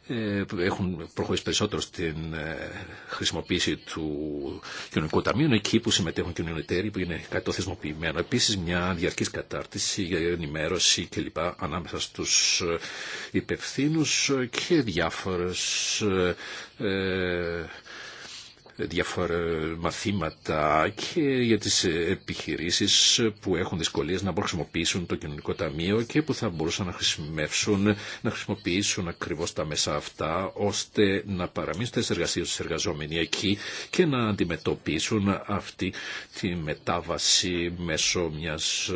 ε, έχουν προχωρήσει περισσότερο στην ε, χρησιμοποίηση του κοινωνικού ταμείου. Είναι εκεί που συμμετέχουν εταίροι, που είναι κάτι το θεσμοποιημένο. Επίση, μια διαρκή κατάρτιση για ενημέρωση κλπ. ανάμεσα στου ε, υπευθύνου και διάφορε διάφορα μαθήματα και για τις επιχειρήσεις που έχουν δυσκολίες να μπορούν χρησιμοποιήσουν το κοινωνικό ταμείο και που θα μπορούσαν να χρησιμεύσουν, να χρησιμοποιήσουν ακριβώς τα μέσα αυτά ώστε να παραμείνουν στις εργασίες τους εργαζόμενοι εκεί και να αντιμετωπίσουν αυτή τη μετάβαση μέσω μιας ε,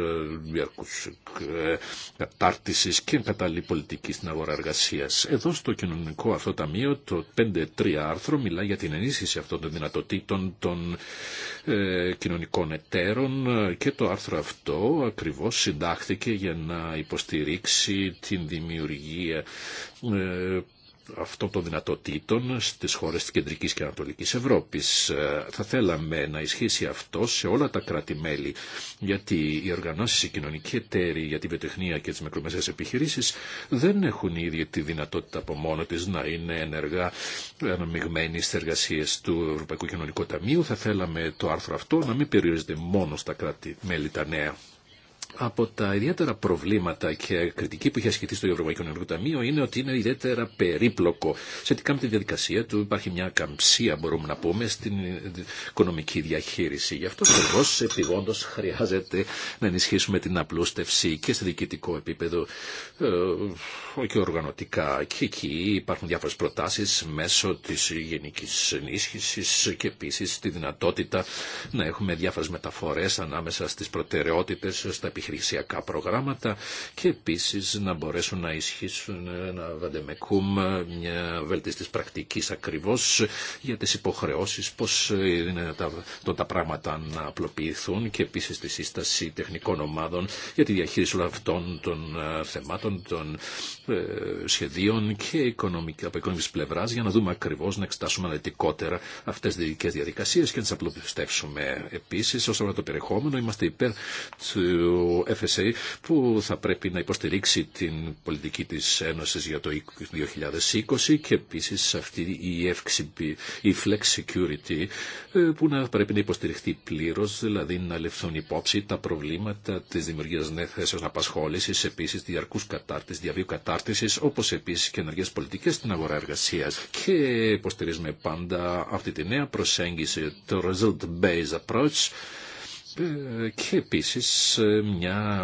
διαρκούς ε, κατάρτισης και κατάλληλη πολιτική στην αγορά εργασίας. Εδώ στο κοινωνικό αυτό ταμείο το 5-3 άρθρο μιλά για την ενίσχυση αυτών των των δυνατοτήτων των ε, κοινωνικών εταίρων και το άρθρο αυτό ακριβώς συντάχθηκε για να υποστηρίξει την δημιουργία ε, αυτών των δυνατοτήτων στις χώρες της Κεντρικής και Ανατολικής Ευρώπης. Ε, θα θέλαμε να ισχύσει αυτό σε όλα τα κράτη-μέλη, γιατί οι οργανώσεις, οι κοινωνικοί εταίροι για τη βιοτεχνία και τις μικρομεσαίες επιχειρήσεις δεν έχουν ήδη τη δυνατότητα από μόνο της να είναι ενεργά αναμειγμένοι στις εργασίες του Ευρωπαϊκού Κοινωνικού Ταμείου. Θα θέλαμε το άρθρο αυτό να μην περιορίζεται μόνο στα κράτη-μέλη τα νέα από τα ιδιαίτερα προβλήματα και κριτική που είχε ασχεθεί στο Ευρωπαϊκό Ενεργό Ταμείο είναι ότι είναι ιδιαίτερα περίπλοκο. Σχετικά με τη διαδικασία του υπάρχει μια καμψία, μπορούμε να πούμε, στην οικονομική διαχείριση. Γι' αυτό ακριβώ επιγόντω χρειάζεται να ενισχύσουμε την απλούστευση και σε διοικητικό επίπεδο ε, και οργανωτικά. Και εκεί υπάρχουν διάφορε προτάσει μέσω τη γενική ενίσχυση και επίση τη δυνατότητα να έχουμε διάφορε μεταφορέ ανάμεσα στι προτεραιότητε, στα επιχειρήματα επιχειρησιακά προγράμματα και επίσης να μπορέσουν να ισχύσουν να βαντεμεκούμ μια βέλτιστη πρακτική ακριβώς για τις υποχρεώσεις, πώς είναι τα, τα πράγματα να απλοποιηθούν και επίσης τη σύσταση τεχνικών ομάδων για τη διαχείριση όλων αυτών των ε, θεμάτων, των ε, σχεδίων και οικονομική, από οικονομικής πλευράς για να δούμε ακριβώς, να εξετάσουμε αναλυτικότερα αυτές τις δικές διαδικασίες και να τις απλοποιηθεύσουμε. Επίσης, όσον το περιεχόμενο, είμαστε υπέρ του FSA που θα πρέπει να υποστηρίξει την πολιτική της Ένωσης για το 2020 και επίσης αυτή η, FXB, η Flex Security ε, που να πρέπει να υποστηριχθεί πλήρως, δηλαδή να λεφθούν υπόψη τα προβλήματα της δημιουργίας νέων θέσεων απασχόλησης, επίσης διαρκούς κατάρτισης, διαβίου κατάρτισης, όπως επίσης και ενεργές πολιτικές στην αγορά εργασίας. Και υποστηρίζουμε πάντα αυτή τη νέα προσέγγιση, το result-based approach, ε, και επίσης ε, μια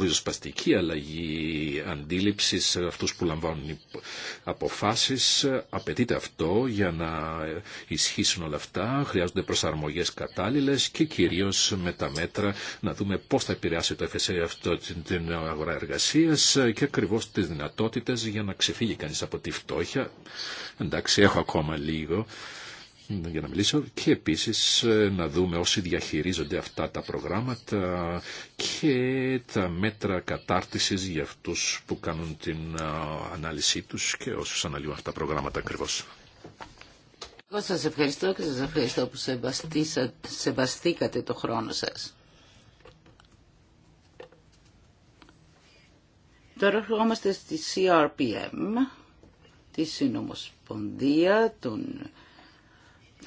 ριζοσπαστική αλλαγή αντίληψης σε αυτούς που λαμβάνουν αποφάσεις. Απαιτείται αυτό για να ισχύσουν όλα αυτά. Χρειάζονται προσαρμογές κατάλληλες και κυρίως με τα μέτρα να δούμε πώς θα επηρεάσει το FSA αυτό την αγορά εργασίας και ακριβώς τις δυνατότητες για να ξεφύγει κανείς από τη φτώχεια. Εντάξει, έχω ακόμα λίγο για να μιλήσω και επίσης ε, να δούμε όσοι διαχειρίζονται αυτά τα προγράμματα και τα μέτρα κατάρτισης για αυτούς που κάνουν την ε, ανάλυση τους και όσους αναλύουν αυτά τα προγράμματα ακριβώς. Εγώ σας ευχαριστώ και σας ευχαριστώ που σεβαστήκατε το χρόνο σας. Τώρα ερχόμαστε στη CRPM, τη Συνομοσπονδία των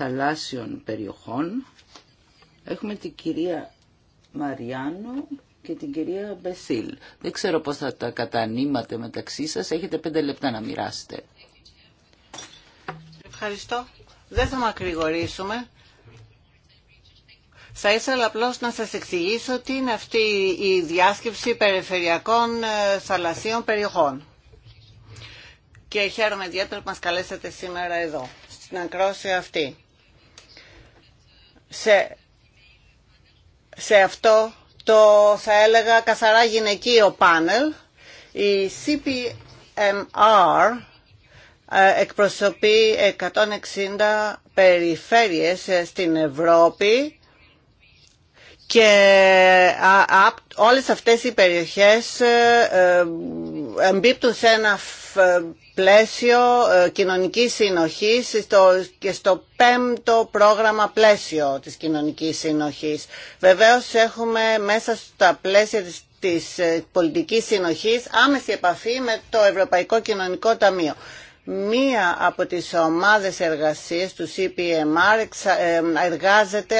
θαλάσσιων περιοχών. Έχουμε την κυρία Μαριάνο και την κυρία Μπεσίλ. Δεν ξέρω πώς θα τα κατανείματε μεταξύ σας. Έχετε πέντε λεπτά να μοιράσετε. Ευχαριστώ. Δεν θα μακρηγορήσουμε. Θα ήθελα απλώ να σας εξηγήσω τι είναι αυτή η διάσκεψη περιφερειακών ε, θαλασσίων περιοχών. Και χαίρομαι ιδιαίτερα που μας καλέσατε σήμερα εδώ, στην ακρόση αυτή σε, σε αυτό το θα έλεγα καθαρά γυναικείο πάνελ. Η CPMR ε, εκπροσωπεί 160 περιφέρειες ε, στην Ευρώπη και όλες αυτές οι περιοχές ε, ε, εμπίπτουν σε ένα ε, πλαίσιο κοινωνικής συνοχής και στο πέμπτο πρόγραμμα πλαίσιο της κοινωνικής συνοχής. Βεβαίως έχουμε μέσα στα πλαίσια της πολιτικής συνοχής άμεση επαφή με το Ευρωπαϊκό Κοινωνικό Ταμείο. Μία από τις ομάδες εργασίας του CPMR εργάζεται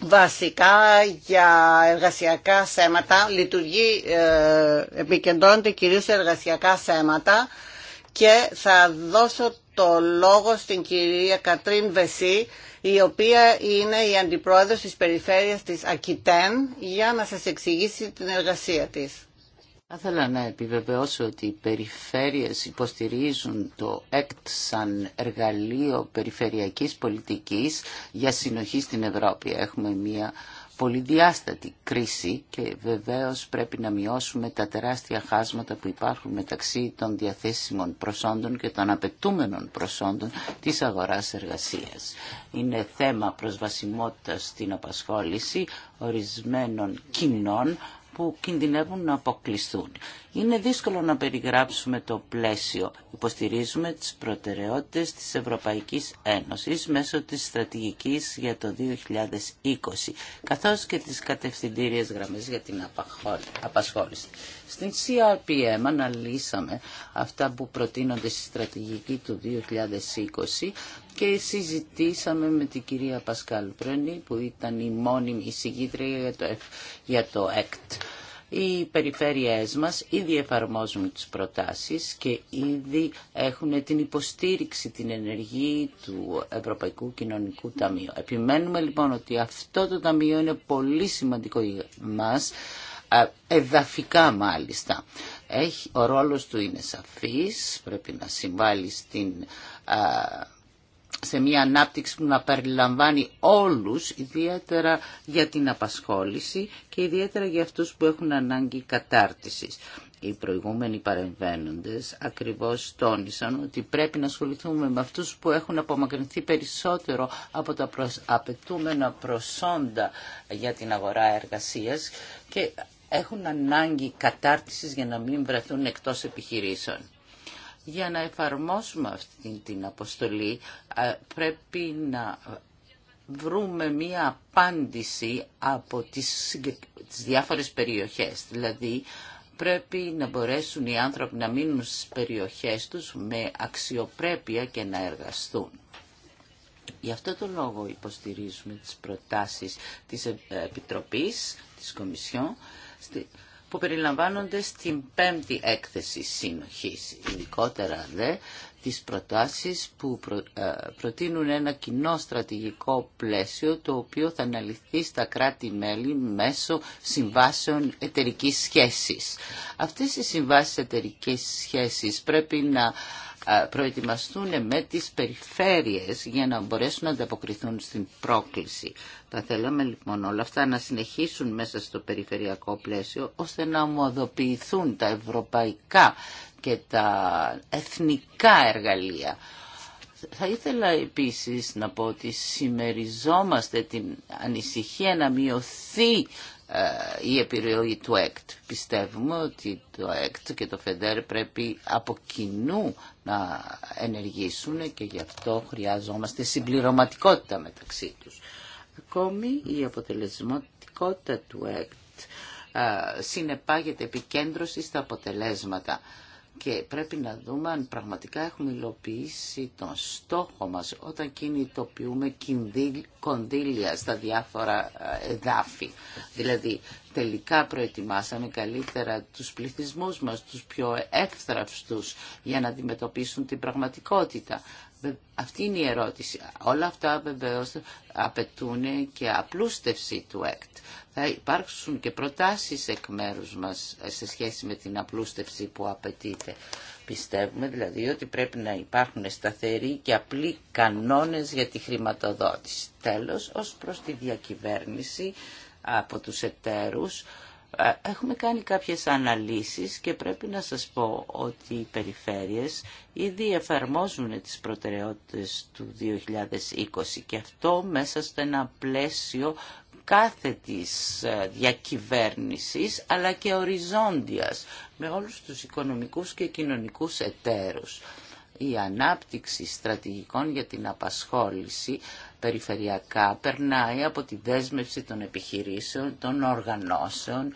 βασικά για εργασιακά θέματα, λειτουργεί, ε, επικεντρώνεται κυρίως σε εργασιακά θέματα και θα δώσω το λόγο στην κυρία Κατρίν Βεσί, η οποία είναι η αντιπρόεδρος της περιφέρειας της Ακιτέν, για να σας εξηγήσει την εργασία της. Θα ήθελα να επιβεβαιώσω ότι οι περιφέρειες υποστηρίζουν το ΕΚΤ σαν εργαλείο περιφερειακής πολιτικής για συνοχή στην Ευρώπη. Έχουμε μια πολυδιάστατη κρίση και βεβαίως πρέπει να μειώσουμε τα τεράστια χάσματα που υπάρχουν μεταξύ των διαθέσιμων προσόντων και των απαιτούμενων προσόντων της αγοράς εργασίας. Είναι θέμα προσβασιμότητας στην απασχόληση ορισμένων κοινών που κινδυνεύουν να αποκλειστούν. Είναι δύσκολο να περιγράψουμε το πλαίσιο. Υποστηρίζουμε τις προτεραιότητες της Ευρωπαϊκής Ένωσης μέσω της στρατηγικής για το 2020, καθώς και τις κατευθυντήριες γραμμές για την απασχόληση. Στην CRPM αναλύσαμε αυτά που προτείνονται στη στρατηγική του 2020 και συζητήσαμε με την κυρία Πασκάλ Πρένη που ήταν η μόνιμη εισηγήτρια για το, για το ΕΚΤ. Οι περιφέρειές μας ήδη εφαρμόζουν τις προτάσεις και ήδη έχουν την υποστήριξη την ενεργή του Ευρωπαϊκού Κοινωνικού Ταμείου. Επιμένουμε λοιπόν ότι αυτό το ταμείο είναι πολύ σημαντικό για μας, εδαφικά μάλιστα. Έχει, ο ρόλος του είναι σαφής, πρέπει να συμβάλλει στην σε μια ανάπτυξη που να περιλαμβάνει όλους, ιδιαίτερα για την απασχόληση και ιδιαίτερα για αυτούς που έχουν ανάγκη κατάρτισης. Οι προηγούμενοι παρεμβαίνοντες ακριβώς τόνισαν ότι πρέπει να ασχοληθούμε με αυτούς που έχουν απομακρυνθεί περισσότερο από τα απαιτούμενα προσόντα για την αγορά εργασίας και έχουν ανάγκη κατάρτισης για να μην βρεθούν εκτός επιχειρήσεων. Για να εφαρμόσουμε αυτή την αποστολή ε, πρέπει να βρούμε μία απάντηση από τις, τις διάφορες περιοχές. Δηλαδή πρέπει να μπορέσουν οι άνθρωποι να μείνουν στις περιοχές τους με αξιοπρέπεια και να εργαστούν. Γι' αυτό το λόγο υποστηρίζουμε τις προτάσεις της Επιτροπής, της Κομισιόν, που περιλαμβάνονται στην πέμπτη έκθεση συνοχής, ειδικότερα δε τις προτάσεις που προ, ε, προτείνουν ένα κοινό στρατηγικό πλαίσιο το οποίο θα αναλυθεί στα κράτη-μέλη μέσω συμβάσεων εταιρικής σχέσης. Αυτές οι συμβάσεις εταιρικής σχέσης πρέπει να προετοιμαστούν με τις περιφέρειες για να μπορέσουν να ανταποκριθούν στην πρόκληση. Θα θέλαμε λοιπόν όλα αυτά να συνεχίσουν μέσα στο περιφερειακό πλαίσιο ώστε να ομοδοποιηθούν τα ευρωπαϊκά και τα εθνικά εργαλεία. Θα ήθελα επίσης να πω ότι σημεριζόμαστε την ανησυχία να μειωθεί ε, η επιρροή του ΕΚΤ. Πιστεύουμε ότι το ΕΚΤ και το ΦΕΔΕΡ πρέπει από κοινού να ενεργήσουν και γι' αυτό χρειαζόμαστε συμπληρωματικότητα μεταξύ τους. Ακόμη η αποτελεσματικότητα του ΕΚΤ ε, συνεπάγεται επικέντρωση στα αποτελέσματα και πρέπει να δούμε αν πραγματικά έχουμε υλοποιήσει τον στόχο μας όταν κινητοποιούμε κονδύλια στα διάφορα ε, εδάφη. Δηλαδή τελικά προετοιμάσαμε καλύτερα τους πληθυσμούς μας, τους πιο εύθραυστους για να αντιμετωπίσουν την πραγματικότητα. Αυτή είναι η ερώτηση. Όλα αυτά βεβαίω απαιτούν και απλούστευση του ΕΚΤ. Θα υπάρξουν και προτάσεις εκ μέρους μας σε σχέση με την απλούστευση που απαιτείται. Πιστεύουμε δηλαδή ότι πρέπει να υπάρχουν σταθεροί και απλοί κανόνες για τη χρηματοδότηση. Τέλος, ως προς τη διακυβέρνηση από τους εταίρους, ε, έχουμε κάνει κάποιες αναλύσεις και πρέπει να σας πω ότι οι περιφέρειες ήδη εφαρμόζουν τις προτεραιότητες του 2020 και αυτό μέσα στο ένα πλαίσιο κάθε της ε, διακυβέρνησης αλλά και οριζόντιας με όλους τους οικονομικούς και κοινωνικούς εταίρους. Η ανάπτυξη στρατηγικών για την απασχόληση περιφερειακά περνάει από τη δέσμευση των επιχειρήσεων, των οργανώσεων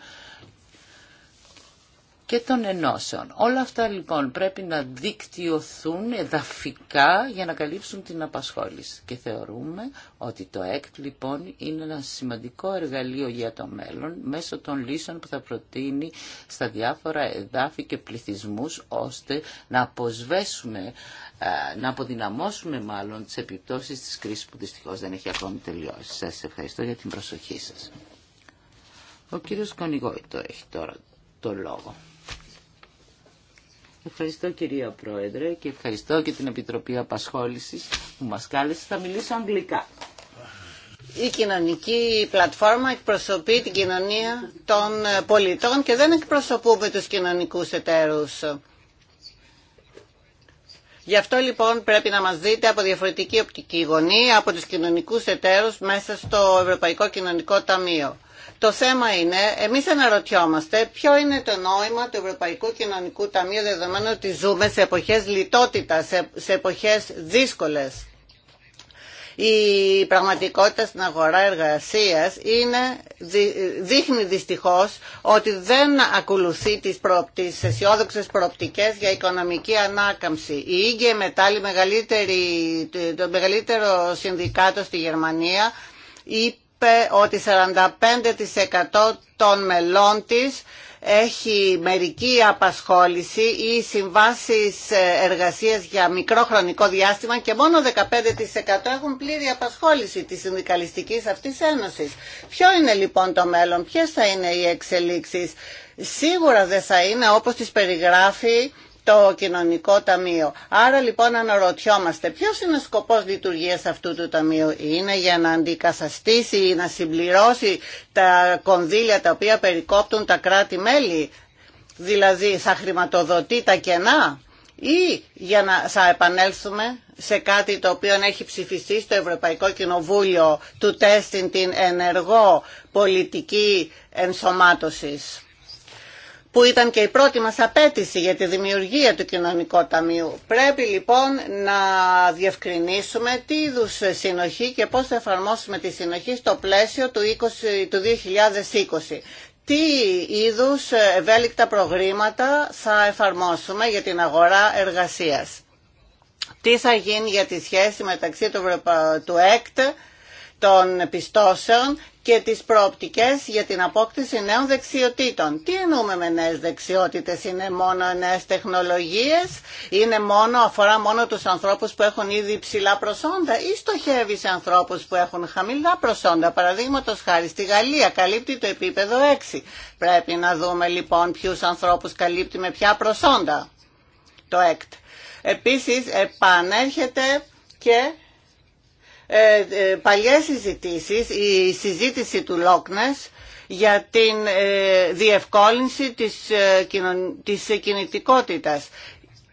και των ενώσεων. Όλα αυτά λοιπόν πρέπει να δικτυωθούν εδαφικά για να καλύψουν την απασχόληση. Και θεωρούμε ότι το ΕΚΤ λοιπόν είναι ένα σημαντικό εργαλείο για το μέλλον μέσω των λύσεων που θα προτείνει στα διάφορα εδάφη και πληθυσμούς ώστε να αποσβέσουμε ε, να αποδυναμώσουμε μάλλον τις επιπτώσεις της κρίσης που δυστυχώς δεν έχει ακόμη τελειώσει. Σας ευχαριστώ για την προσοχή σας. Ο κύριος Κονιγόητο έχει τώρα το λόγο. Ευχαριστώ κυρία Πρόεδρε και ευχαριστώ και την Επιτροπή Απασχόλησης που μας κάλεσε. Θα μιλήσω αγγλικά. Η κοινωνική πλατφόρμα εκπροσωπεί την κοινωνία των πολιτών και δεν εκπροσωπούμε τους κοινωνικούς εταίρους. Γι' αυτό λοιπόν πρέπει να μας δείτε από διαφορετική οπτική γωνία, από τους κοινωνικούς εταίρους μέσα στο Ευρωπαϊκό Κοινωνικό Ταμείο. Το θέμα είναι, εμείς αναρωτιόμαστε ποιο είναι το νόημα του Ευρωπαϊκού Κοινωνικού Ταμείου δεδομένου ότι ζούμε σε εποχές λιτότητας, σε, σε εποχές δύσκολες. Η πραγματικότητα στην αγορά εργασίας είναι, δείχνει δυστυχώς ότι δεν ακολουθεί τις, αισιόδοξε τις προοπτικές για οικονομική ανάκαμψη. Η Ίγκε Μετάλλη, το μεγαλύτερο συνδικάτο στη Γερμανία, είπε ότι 45% των μελών της έχει μερική απασχόληση ή συμβάσεις εργασίας για μικρό χρονικό διάστημα και μόνο 15% έχουν πλήρη απασχόληση της συνδικαλιστικής αυτής ένωσης. Ποιο είναι λοιπόν το μέλλον, ποιες θα είναι οι εξελίξεις. Σίγουρα δεν θα είναι όπως τις περιγράφει το κοινωνικό ταμείο. Άρα λοιπόν αναρωτιόμαστε ποιος είναι ο σκοπός λειτουργίας αυτού του ταμείου. Είναι για να αντικαταστήσει ή να συμπληρώσει τα κονδύλια τα οποία περικόπτουν τα κράτη-μέλη. Δηλαδή θα χρηματοδοτεί τα κενά ή για να θα επανέλθουμε σε κάτι το οποίο έχει ψηφιστεί στο Ευρωπαϊκό Κοινοβούλιο του τέστην την ενεργό πολιτική ενσωμάτωσης που ήταν και η πρώτη μας απέτηση για τη δημιουργία του Κοινωνικού Ταμείου. Πρέπει λοιπόν να διευκρινίσουμε τι είδου συνοχή και πώς θα εφαρμόσουμε τη συνοχή στο πλαίσιο του, του 2020. Τι είδου ευέλικτα προγρήματα θα εφαρμόσουμε για την αγορά εργασίας. Τι θα γίνει για τη σχέση μεταξύ του ΕΚΤ των πιστώσεων και τις προοπτικές για την απόκτηση νέων δεξιοτήτων. Τι εννοούμε με νέες δεξιότητες, είναι μόνο νέες τεχνολογίες, είναι μόνο, αφορά μόνο τους ανθρώπους που έχουν ήδη ψηλά προσόντα ή στοχεύει σε ανθρώπους που έχουν χαμηλά προσόντα. Παραδείγματο χάρη στη Γαλλία καλύπτει το επίπεδο 6. Πρέπει να δούμε λοιπόν ποιου ανθρώπους καλύπτει με ποια προσόντα το ΕΚΤ. Επίσης επανέρχεται και ε, ε, παλιές συζητήσεις, η συζήτηση του Λόκνες για την ε, διευκόλυνση της, της κινητικότητας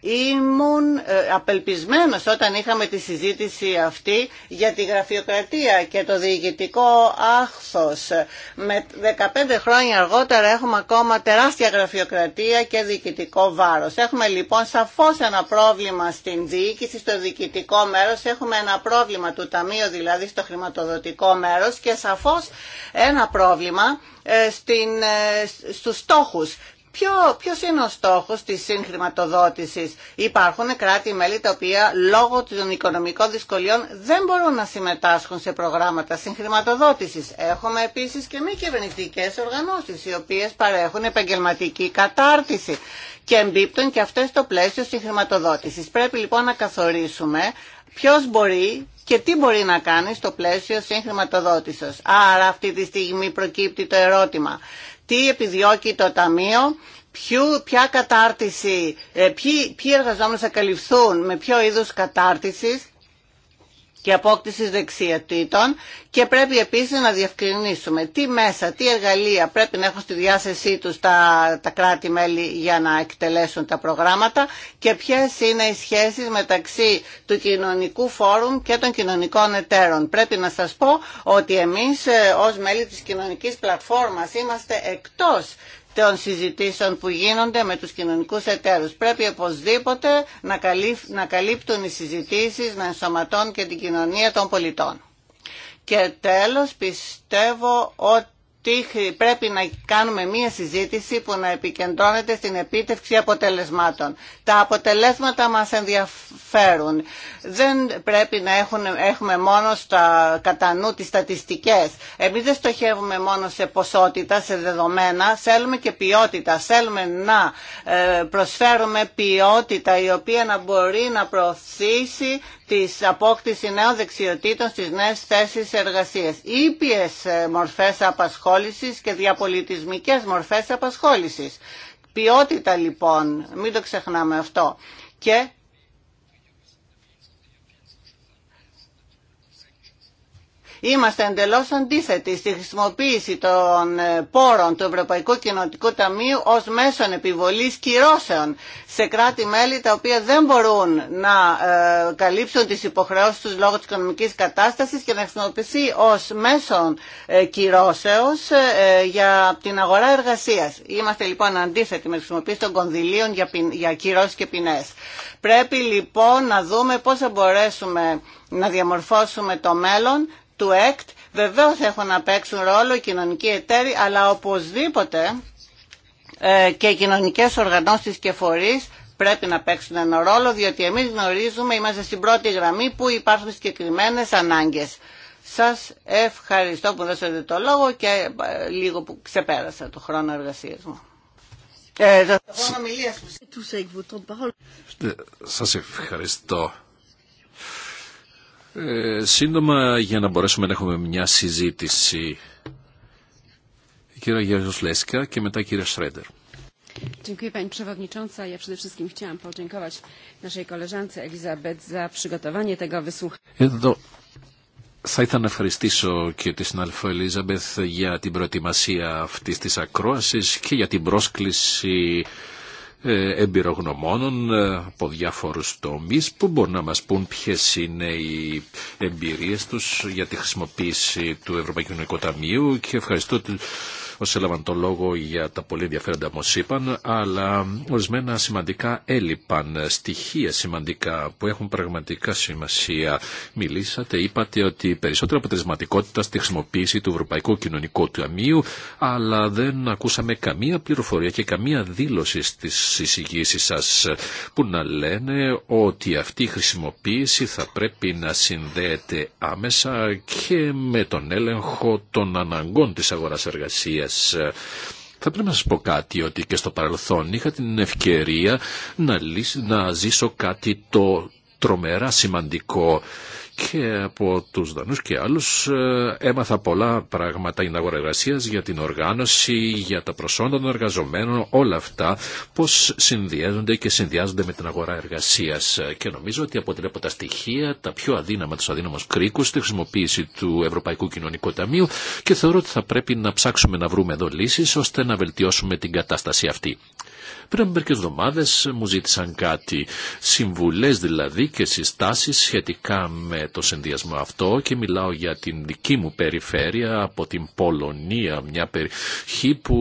Ήμουν ε, απελπισμένος όταν είχαμε τη συζήτηση αυτή για τη γραφειοκρατία και το διοικητικό άχθος. Με 15 χρόνια αργότερα έχουμε ακόμα τεράστια γραφειοκρατία και διοικητικό βάρος. Έχουμε λοιπόν σαφώς ένα πρόβλημα στην διοίκηση, στο διοικητικό μέρος. Έχουμε ένα πρόβλημα του ταμείου δηλαδή στο χρηματοδοτικό μέρος και σαφώς ένα πρόβλημα ε, στην, ε, στους στόχους Ποιο, ποιος είναι ο στόχος της συγχρηματοδότησης. Υπάρχουν κράτη-μέλη τα οποία λόγω των οικονομικών δυσκολιών δεν μπορούν να συμμετάσχουν σε προγράμματα συγχρηματοδότησης. Έχουμε επίσης και μη κυβερνητικέ οργανώσεις οι οποίες παρέχουν επαγγελματική κατάρτιση και εμπίπτουν και αυτές στο πλαίσιο συγχρηματοδότησης. Πρέπει λοιπόν να καθορίσουμε ποιος μπορεί και τι μπορεί να κάνει στο πλαίσιο συγχρηματοδότησης. Άρα αυτή τη στιγμή προκύπτει το ερώτημα τι επιδιώκει το Ταμείο, ποιο, ποια κατάρτιση, ε, ποιοι, ποιοι εργαζόμενοι θα καλυφθούν με ποιο είδους κατάρτισης και απόκτηση δεξιοτήτων και πρέπει επίσης να διευκρινίσουμε τι μέσα, τι εργαλεία πρέπει να έχουν στη διάθεσή τους τα, τα κράτη-μέλη για να εκτελέσουν τα προγράμματα και ποιες είναι οι σχέσεις μεταξύ του κοινωνικού φόρουμ και των κοινωνικών εταίρων. Πρέπει να σας πω ότι εμείς ε, ως μέλη της κοινωνικής πλατφόρμας είμαστε εκτός των συζητήσεων που γίνονται με τους κοινωνικούς εταίρους. Πρέπει οπωσδήποτε να καλύπτουν οι συζητήσεις, να ενσωματώνουν και την κοινωνία των πολιτών. Και τέλος πιστεύω ότι πρέπει να κάνουμε μία συζήτηση που να επικεντρώνεται στην επίτευξη αποτελεσμάτων. Τα αποτελέσματα μας ενδιαφέρουν. Δεν πρέπει να έχουμε μόνο στα κατά νου τις στατιστικές. Εμείς δεν στοχεύουμε μόνο σε ποσότητα, σε δεδομένα. Θέλουμε και ποιότητα. Θέλουμε να ε, προσφέρουμε ποιότητα η οποία να μπορεί να προωθήσει της απόκτηση νέων δεξιοτήτων στις νέες θέσεις εργασίας. Ήπιες ε, μορφές απασχόλησης απασχόλησης και διαπολιτισμικές μορφές απασχόλησης. Ποιότητα λοιπόν, μην το ξεχνάμε αυτό. Και Είμαστε εντελώς αντίθετοι στη χρησιμοποίηση των ε, πόρων του Ευρωπαϊκού Κοινοτικού Ταμείου ως μέσον επιβολής κυρώσεων σε κράτη-μέλη τα οποία δεν μπορούν να ε, καλύψουν τις υποχρεώσεις τους λόγω της οικονομικής κατάστασης και να χρησιμοποιηθεί ως μέσον ε, κυρώσεως για την αγορά εργασίας. Είμαστε λοιπόν αντίθετοι με τη χρησιμοποίηση των κονδυλίων για κυρώσεις και ποινές. Πρέπει λοιπόν να δούμε πώς θα μπορέσουμε να διαμορφώσουμε το μέλλον του ΕΚΤ. Βεβαίω έχουν να παίξουν ρόλο οι κοινωνικοί εταίροι, αλλά οπωσδήποτε ε, και οι κοινωνικές οργανώσεις και φορείς πρέπει να παίξουν ένα ρόλο, διότι εμείς γνωρίζουμε, είμαστε στην πρώτη γραμμή που υπάρχουν συγκεκριμένε ανάγκες. Σας ευχαριστώ που δώσατε το λόγο και ε, λίγο που ξεπέρασα το χρόνο εργασίας μου. Ε, Σας ευχαριστώ. Ε, σύντομα για να μπορέσουμε να έχουμε μια συζήτηση. Η κυρία Λέσκα και μετά η κυρία Σρέντερ. Dziękuję Θα ήθελα να ευχαριστήσω και τη συνάδελφο Ελίζαμπεθ για την προετοιμασία αυτής της ακρόασης και για την πρόσκληση ε, εμπειρογνωμόνων ε, από διάφορους τομείς που μπορούν να μας πούν ποιες είναι οι εμπειρίες τους για τη χρησιμοποίηση του Ευρωπαϊκού Κοινωνικού Ταμείου και ευχαριστώ όσοι έλαβαν το λόγο για τα πολύ ενδιαφέροντα μα είπαν, αλλά ορισμένα σημαντικά έλειπαν, στοιχεία σημαντικά που έχουν πραγματικά σημασία. Μιλήσατε, είπατε ότι περισσότερη αποτελεσματικότητα στη χρησιμοποίηση του Ευρωπαϊκού Κοινωνικού αμείου, αλλά δεν ακούσαμε καμία πληροφορία και καμία δήλωση στι εισηγήσει σα που να λένε ότι αυτή η χρησιμοποίηση θα πρέπει να συνδέεται άμεσα και με τον έλεγχο των αναγκών της αγοράς εργασία. Θα πρέπει να σας πω κάτι, ότι και στο παρελθόν είχα την ευκαιρία να, να ζήσω κάτι το τρομερά σημαντικό και από τους Δανούς και άλλους ε, έμαθα πολλά πράγματα για την αγορά εργασίας, για την οργάνωση, για τα προσόντα των εργαζομένων, όλα αυτά πώς συνδυάζονται και συνδυάζονται με την αγορά εργασίας. Και νομίζω ότι αποτελεί από τα στοιχεία τα πιο αδύναμα, τους αδύναμους κρίκους, τη χρησιμοποίηση του Ευρωπαϊκού Κοινωνικού Ταμείου και θεωρώ ότι θα πρέπει να ψάξουμε να βρούμε εδώ λύσεις ώστε να βελτιώσουμε την κατάσταση αυτή. Πριν από μερικές εβδομάδες μου ζήτησαν κάτι, συμβουλές δηλαδή και συστάσεις σχετικά με το συνδυασμό αυτό και μιλάω για την δική μου περιφέρεια από την Πολωνία, μια περιοχή που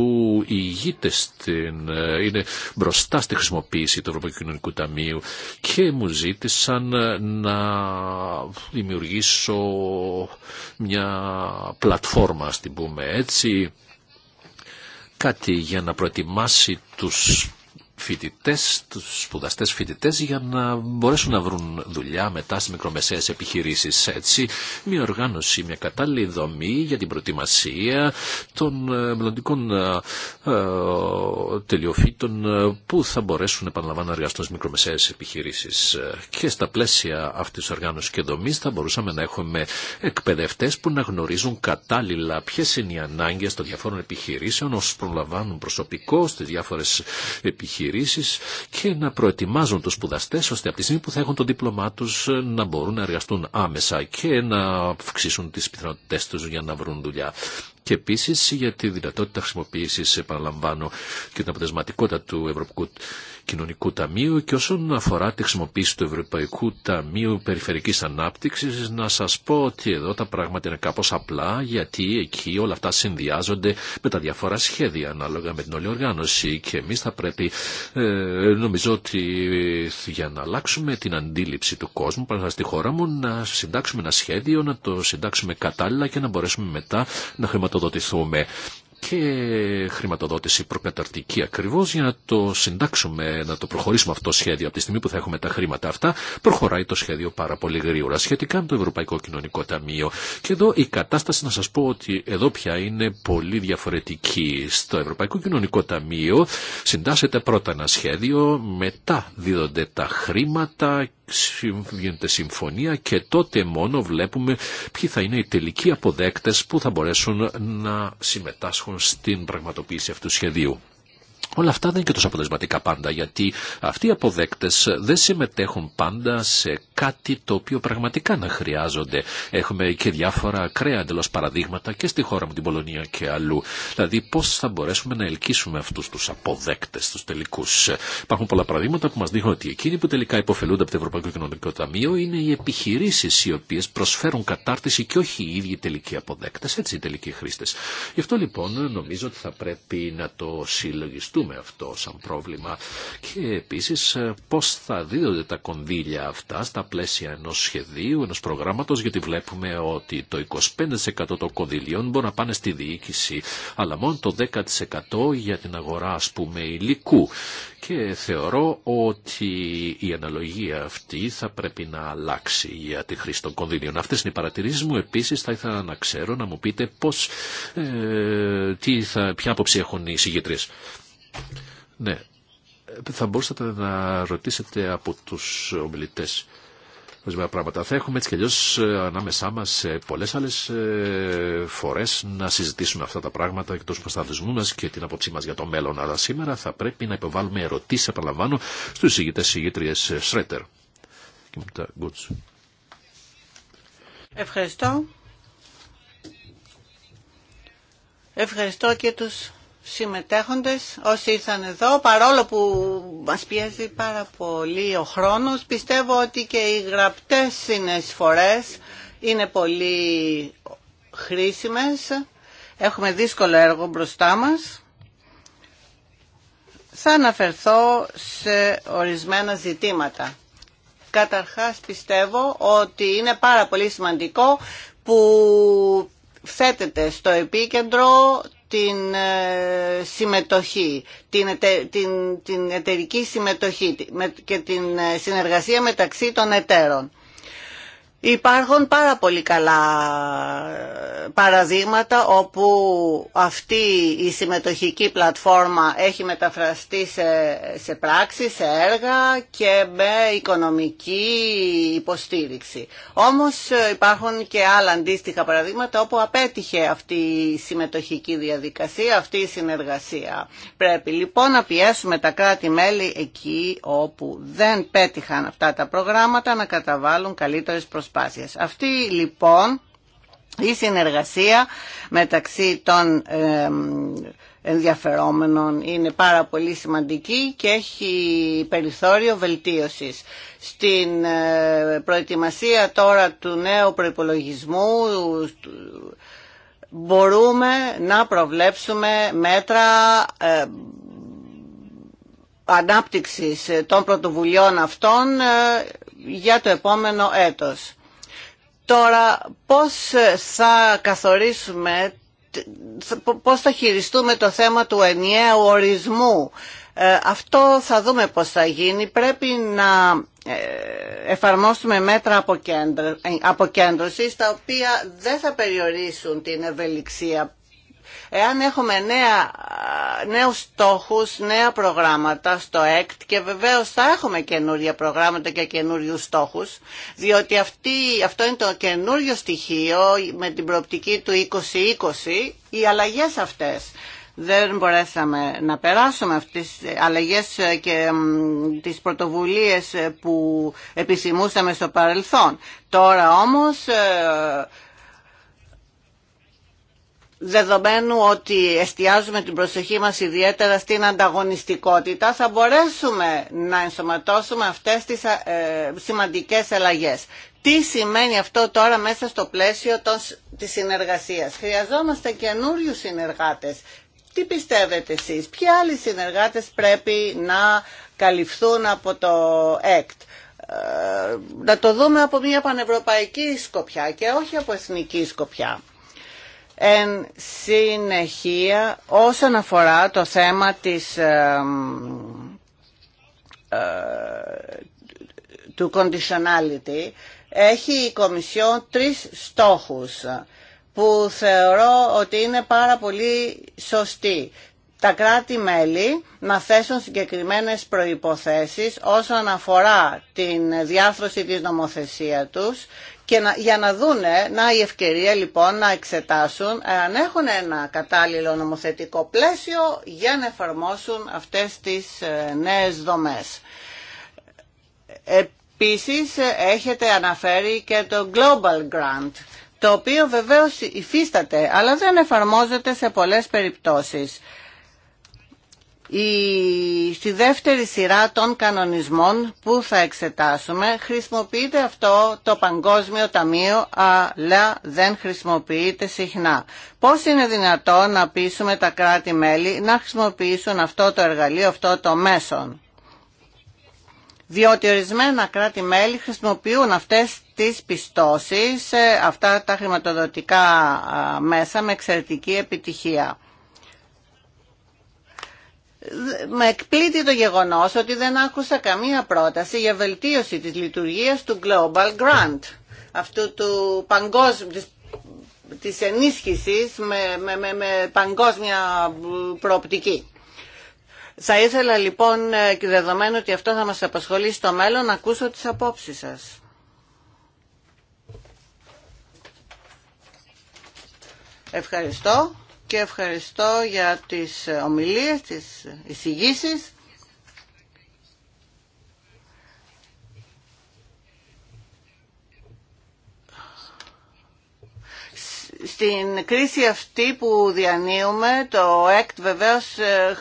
ηγείται στην, ε, είναι μπροστά στη χρησιμοποίηση του Ευρωπαϊκού Κοινωνικού Ταμείου και μου ζήτησαν να δημιουργήσω μια πλατφόρμα, ας την πούμε έτσι, κάτι για να προετοιμάσει τους φοιτητές, τους σπουδαστές φοιτητές για να μπορέσουν να βρουν δουλειά μετά στι μικρομεσαίες επιχειρήσεις. Έτσι, μια οργάνωση, μια κατάλληλη δομή για την προετοιμασία των ε, μελλοντικών ε, ε, τελειοφύτων που θα μπορέσουν επαναλαμβάνω να εργαστούν στις μικρομεσαίες επιχειρήσεις. Και στα πλαίσια αυτής της οργάνωσης και δομής θα μπορούσαμε να έχουμε εκπαιδευτές που να γνωρίζουν κατάλληλα ποιε είναι οι ανάγκες των διαφόρων επιχειρήσεων, όσους προλαμβάνουν προσωπικό στις διάφορες επιχειρήσει και να προετοιμάζουν τους σπουδαστέ ώστε από τη στιγμή που θα έχουν το δίπλωμά τους ε, να μπορούν να εργαστούν άμεσα και να αυξήσουν τις πιθανότητές τους για να βρουν δουλειά και επίσης για τη δυνατότητα χρησιμοποίησης επαναλαμβάνω, και την αποτελεσματικότητα του ευρωπαϊκού Κοινωνικού Ταμείου και όσον αφορά τη χρησιμοποίηση του Ευρωπαϊκού Ταμείου Περιφερικής Ανάπτυξης να σας πω ότι εδώ τα πράγματα είναι κάπως απλά γιατί εκεί όλα αυτά συνδυάζονται με τα διαφορά σχέδια ανάλογα με την όλη οργάνωση και εμείς θα πρέπει ε, νομίζω ότι για να αλλάξουμε την αντίληψη του κόσμου πάνω στη χώρα μου να συντάξουμε ένα σχέδιο, να το συντάξουμε κατάλληλα και να μπορέσουμε μετά να χρηματοδοτηθούμε και χρηματοδότηση προκαταρτική ακριβώ για να το συντάξουμε, να το προχωρήσουμε αυτό το σχέδιο. Από τη στιγμή που θα έχουμε τα χρήματα αυτά, προχωράει το σχέδιο πάρα πολύ γρήγορα σχετικά με το Ευρωπαϊκό Κοινωνικό Ταμείο. Και εδώ η κατάσταση να σας πω ότι εδώ πια είναι πολύ διαφορετική. Στο Ευρωπαϊκό Κοινωνικό Ταμείο συντάσσεται πρώτα ένα σχέδιο, μετά δίδονται τα χρήματα γίνεται συμφωνία και τότε μόνο βλέπουμε ποιοι θα είναι οι τελικοί αποδέκτες που θα μπορέσουν να συμμετάσχουν στην πραγματοποίηση αυτού του σχεδίου. Όλα αυτά δεν είναι και τόσο αποτελεσματικά πάντα, γιατί αυτοί οι αποδέκτε δεν συμμετέχουν πάντα σε κάτι το οποίο πραγματικά να χρειάζονται. Έχουμε και διάφορα ακραία εντελώ παραδείγματα και στη χώρα μου, την Πολωνία και αλλού. Δηλαδή, πώ θα μπορέσουμε να ελκύσουμε αυτού του αποδέκτε, του τελικού. Υπάρχουν πολλά παραδείγματα που μα δείχνουν ότι εκείνοι που τελικά υποφελούνται από το Ευρωπαϊκό Κοινωνικό Ταμείο είναι οι επιχειρήσει οι οποίε προσφέρουν κατάρτιση και όχι οι ίδιοι τελικοί αποδέκτε, έτσι οι τελικοί χρήστε. Γι' αυτό λοιπόν νομίζω ότι θα πρέπει να το συλλογιστούμε δούμε αυτό σαν πρόβλημα. Και επίσης ε, πώς θα δίδονται τα κονδύλια αυτά στα πλαίσια ενός σχεδίου, ενός προγράμματος, γιατί βλέπουμε ότι το 25% των κονδυλίων μπορεί να πάνε στη διοίκηση, αλλά μόνο το 10% για την αγορά ας πούμε υλικού. Και θεωρώ ότι η αναλογία αυτή θα πρέπει να αλλάξει για τη χρήση των κονδυλίων. Αυτές είναι οι παρατηρήσεις μου. Επίσης θα ήθελα να ξέρω, να μου πείτε πώς, ε, τι θα, ποια άποψη έχουν οι συγκεκριτές. Ναι, θα μπορούσατε να ρωτήσετε από τους ομιλητές ορισμένα πράγματα. Θα έχουμε έτσι κι ε, ανάμεσά μας πολλέ πολλές άλλες ε, φορές να συζητήσουμε αυτά τα πράγματα και τους προστατευσμού και την απόψή μας για το μέλλον. Αλλά σήμερα θα πρέπει να υποβάλουμε ερωτήσεις, επαναλαμβάνω, στους ε, και συγγήτριες Σρέτερ. Ευχαριστώ. Ευχαριστώ και τους συμμετέχοντες, όσοι ήρθαν εδώ, παρόλο που μας πιέζει πάρα πολύ ο χρόνος, πιστεύω ότι και οι γραπτές συνεισφορές είναι πολύ χρήσιμες. Έχουμε δύσκολο έργο μπροστά μας. Θα αναφερθώ σε ορισμένα ζητήματα. Καταρχάς πιστεύω ότι είναι πάρα πολύ σημαντικό που θέτεται στο επίκεντρο την ε, συμμετοχή, την, την, εταιρική συμμετοχή και την ε, συνεργασία μεταξύ των εταίρων. Υπάρχουν πάρα πολύ καλά ε, παραδείγματα όπου αυτή η συμμετοχική πλατφόρμα έχει μεταφραστεί σε, σε πράξη, σε έργα και με οικονομική υποστήριξη. Όμως ε, υπάρχουν και άλλα αντίστοιχα παραδείγματα όπου απέτυχε αυτή η συμμετοχική διαδικασία, αυτή η συνεργασία. Πρέπει λοιπόν να πιέσουμε τα κράτη-μέλη εκεί όπου δεν πέτυχαν αυτά τα προγράμματα να καταβάλουν καλύτερες προσπάθειες. Αυτή λοιπόν η συνεργασία μεταξύ των ενδιαφερόμενων είναι πάρα πολύ σημαντική και έχει περιθώριο βελτίωσης. Στην ε, προετοιμασία τώρα του νέου προϋπολογισμού μπορούμε να προβλέψουμε μέτρα ε, ανάπτυξης των πρωτοβουλειών αυτών ε, για το επόμενο έτος. Τώρα, πώς θα καθορίσουμε, πώς θα χειριστούμε το θέμα του ενιαίου ορισμού. Ε, αυτό θα δούμε πώς θα γίνει. Πρέπει να ε, εφαρμόσουμε μέτρα αποκέντρωσης, τα οποία δεν θα περιορίσουν την ευελιξία εάν έχουμε νέα, νέους στόχους, νέα προγράμματα στο ΕΚΤ και βεβαίως θα έχουμε καινούργια προγράμματα και καινούριου στόχους, διότι αυτή, αυτό είναι το καινούριο στοιχείο με την προοπτική του 2020, οι αλλαγές αυτές. Δεν μπορέσαμε να περάσουμε αυτές τις αλλαγές και τις πρωτοβουλίες που επισημούσαμε στο παρελθόν. Τώρα όμως ε, δεδομένου ότι εστιάζουμε την προσοχή μας ιδιαίτερα στην ανταγωνιστικότητα, θα μπορέσουμε να ενσωματώσουμε αυτές τις ε, σημαντικές αλλαγές. Τι σημαίνει αυτό τώρα μέσα στο πλαίσιο των, της συνεργασίας. Χρειαζόμαστε καινούριου συνεργάτες. Τι πιστεύετε εσείς, ποιοι άλλοι συνεργάτες πρέπει να καλυφθούν από το ΕΚΤ. Ε, να το δούμε από μια πανευρωπαϊκή σκοπιά και όχι από εθνική σκοπιά εν συνεχεία όσον αφορά το θέμα της, ε, ε, του conditionality έχει η Κομισιόν τρεις στόχους που θεωρώ ότι είναι πάρα πολύ σωστοί. Τα κράτη-μέλη να θέσουν συγκεκριμένες προϋποθέσεις όσον αφορά την διάθρωση της νομοθεσία τους και για να δούνε, να η ευκαιρία λοιπόν να εξετάσουν αν έχουν ένα κατάλληλο νομοθετικό πλαίσιο για να εφαρμόσουν αυτές τις ε, νέες δομές. Επίσης ε, έχετε αναφέρει και το Global Grant, το οποίο βεβαίως υφίσταται αλλά δεν εφαρμόζεται σε πολλές περιπτώσεις η, στη δεύτερη σειρά των κανονισμών που θα εξετάσουμε χρησιμοποιείται αυτό το Παγκόσμιο Ταμείο αλλά δεν χρησιμοποιείται συχνά. Πώς είναι δυνατό να πείσουμε τα κράτη-μέλη να χρησιμοποιήσουν αυτό το εργαλείο, αυτό το μέσον. Διότι ορισμένα κράτη-μέλη χρησιμοποιούν αυτές τις πιστώσεις, ε, αυτά τα χρηματοδοτικά μέσα με εξαιρετική επιτυχία με εκπλήττει το γεγονός ότι δεν άκουσα καμία πρόταση για βελτίωση της λειτουργίας του Global Grant, αυτού του παγκόσμιου, της, ενίσχυσης με, παγκόσμια προοπτική. Θα ήθελα λοιπόν, ε, και δεδομένου ότι αυτό θα μας απασχολεί στο μέλλον, να ακούσω τις απόψεις σας. Ευχαριστώ και ευχαριστώ για τις ομιλίες, τις εισηγήσεις. Στην κρίση αυτή που διανύουμε, το ΕΚΤ βεβαίως ε,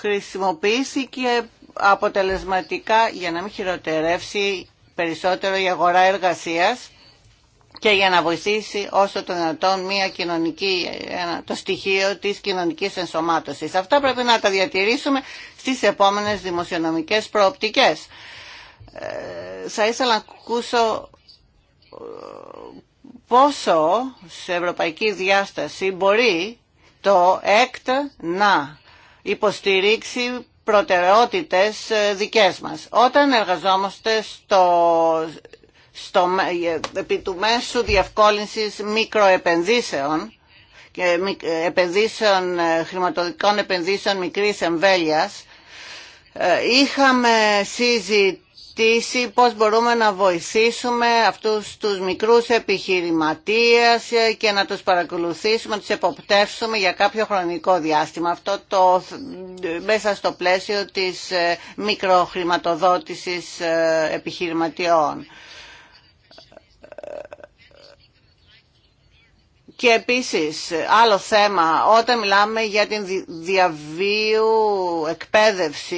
χρησιμοποιήθηκε αποτελεσματικά για να μην χειροτερεύσει περισσότερο η αγορά εργασίας και για να βοηθήσει όσο το δυνατόν μια κοινωνική, το στοιχείο της κοινωνικής ενσωμάτωσης. Αυτά πρέπει να τα διατηρήσουμε στις επόμενες δημοσιονομικές προοπτικές. Ε, θα ήθελα να ακούσω ε, πόσο σε ευρωπαϊκή διάσταση μπορεί το ΕΚΤ να υποστηρίξει προτεραιότητες ε, δικές μας. Όταν εργαζόμαστε στο, στο, επί του μέσου διευκόλυνσης μικροεπενδύσεων και επενδύσεων, ε, χρηματοδοτικών επενδύσεων μικρής εμβέλειας ε, είχαμε συζητήσει πώς μπορούμε να βοηθήσουμε αυτούς τους μικρούς επιχειρηματίες ε, και να τους παρακολουθήσουμε, να τους εποπτεύσουμε για κάποιο χρονικό διάστημα. Αυτό το μέσα στο πλαίσιο της μικροχρηματοδότησης επιχειρηματιών. Και επίσης, άλλο θέμα, όταν μιλάμε για την διαβίου εκπαίδευση,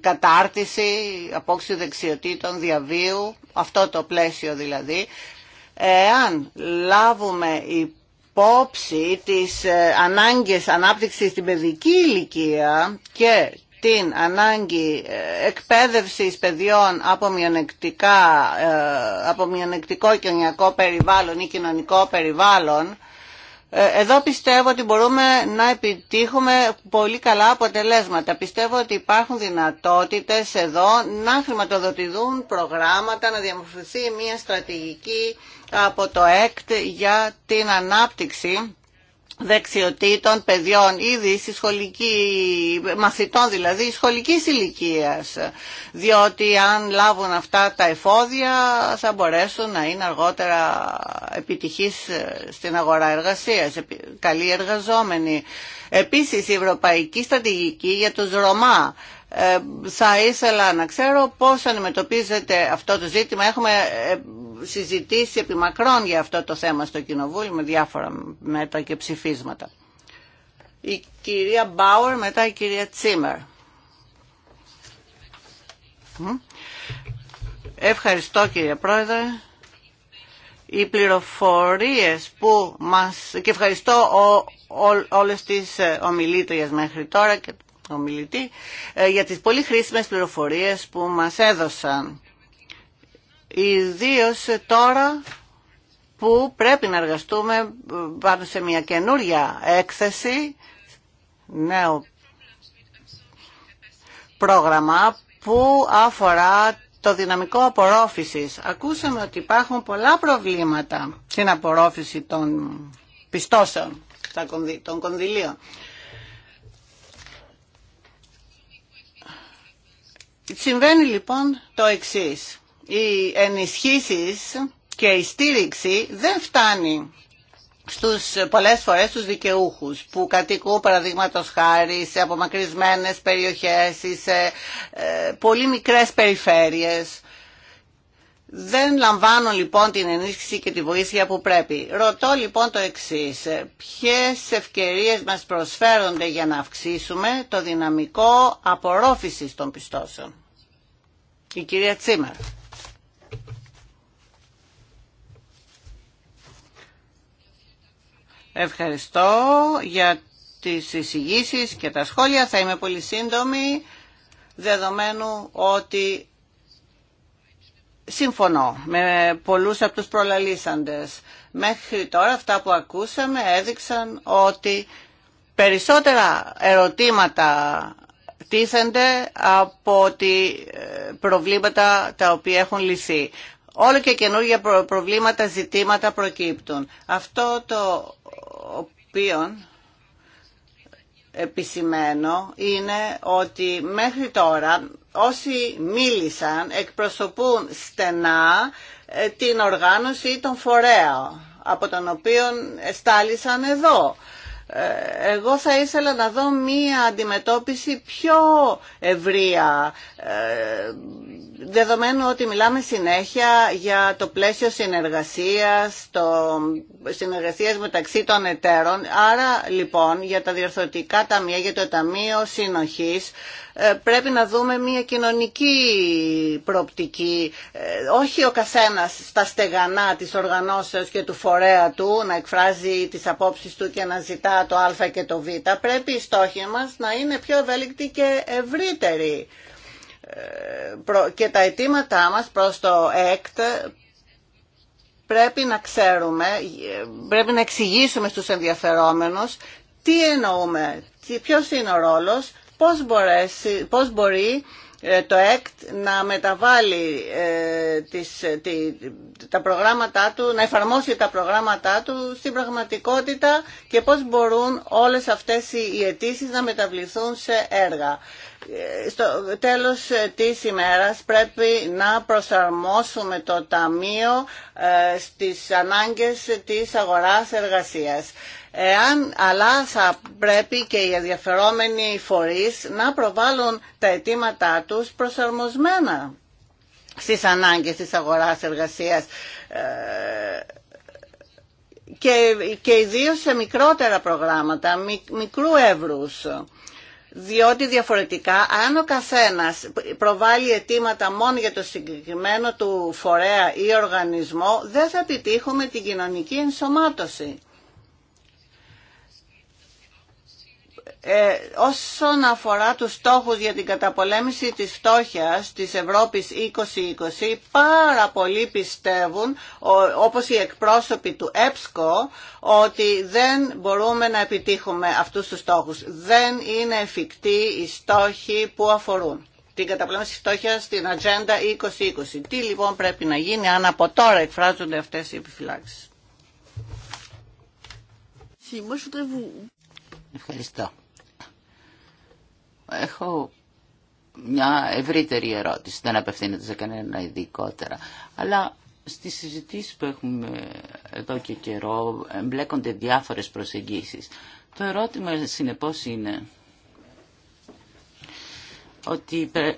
κατάρτιση, απόξη δεξιοτήτων διαβίου, αυτό το πλαίσιο δηλαδή, εάν λάβουμε υπόψη τις ε, ανάγκες ανάπτυξης στην παιδική ηλικία και την ανάγκη ε, εκπαίδευσης παιδιών από, μειονεκτικά, ε, από μειονεκτικό κοινωνικό περιβάλλον ή κοινωνικό περιβάλλον, ε, εδώ πιστεύω ότι μπορούμε να επιτύχουμε πολύ καλά αποτελέσματα. Πιστεύω ότι υπάρχουν δυνατότητες εδώ να χρηματοδοτηθούν προγράμματα, να διαμορφωθεί μια στρατηγική από το ΕΚΤ για την ανάπτυξη δεξιοτήτων παιδιών ήδη στη σχολική, μαθητών δηλαδή, σχολική ηλικία, Διότι αν λάβουν αυτά τα εφόδια θα μπορέσουν να είναι αργότερα επιτυχείς ε, στην αγορά εργασίας, καλοί εργαζόμενοι. Επίσης η Ευρωπαϊκή Στρατηγική για τους Ρωμά ε, θα ήθελα να ξέρω πώς αντιμετωπίζετε αυτό το ζήτημα. Έχουμε ε, συζητήσει επιμακρών για αυτό το θέμα στο Κοινοβούλιο με διάφορα μέτρα και ψηφίσματα. Η κυρία Μπάουερ, μετά η κυρία Τσίμερ. Ευχαριστώ κύριε Πρόεδρε. Οι πληροφορίες που μας... και ευχαριστώ όλες τις ομιλήτριες μέχρι τώρα και ομιλητή ε, για τις πολύ χρήσιμες πληροφορίες που μας έδωσαν. Ιδίω τώρα που πρέπει να εργαστούμε ε, πάνω σε μια καινούρια έκθεση, νέο πρόγραμμα που αφορά το δυναμικό απορρόφησης. Ακούσαμε ότι υπάρχουν πολλά προβλήματα στην απορρόφηση των πιστώσεων, των κονδυλίων. Συμβαίνει λοιπόν το εξής. Οι ενισχύσεις και η στήριξη δεν φτάνει στους, πολλές φορές τους δικαιούχους που κατοικούν παραδείγματο χάρη σε απομακρυσμένες περιοχές ή σε ε, πολύ μικρές περιφέρειες δεν λαμβάνω, λοιπόν την ενίσχυση και τη βοήθεια που πρέπει. Ρωτώ λοιπόν το εξής. Ποιε ευκαιρίε μας προσφέρονται για να αυξήσουμε το δυναμικό απορρόφησης των πιστώσεων. Η κυρία Τσίμερ. Ευχαριστώ για τις εισηγήσεις και τα σχόλια. Θα είμαι πολύ σύντομη δεδομένου ότι Συμφωνώ με πολλούς από τους προλαλήσαντες. Μέχρι τώρα αυτά που ακούσαμε έδειξαν ότι περισσότερα ερωτήματα τίθενται από ότι ε, προβλήματα τα οποία έχουν λυθεί. Όλο και καινούργια προβλήματα, ζητήματα προκύπτουν. Αυτό το οποίο Επισημένο είναι ότι μέχρι τώρα όσοι μίλησαν εκπροσωπούν στενά ε, την οργάνωση ή τον φορέων από τον οποίο στάλισαν εδώ. Ε, εγώ θα ήθελα να δω μία αντιμετώπιση πιο ευρεία, ε, δεδομένου ότι μιλάμε συνέχεια για το πλαίσιο συνεργασίας, το συνεργασίας μεταξύ των εταίρων. Άρα, λοιπόν, για τα διορθωτικά ταμεία, για το Ταμείο Συνοχής, ε, πρέπει να δούμε μια κοινωνική προοπτική, ε, όχι ο καθένας στα στεγανά της οργανώσεως και του φορέα του να εκφράζει τις απόψεις του και να ζητά το α και το β. Πρέπει οι στόχοι μας να είναι πιο ευέλικτοι και ευρύτεροι ε, και τα αιτήματά μας προς το ΕΚΤ πρέπει να ξέρουμε, πρέπει να εξηγήσουμε στους ενδιαφερόμενους τι εννοούμε, ποιος είναι ο ρόλος πώς, μπορεί ε, το ΕΚΤ να μεταβάλει ε, ε, τη, τα προγράμματά του, να εφαρμόσει τα προγράμματά του στην πραγματικότητα και πώς μπορούν όλες αυτές οι αιτήσει να μεταβληθούν σε έργα. Στο τέλος της ημέρας πρέπει να προσαρμόσουμε το Ταμείο στις ανάγκες της αγοράς εργασίας εάν, αλλά θα πρέπει και οι ενδιαφερόμενοι φορείς να προβάλλουν τα αιτήματά τους προσαρμοσμένα στις ανάγκες της αγοράς εργασίας ε, και, και ιδίω σε μικρότερα προγράμματα, μικρού εύρους. Διότι διαφορετικά, αν ο καθένας προβάλλει αιτήματα μόνο για το συγκεκριμένο του φορέα ή οργανισμό, δεν θα επιτύχουμε την κοινωνική ενσωμάτωση. ε, όσον αφορά τους στόχους για την καταπολέμηση της φτώχειας της Ευρώπης 2020, πάρα πολλοί πιστεύουν, όπως οι εκπρόσωποι του ΕΠΣΚΟ, ότι δεν μπορούμε να επιτύχουμε αυτούς τους στόχους. Δεν είναι εφικτοί οι στόχοι που αφορούν την καταπολέμηση της φτώχειας στην Ατζέντα 2020. Τι λοιπόν πρέπει να γίνει αν από τώρα εκφράζονται αυτές οι επιφυλάξεις. Ευχαριστώ. Έχω μια ευρύτερη ερώτηση, δεν απευθύνεται σε κανένα ειδικότερα. Αλλά στις συζητήσεις που έχουμε εδώ και καιρό εμπλέκονται διάφορες προσεγγίσεις. Το ερώτημα συνεπώς είναι ότι ε,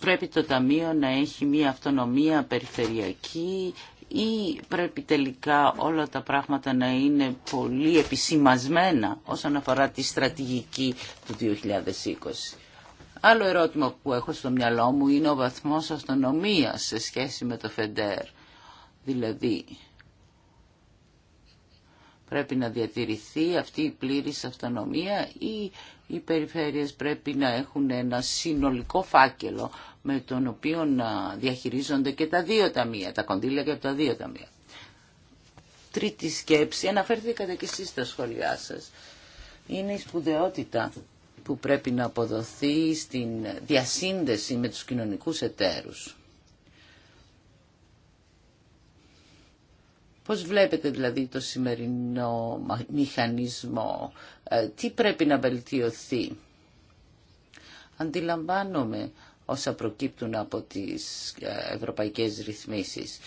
πρέπει το Ταμείο να έχει μια αυτονομία περιφερειακή ή πρέπει τελικά όλα τα πράγματα να είναι πολύ επισημασμένα όσον αφορά τη στρατηγική του 2020. Άλλο ερώτημα που έχω στο μυαλό μου είναι ο βαθμός αυτονομίας σε σχέση με το ΦΕΝΤΕΡ. Δηλαδή, πρέπει να διατηρηθεί αυτή η πλήρης αυτονομία ή οι περιφέρειες πρέπει να έχουν ένα συνολικό φάκελο με τον οποίο να διαχειρίζονται και τα δύο ταμεία, τα κονδύλια και από τα δύο ταμεία. Τρίτη σκέψη, αναφέρθηκατε και εσείς στα σχόλιά σας, είναι η σπουδαιότητα που πρέπει να αποδοθεί στην διασύνδεση με τους κοινωνικούς εταίρους. Πώς βλέπετε δηλαδή το σημερινό μηχανισμό, ε, τι πρέπει να βελτιωθεί. Αντιλαμβάνομαι όσα προκύπτουν από τις ε, ευρωπαϊκές ρυθμίσεις.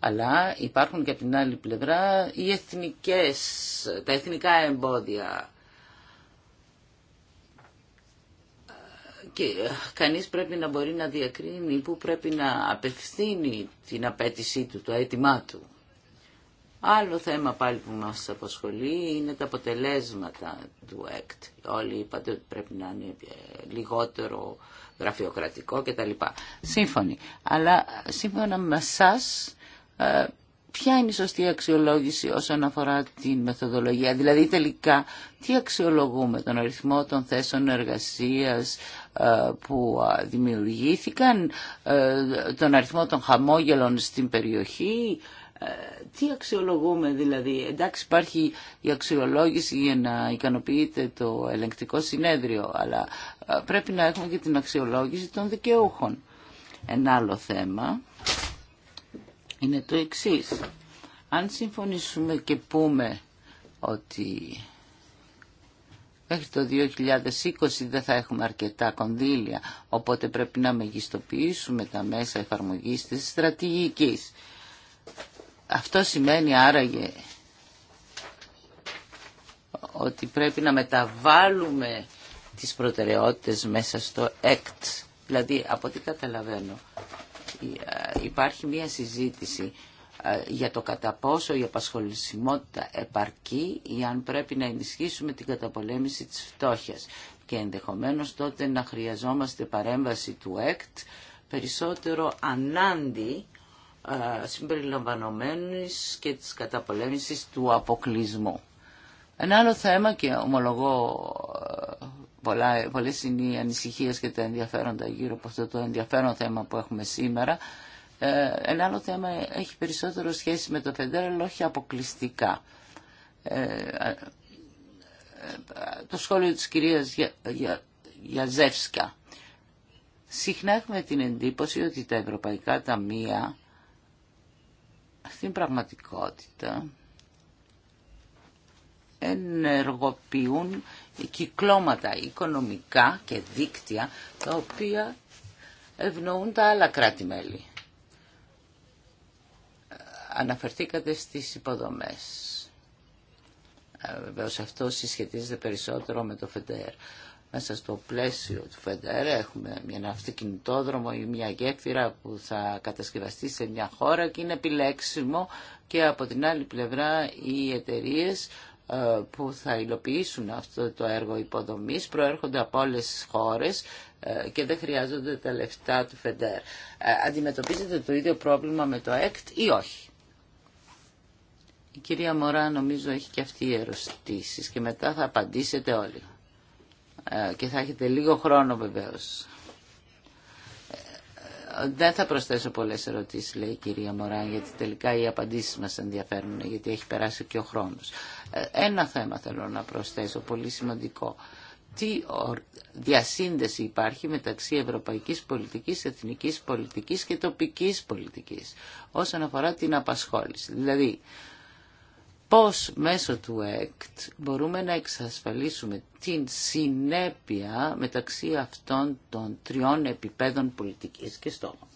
Αλλά υπάρχουν και από την άλλη πλευρά οι εθνικές, τα εθνικά εμπόδια. Και ε, κανείς πρέπει να μπορεί να διακρίνει που πρέπει να απευθύνει την απέτησή του, το αίτημά του. Άλλο θέμα πάλι που μας απασχολεί είναι τα αποτελέσματα του ΕΚΤ. Όλοι είπατε ότι πρέπει να είναι ε, λιγότερο γραφειοκρατικό κτλ. Σύμφωνοι. Αλλά σύμφωνα με εσά, ποια είναι η σωστή αξιολόγηση όσον αφορά την μεθοδολογία. Δηλαδή τελικά τι αξιολογούμε, τον αριθμό των θέσεων εργασίας ε, που δημιουργήθηκαν, ε, τον αριθμό των χαμόγελων στην περιοχή, ε, τι αξιολογούμε δηλαδή. Εντάξει υπάρχει η αξιολόγηση για να ικανοποιείται το ελεγκτικό συνέδριο, αλλά ε, πρέπει να έχουμε και την αξιολόγηση των δικαιούχων. Ένα άλλο θέμα είναι το εξής. Αν συμφωνήσουμε και πούμε ότι μέχρι το 2020 δεν θα έχουμε αρκετά κονδύλια, οπότε πρέπει να μεγιστοποιήσουμε τα μέσα εφαρμογής της στρατηγικής. Αυτό σημαίνει άραγε ότι πρέπει να μεταβάλουμε τις προτεραιότητες μέσα στο ΕΚΤ. Δηλαδή, από τι καταλαβαίνω, υπάρχει μία συζήτηση για το κατά πόσο η απασχολησιμότητα επαρκεί ή αν πρέπει να ενισχύσουμε την καταπολέμηση της φτώχειας και ενδεχομένως τότε να χρειαζόμαστε παρέμβαση του ΕΚΤ περισσότερο ανάντι συμπεριλαμβανομένης και της καταπολέμησης του αποκλεισμού. Ένα άλλο θέμα και ομολογώ ε, πολλά, πολλές είναι οι ανησυχίες και τα ενδιαφέροντα γύρω από αυτό το ενδιαφέρον θέμα που έχουμε σήμερα. Ε, ένα άλλο θέμα έχει περισσότερο σχέση με το Φεντέρ, όχι αποκλειστικά. Ε, το σχόλιο της κυρίας Γιαζεύσκα. Συχνά έχουμε την εντύπωση ότι τα ευρωπαϊκά ταμεία στην πραγματικότητα ενεργοποιούν κυκλώματα οικονομικά και δίκτυα τα οποία ευνοούν τα άλλα κράτη-μέλη. Αναφερθήκατε στις υποδομές. Ε, Βεβαίω αυτό συσχετίζεται περισσότερο με το φετέρ μέσα στο πλαίσιο του ΦΕΝΤΕΡ έχουμε μια αυτοκινητόδρομο ή μια γέφυρα που θα κατασκευαστεί σε μια χώρα και είναι επιλέξιμο και από την άλλη πλευρά οι εταιρείε ε, που θα υλοποιήσουν αυτό το έργο υποδομής προέρχονται από όλες τις χώρες ε, και δεν χρειάζονται τα λεφτά του ΦΕΝΤΕΡ. Ε, Αντιμετωπίζετε το ίδιο πρόβλημα με το ΕΚΤ ή όχι. Η κυρία Μωρά νομίζω έχει και αυτή ερωτήσεις και μετά θα απαντήσετε όλοι. Ε, και θα έχετε λίγο χρόνο βεβαίως. Ε, ε, δεν θα προσθέσω πολλές ερωτήσεις, λέει η κυρία Μωράν, γιατί τελικά οι απαντήσεις μας ενδιαφέρουν, γιατί έχει περάσει και ο χρόνος. Ένα θέμα θέλω να προσθέσω, πολύ σημαντικό. Τι διασύνδεση υπάρχει μεταξύ ευρωπαϊκής πολιτικής, εθνικής πολιτικής και τοπικής πολιτικής όσον αφορά την απασχόληση. Δηλαδή, πώς μέσω του ΕΚΤ μπορούμε να εξασφαλίσουμε την συνέπεια μεταξύ αυτών των τριών επιπέδων πολιτικής και στόχων.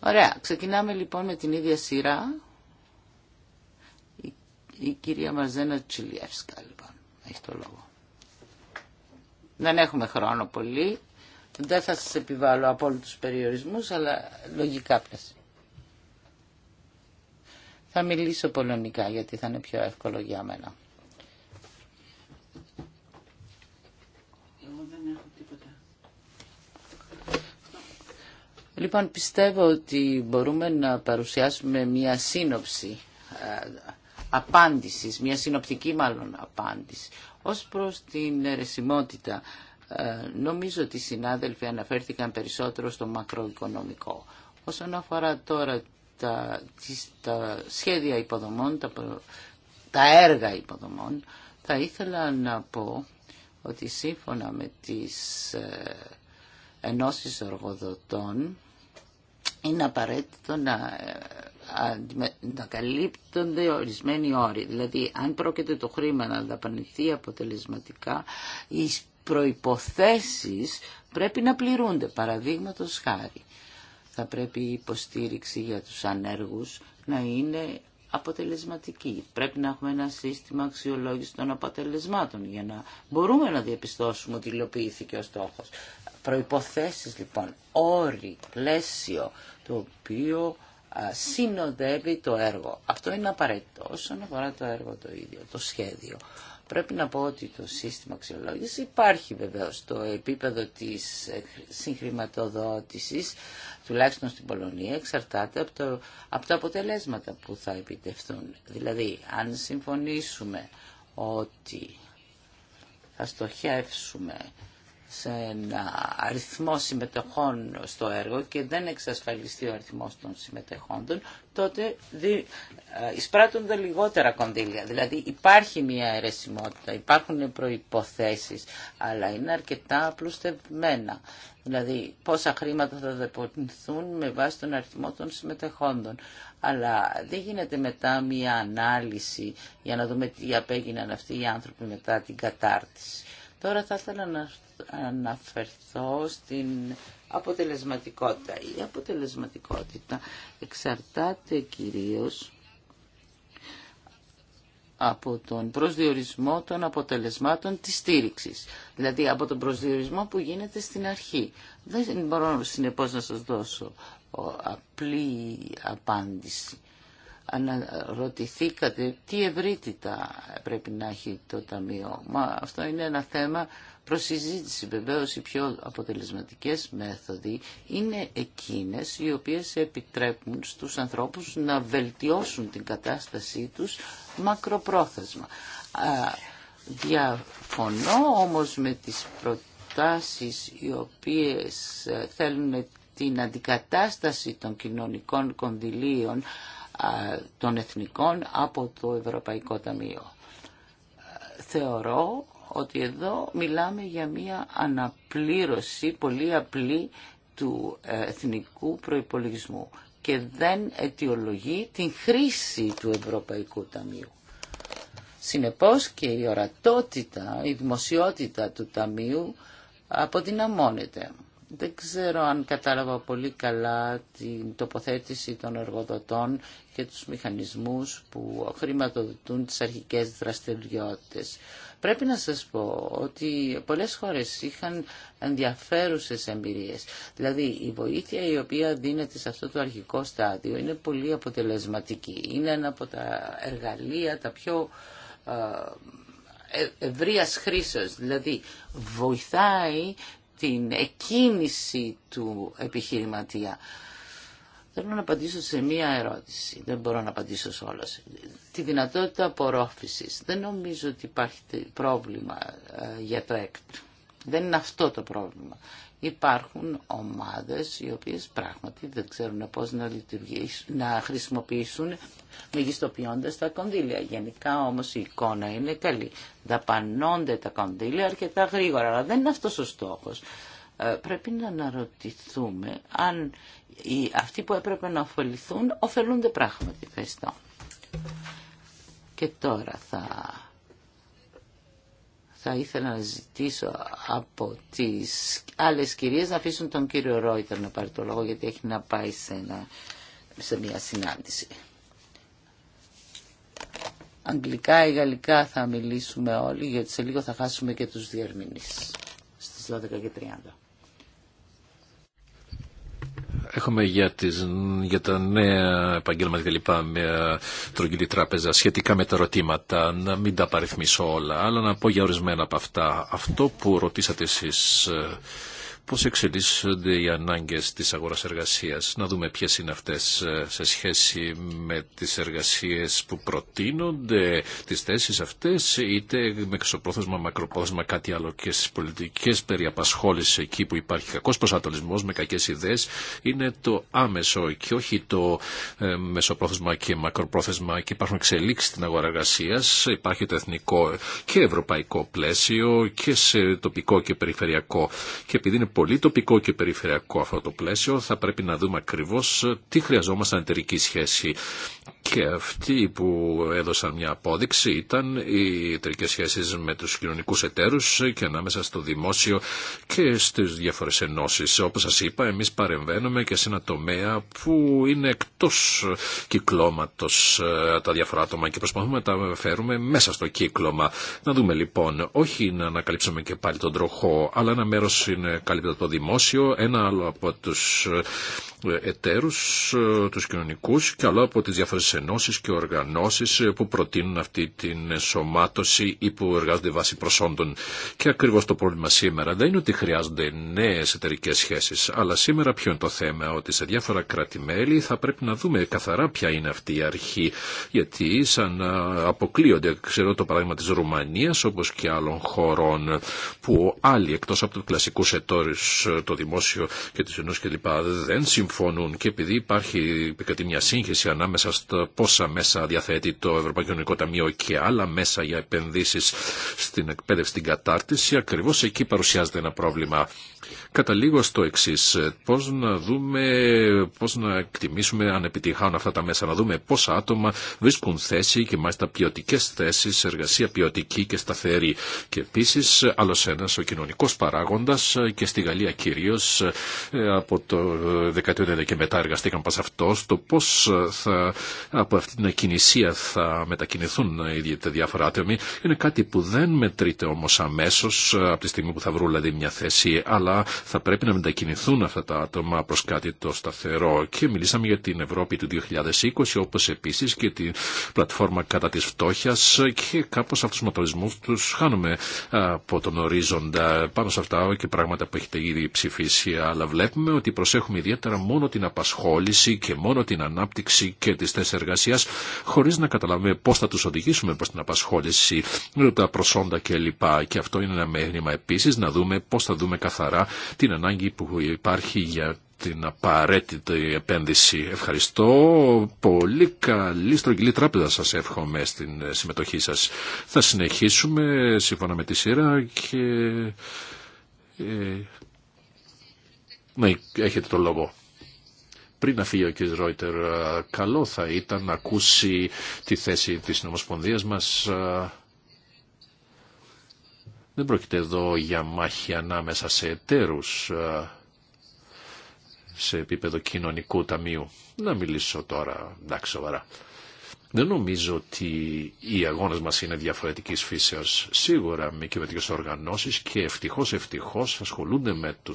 Ωραία, ξεκινάμε λοιπόν με την ίδια σειρά. Η, η κυρία Μαρζένα Τσιλιεύσκα λοιπόν, έχει το λόγο. Δεν έχουμε χρόνο πολύ, δεν θα σας επιβάλλω από όλου τους περιορισμούς, αλλά λογικά πλαίσια. Θα μιλήσω πολωνικά γιατί θα είναι πιο εύκολο για μένα. έχω τίποτα. Λοιπόν, πιστεύω ότι μπορούμε να παρουσιάσουμε μια σύνοψη ε, απάντησης, μια συνοπτική μάλλον απάντηση. Ως προς την αιρεσιμότητα, ε, νομίζω ότι οι συνάδελφοι αναφέρθηκαν περισσότερο στο μακροοικονομικό. Όσον αφορά τώρα τα, τα σχέδια υποδομών, τα, τα έργα υποδομών, θα ήθελα να πω ότι σύμφωνα με τις ε, ενώσεις εργοδοτών είναι απαραίτητο να, ε, να καλύπτονται ορισμένοι όροι. Δηλαδή, αν πρόκειται το χρήμα να δαπανηθεί αποτελεσματικά, οι προϋποθέσεις πρέπει να πληρούνται, παραδείγματος χάρη θα πρέπει η υποστήριξη για τους ανέργους να είναι αποτελεσματική. Πρέπει να έχουμε ένα σύστημα αξιολόγηση των αποτελεσμάτων για να μπορούμε να διαπιστώσουμε ότι υλοποιήθηκε ο στόχος. Προϋποθέσεις λοιπόν, όρι, πλαίσιο, το οποίο συνοδεύει το έργο. Αυτό είναι απαραίτητο όσον αφορά το έργο το ίδιο, το σχέδιο. Πρέπει να πω ότι το σύστημα αξιολόγηση υπάρχει βεβαίως στο επίπεδο της συγχρηματοδότησης, τουλάχιστον στην Πολωνία, εξαρτάται από, το, από τα αποτελέσματα που θα επιτευθούν. Δηλαδή, αν συμφωνήσουμε ότι θα στοχεύσουμε σε ένα αριθμό συμμετεχών στο έργο και δεν εξασφαλιστεί ο αριθμός των συμμετεχόντων, τότε δι, ε, εισπράττονται λιγότερα κονδύλια. Δηλαδή υπάρχει μια αιρεσιμότητα, υπάρχουν προϋποθέσεις, αλλά είναι αρκετά απλουστευμένα. Δηλαδή πόσα χρήματα θα δεποτηθούν με βάση τον αριθμό των συμμετεχόντων. Αλλά δεν γίνεται μετά μια ανάλυση για να δούμε τι απέγιναν αυτοί οι άνθρωποι μετά την κατάρτιση. Τώρα θα ήθελα να αναφερθώ στην αποτελεσματικότητα. Η αποτελεσματικότητα εξαρτάται κυρίως από τον προσδιορισμό των αποτελεσμάτων της στήριξης. Δηλαδή από τον προσδιορισμό που γίνεται στην αρχή. Δεν μπορώ συνεπώς να σας δώσω απλή απάντηση αναρωτηθήκατε τι ευρύτητα πρέπει να έχει το Ταμείο. Μα αυτό είναι ένα θέμα προς συζήτηση. Βεβαίως οι πιο αποτελεσματικές μέθοδοι είναι εκείνες οι οποίες επιτρέπουν στους ανθρώπους να βελτιώσουν την κατάστασή τους μακροπρόθεσμα. Διαφωνώ όμως με τις προτάσεις οι οποίες θέλουν την αντικατάσταση των κοινωνικών κονδυλίων των εθνικών από το Ευρωπαϊκό Ταμείο. Θεωρώ ότι εδώ μιλάμε για μια αναπλήρωση πολύ απλή του εθνικού προϋπολογισμού και δεν αιτιολογεί την χρήση του Ευρωπαϊκού Ταμείου. Συνεπώς και η ορατότητα, η δημοσιότητα του Ταμείου αποδυναμώνεται. Δεν ξέρω αν κατάλαβα πολύ καλά την τοποθέτηση των εργοδοτών και τους μηχανισμούς που χρηματοδοτούν τις αρχικές δραστηριότητες. Πρέπει να σας πω ότι πολλές χώρες είχαν ενδιαφέρουσες εμπειρίες. Δηλαδή η βοήθεια η οποία δίνεται σε αυτό το αρχικό στάδιο είναι πολύ αποτελεσματική. Είναι ένα από τα εργαλεία τα πιο ε, ε, ευρεία χρήσεως. Δηλαδή, βοηθάει την εκκίνηση του επιχειρηματία. Θέλω να απαντήσω σε μία ερώτηση. Δεν μπορώ να απαντήσω σε όλα. Τη δυνατότητα απορρόφησης. Δεν νομίζω ότι υπάρχει πρόβλημα ε, για το έκτο Δεν είναι αυτό το πρόβλημα. Υπάρχουν ομάδες οι οποίες πράγματι δεν ξέρουν πώς να, λειτουργήσουν, να χρησιμοποιήσουν μεγιστοποιώντας τα κονδύλια. Γενικά όμως η εικόνα είναι καλή. Δαπανώνται τα κονδύλια αρκετά γρήγορα, αλλά δεν είναι αυτός ο στόχος. Ε, πρέπει να αναρωτηθούμε αν οι, αυτοί που έπρεπε να ωφεληθούν ωφελούνται πράγματι. Ευχαριστώ. Και τώρα θα θα ήθελα να ζητήσω από τις άλλες κυρίες να αφήσουν τον κύριο Ρόιτερ να πάρει το λόγο γιατί έχει να πάει σε, μια συνάντηση. Αγγλικά ή γαλλικά θα μιλήσουμε όλοι γιατί σε λίγο θα χάσουμε και τους διερμηνείς στις 12.30. Έχουμε για, τις, για τα νέα επαγγέλματα και λοιπά με τρογγυλή τράπεζα σχετικά με τα ερωτήματα, να μην τα παριθμίσω όλα, αλλά να πω για ορισμένα από αυτά. Αυτό που ρωτήσατε εσείς ε, πώς εξελίσσονται οι ανάγκες της αγοράς εργασίας. Να δούμε ποιες είναι αυτές ε, σε σχέση με τις εργασίες που προτείνονται, τις θέσεις αυτές, είτε με εξωπρόθεσμα, μακροπρόθεσμα, κάτι άλλο και στις πολιτικές περί εκεί που υπάρχει κακός προσανατολισμός με κακές ιδέες, είναι το άμεσο και όχι το ε, μεσοπρόθεσμα και μακροπρόθεσμα και υπάρχουν εξελίξεις στην αγορά εργασίας, υπάρχει το εθνικό και ευρωπαϊκό πλαίσιο και σε τοπικό και περιφερειακό. Και επειδή πολύ τοπικό και περιφερειακό αυτό το πλαίσιο. Θα πρέπει να δούμε ακριβώς ε, τι χρειαζόμαστε εταιρική σχέση. Και αυτοί που έδωσαν μια απόδειξη ήταν οι εταιρικέ σχέσει με του κοινωνικού εταίρου ε, και ανάμεσα στο δημόσιο και στι διάφορε ενώσει. Όπω σα είπα, εμεί παρεμβαίνουμε και σε ένα τομέα που είναι εκτό κυκλώματο ε, τα διάφορα άτομα και προσπαθούμε να τα φέρουμε μέσα στο κύκλωμα. Να δούμε λοιπόν, όχι να ανακαλύψουμε και πάλι τον τροχό, αλλά ένα μέρο είναι το δημόσιο, ένα άλλο από τους ε, εταίρους, ε, τους κοινωνικούς και άλλο από τις διάφορες ενώσεις και οργανώσεις ε, που προτείνουν αυτή την σωμάτωση ή που εργάζονται βάσει προσόντων. Και ακριβώς το πρόβλημα σήμερα δεν είναι ότι χρειάζονται νέες εταιρικές σχέσεις, αλλά σήμερα ποιο είναι το θέμα, ότι σε διάφορα κράτη-μέλη θα πρέπει να δούμε καθαρά ποια είναι αυτή η αρχή, γιατί σαν αποκλείονται, ξέρω το παράδειγμα της Ρουμανίας όπως και άλλων χωρών που άλλοι εκτός από τους κλασικούς ε, το δημόσιο και τις ενό κλπ. δεν συμφωνούν και επειδή υπάρχει κάτι μια σύγχυση ανάμεσα στα πόσα μέσα διαθέτει το Ευρωπαϊκό Κοινωνικό Ταμείο και άλλα μέσα για επενδύσεις στην εκπαίδευση, στην κατάρτιση, ακριβώς εκεί παρουσιάζεται ένα πρόβλημα. Καταλήγω στο εξή. Πώ να δούμε, πώ να εκτιμήσουμε αν επιτυχάνουν αυτά τα μέσα, να δούμε πόσα άτομα βρίσκουν θέση και μάλιστα ποιοτικέ θέσει, εργασία ποιοτική και σταθερή. Και επίση, άλλο ένα, ο κοινωνικό παράγοντα ε, και στην στη Γαλλία κυρίω ε, από το 19 και μετά εργαστήκαν πας αυτό το πώ ε, από αυτή την ακινησία θα μετακινηθούν τα διάφορα άτομοι είναι κάτι που δεν μετρείται όμω αμέσω, ε, από τη στιγμή που θα βρουν δηλαδή μια θέση αλλά θα πρέπει να μετακινηθούν αυτά τα άτομα προ κάτι το σταθερό και μιλήσαμε για την Ευρώπη του 2020 όπω επίση και την πλατφόρμα κατά τη φτώχεια και κάπω αυτούς του ματωρισμού του χάνουμε από τον ορίζοντα πάνω σε αυτά και πράγματα που έχει έχετε ήδη ψηφίσει, αλλά βλέπουμε ότι προσέχουμε ιδιαίτερα μόνο την απασχόληση και μόνο την ανάπτυξη και τις θέσεις εργασίας, χωρίς να καταλαβαίνουμε πώς θα τους οδηγήσουμε προς την απασχόληση, τα προσόντα κλπ. Και αυτό είναι ένα μέλημα επίσης, να δούμε πώς θα δούμε καθαρά την ανάγκη που υπάρχει για την απαραίτητη επένδυση. Ευχαριστώ. Πολύ καλή στρογγυλή τράπεζα σας εύχομαι στην συμμετοχή σας. Θα συνεχίσουμε σύμφωνα με τη σειρά και... Ε, ναι, έχετε το λόγο. Πριν να φύγει ο κ. Ρόιτερ, καλό θα ήταν να ακούσει τη θέση της Νομοσπονδίας μας. Δεν πρόκειται εδώ για μάχη ανάμεσα σε εταίρους σε επίπεδο κοινωνικού ταμείου. Να μιλήσω τώρα, εντάξει σοβαρά. Δεν νομίζω ότι οι αγώνε μα είναι διαφορετική φύσεω. Σίγουρα με κυβερνητικέ οργανώσει και ευτυχώ ευτυχώ ασχολούνται με του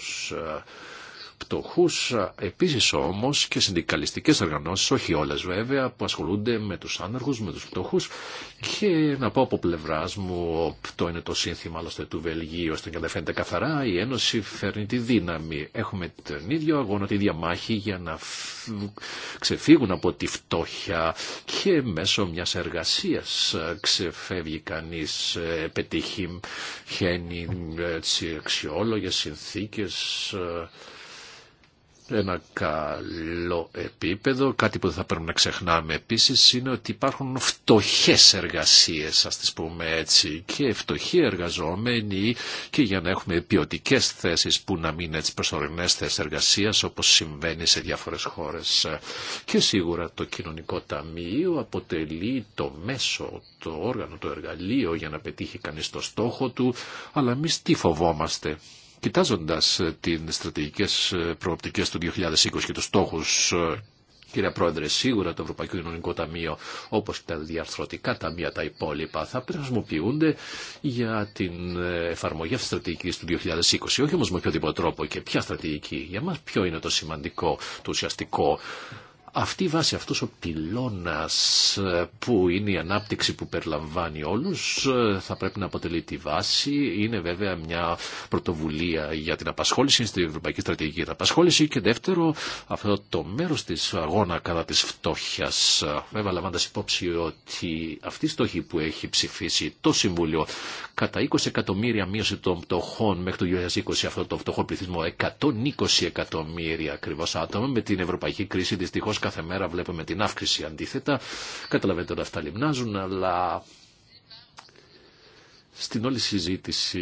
πτωχούς επίσης όμως και συνδικαλιστικές οργανώσει, όχι όλε, βέβαια, που ασχολούνται με τους άνεργους, με τους πτωχούς και να πω από πλευρά μου, αυτό είναι το σύνθημα άλλωστε του Βελγίου, ώστε να φαίνεται καθαρά, η Ένωση φέρνει τη δύναμη. Έχουμε τον ίδιο αγώνα, τη διαμάχη για να ξεφύγουν από τη φτώχεια και μέσω μια εργασία. ξεφεύγει κανείς, ε, πετύχει, χαίνει ε, αξιόλογες συνθήκες, ε, ένα καλό επίπεδο. Κάτι που δεν θα πρέπει να ξεχνάμε επίσης είναι ότι υπάρχουν φτωχές εργασίες, ας τις πούμε έτσι, και φτωχοί εργαζόμενοι και για να έχουμε ποιοτικέ θέσεις που να μην έτσι προσωρινές θέσεις εργασίας όπως συμβαίνει σε διάφορες χώρες. Και σίγουρα το κοινωνικό ταμείο αποτελεί το μέσο, το όργανο, το εργαλείο για να πετύχει κανείς το στόχο του, αλλά εμεί τι φοβόμαστε. Κοιτάζοντας ε, την στρατηγικές ε, προοπτικές του 2020 και τους στόχους ε, Κύριε Πρόεδρε, σίγουρα το Ευρωπαϊκό Κοινωνικό Ταμείο, όπω και τα διαρθρωτικά ταμεία τα υπόλοιπα, θα χρησιμοποιούνται για την εφαρμογή αυτή τη στρατηγική του 2020. Όχι όμω με οποιοδήποτε τρόπο και ποια στρατηγική. Για μα ποιο είναι το σημαντικό, το ουσιαστικό. Αυτή η βάση αυτός ο πυλώνας ε, που είναι η ανάπτυξη που περιλαμβάνει όλους ε, θα πρέπει να αποτελεί τη βάση. Είναι βέβαια μια πρωτοβουλία για την απασχόληση στην Ευρωπαϊκή Στρατηγική για την Απασχόληση και δεύτερο αυτό το μέρος της αγώνα κατά της φτώχειας. Ε, βέβαια λαμβάντας υπόψη ότι αυτή η στόχη που έχει ψηφίσει το Συμβούλιο κατά 20 εκατομμύρια μείωση των πτωχών μέχρι το 2020 αυτό το φτωχό πληθυσμό 120 εκατομμύρια ακριβώς άτομα με την ευρωπαϊκή κρίση δυστυχώς Κάθε μέρα βλέπουμε την αύξηση αντίθετα. Καταλαβαίνετε ότι αυτά λιμνάζουν, αλλά στην όλη συζήτηση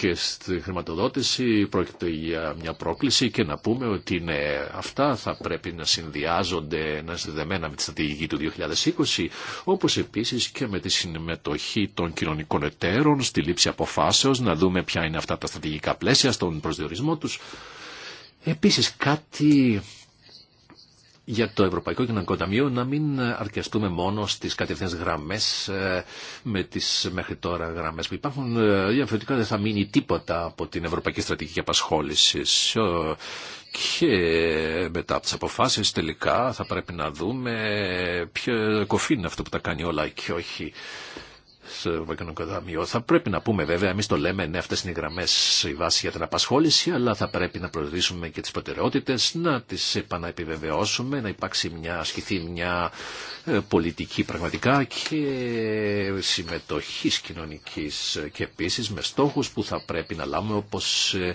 και στη χρηματοδότηση πρόκειται για μια πρόκληση και να πούμε ότι ναι, αυτά θα πρέπει να συνδυάζονται, να συνδεδεμένα με τη στρατηγική του 2020, όπως επίσης και με τη συμμετοχή των κοινωνικών εταίρων στη λήψη αποφάσεως, να δούμε ποια είναι αυτά τα στρατηγικά πλαίσια στον προσδιορισμό τους. Επίσης κάτι για το Ευρωπαϊκό Κοινωνικό Ταμείο να μην αρκεστούμε μόνο στις κατευθυντέ γραμμές ε, με τις μέχρι τώρα γραμμές που υπάρχουν. Διαφορετικά ε, δεν θα μείνει τίποτα από την Ευρωπαϊκή Στρατηγική Απασχόληση ε, και μετά από τις αποφάσεις τελικά θα πρέπει να δούμε ποιο κοφή είναι αυτό που τα κάνει όλα και όχι στο Θα πρέπει να πούμε βέβαια, εμεί το λέμε, ναι, αυτέ είναι οι γραμμέ, βάση για την απασχόληση, αλλά θα πρέπει να προωθήσουμε και τι προτεραιότητε, να τι επαναεπιβεβαιώσουμε, να υπάρξει μια, ασκηθεί μια ε, πολιτική πραγματικά και συμμετοχή κοινωνική ε, και επίση με στόχου που θα πρέπει να λάβουμε όπω ε,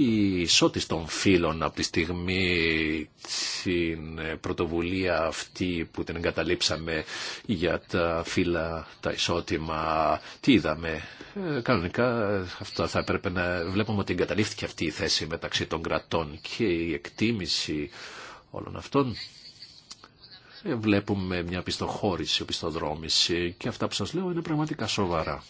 η ισότητα των φύλων από τη στιγμή την πρωτοβουλία αυτή που την εγκαταλείψαμε για τα φύλλα, τα ισότιμα, τι είδαμε. Ε, κανονικά θα έπρεπε να βλέπουμε ότι εγκαταλείφθηκε αυτή η θέση μεταξύ των κρατών και η εκτίμηση όλων αυτών ε, βλέπουμε μια πιστοχώρηση, πιστοδρόμηση και αυτά που σας λέω είναι πραγματικά σοβαρά.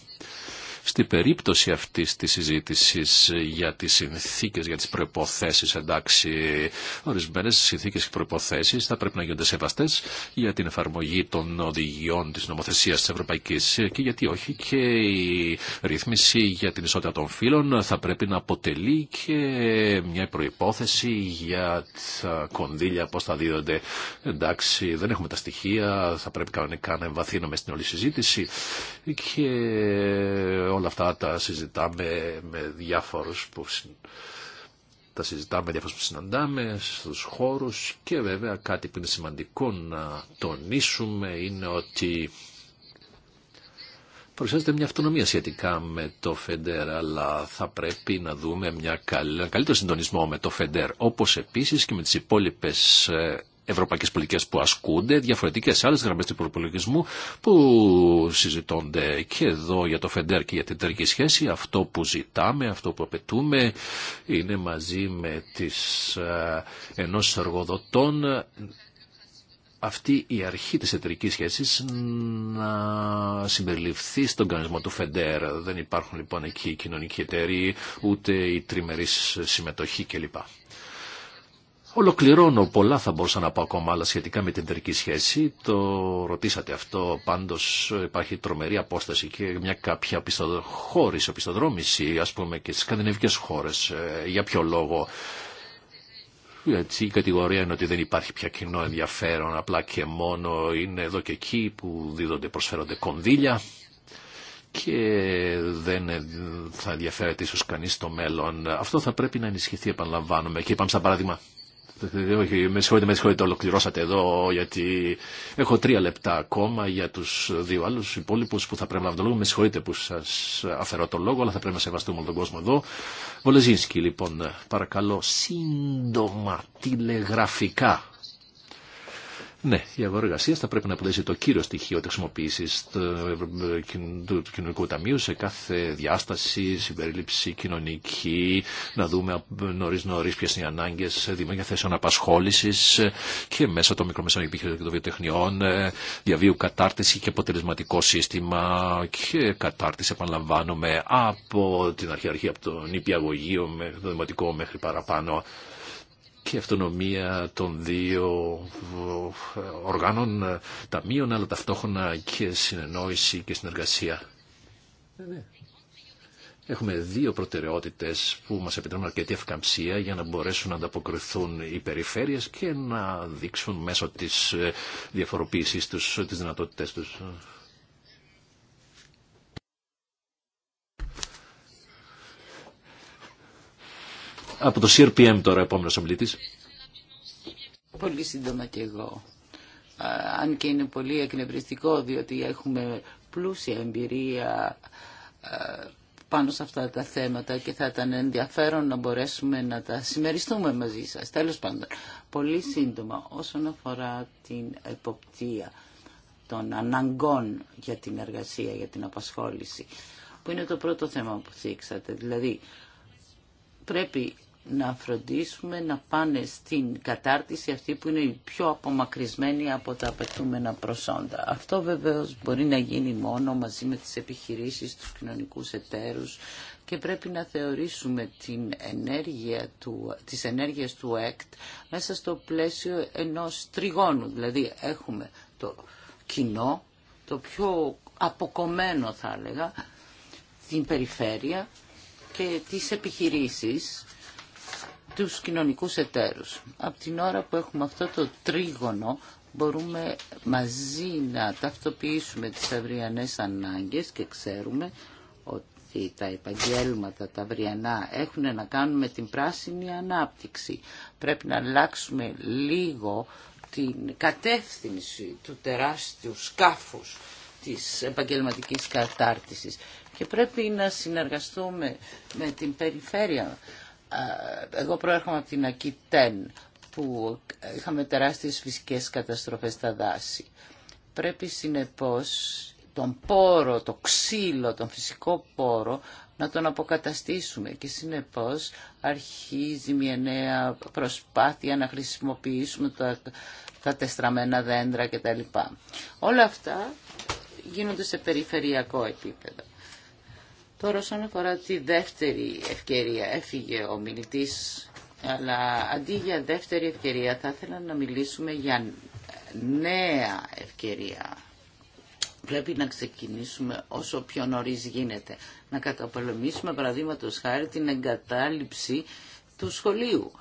Στην περίπτωση αυτής της συζήτηση για τις συνθήκες, για τις προϋποθέσεις, εντάξει, ορισμένες συνθήκες και προϋποθέσεις θα πρέπει να γίνονται σεβαστές για την εφαρμογή των οδηγιών της νομοθεσίας της Ευρωπαϊκής και γιατί όχι και η ρύθμιση για την ισότητα των φύλων θα πρέπει να αποτελεί και μια προϋπόθεση για τα κονδύλια πώς θα δίδονται. Εντάξει, δεν έχουμε τα στοιχεία, θα πρέπει κανονικά να εμβαθύνουμε στην όλη συζήτηση και όλα αυτά τα συζητάμε με διάφορους που τα συζητάμε διάφορους που συναντάμε στους χώρους και βέβαια κάτι που είναι σημαντικό να τονίσουμε είναι ότι παρουσιάζεται μια αυτονομία σχετικά με το ΦΕΝΤΕΡ, αλλά θα πρέπει να δούμε μια καλ... ένα καλύτερο συντονισμό με το ΦΕΝΤΕΡ, όπως επίσης και με τις υπόλοιπες ε, ευρωπαϊκές πολιτικές που ασκούνται, διαφορετικές άλλε γραμμές του προπολογισμού που συζητώνται και εδώ για το ΦΕΝΤΕΡ και για την εταιρική σχέση. Αυτό που ζητάμε, αυτό που απαιτούμε είναι μαζί με τις ε, ενό εργοδοτών αυτή η αρχή της εταιρικής σχέσης να συμπεριληφθεί στον κανονισμό του ΦΕΝΤΕΡ. Δεν υπάρχουν λοιπόν εκεί οι κοινωνικοί εταίροι, ούτε η τριμερής συμμετοχή κλπ. Ολοκληρώνω πολλά θα μπορούσα να πω ακόμα άλλα σχετικά με την εταιρική σχέση. Το ρωτήσατε αυτό, πάντως υπάρχει τρομερή απόσταση και μια κάποια χώρης, οπισθοδρόμηση ας πούμε και στις σκανδινεύικες χώρες. Ε, για ποιο λόγο η κατηγορία είναι ότι δεν υπάρχει πια κοινό ενδιαφέρον, απλά και μόνο είναι εδώ και εκεί που δίδονται, προσφέρονται κονδύλια και δεν ε, θα ενδιαφέρεται ίσως κανείς στο μέλλον. Αυτό θα πρέπει να ενισχυθεί, επαναλαμβάνουμε. Και είπαμε σαν παράδειγμα όχι, με συγχωρείτε, με συγχωρείτε, ολοκληρώσατε εδώ, γιατί έχω τρία λεπτά ακόμα για του δύο άλλου υπόλοιπου που θα πρέπει να λόγο. Με συγχωρείτε που σα αφαιρώ το λόγο, αλλά θα πρέπει να σεβαστούμε τον κόσμο εδώ. Βολεζίνσκι, λοιπόν, παρακαλώ, σύντομα, τηλεγραφικά. Ναι, η αγορά εργασία θα πρέπει να αποτελέσει το κύριο στοιχείο τη χρησιμοποίηση του κοινωνικού ταμείου σε κάθε διάσταση, συμπερίληψη κοινωνική, να δούμε νωρί-νωρί ποιε είναι οι ανάγκε δημιουργία θέσεων απασχόληση και μέσα των μικρομεσαίων επιχειρήσεων και των βιοτεχνιών, ε, διαβίου κατάρτιση και αποτελεσματικό σύστημα και κατάρτιση, επαναλαμβάνομαι, από την αρχή, αρχή από τον νηπιαγωγείο, το δημοτικό μέχρι παραπάνω και αυτονομία των δύο ε, οργάνων ε, ταμείων, αλλά ταυτόχρονα και συνεννόηση και συνεργασία. Ε, ναι. Έχουμε δύο προτεραιότητες που μας επιτρέπουν αρκετή ευκαμψία για να μπορέσουν να ανταποκριθούν οι περιφέρειες και να δείξουν μέσω της διαφοροποίησης τους τις δυνατότητες τους. από το CRPM τώρα, επόμενος ομιλητής. Πολύ σύντομα και εγώ. Αν και είναι πολύ εκνευριστικό, διότι έχουμε πλούσια εμπειρία πάνω σε αυτά τα θέματα και θα ήταν ενδιαφέρον να μπορέσουμε να τα συμμεριστούμε μαζί σας. Τέλος πάντων, πολύ σύντομα όσον αφορά την εποπτεία των αναγκών για την εργασία, για την απασχόληση, που είναι το πρώτο θέμα που θίξατε. Δηλαδή, πρέπει να φροντίσουμε να πάνε στην κατάρτιση αυτή που είναι η πιο απομακρυσμένη από τα απαιτούμενα προσόντα. Αυτό βεβαίως μπορεί να γίνει μόνο μαζί με τις επιχειρήσεις, τους κοινωνικούς εταίρους και πρέπει να θεωρήσουμε την ενέργεια του, τις ενέργειες του ΕΚΤ μέσα στο πλαίσιο ενός τριγώνου. Δηλαδή έχουμε το κοινό, το πιο αποκομμένο θα έλεγα, την περιφέρεια και τις επιχειρήσεις τους κοινωνικούς εταίρους. Από την ώρα που έχουμε αυτό το τρίγωνο μπορούμε μαζί να ταυτοποιήσουμε τις αυριανές ανάγκες και ξέρουμε ότι τα επαγγέλματα τα αυριανά έχουν να κάνουν με την πράσινη ανάπτυξη. Πρέπει να αλλάξουμε λίγο την κατεύθυνση του τεράστιου σκάφους της επαγγελματικής κατάρτισης και πρέπει να συνεργαστούμε με την περιφέρεια εγώ προέρχομαι από την Ακιτέν που είχαμε τεράστιες φυσικές καταστροφές στα δάση. Πρέπει συνεπώς τον πόρο, το ξύλο, τον φυσικό πόρο να τον αποκαταστήσουμε και συνεπώς αρχίζει μια νέα προσπάθεια να χρησιμοποιήσουμε τα, τα τεστραμμένα δέντρα κτλ. Όλα αυτά γίνονται σε περιφερειακό επίπεδο. Τώρα όσον αφορά τη δεύτερη ευκαιρία, έφυγε ο μιλητής, αλλά αντί για δεύτερη ευκαιρία θα ήθελα να μιλήσουμε για νέα ευκαιρία. Πρέπει να ξεκινήσουμε όσο πιο νωρίς γίνεται. Να καταπολεμήσουμε παραδείγματο χάρη την εγκατάλειψη του σχολείου.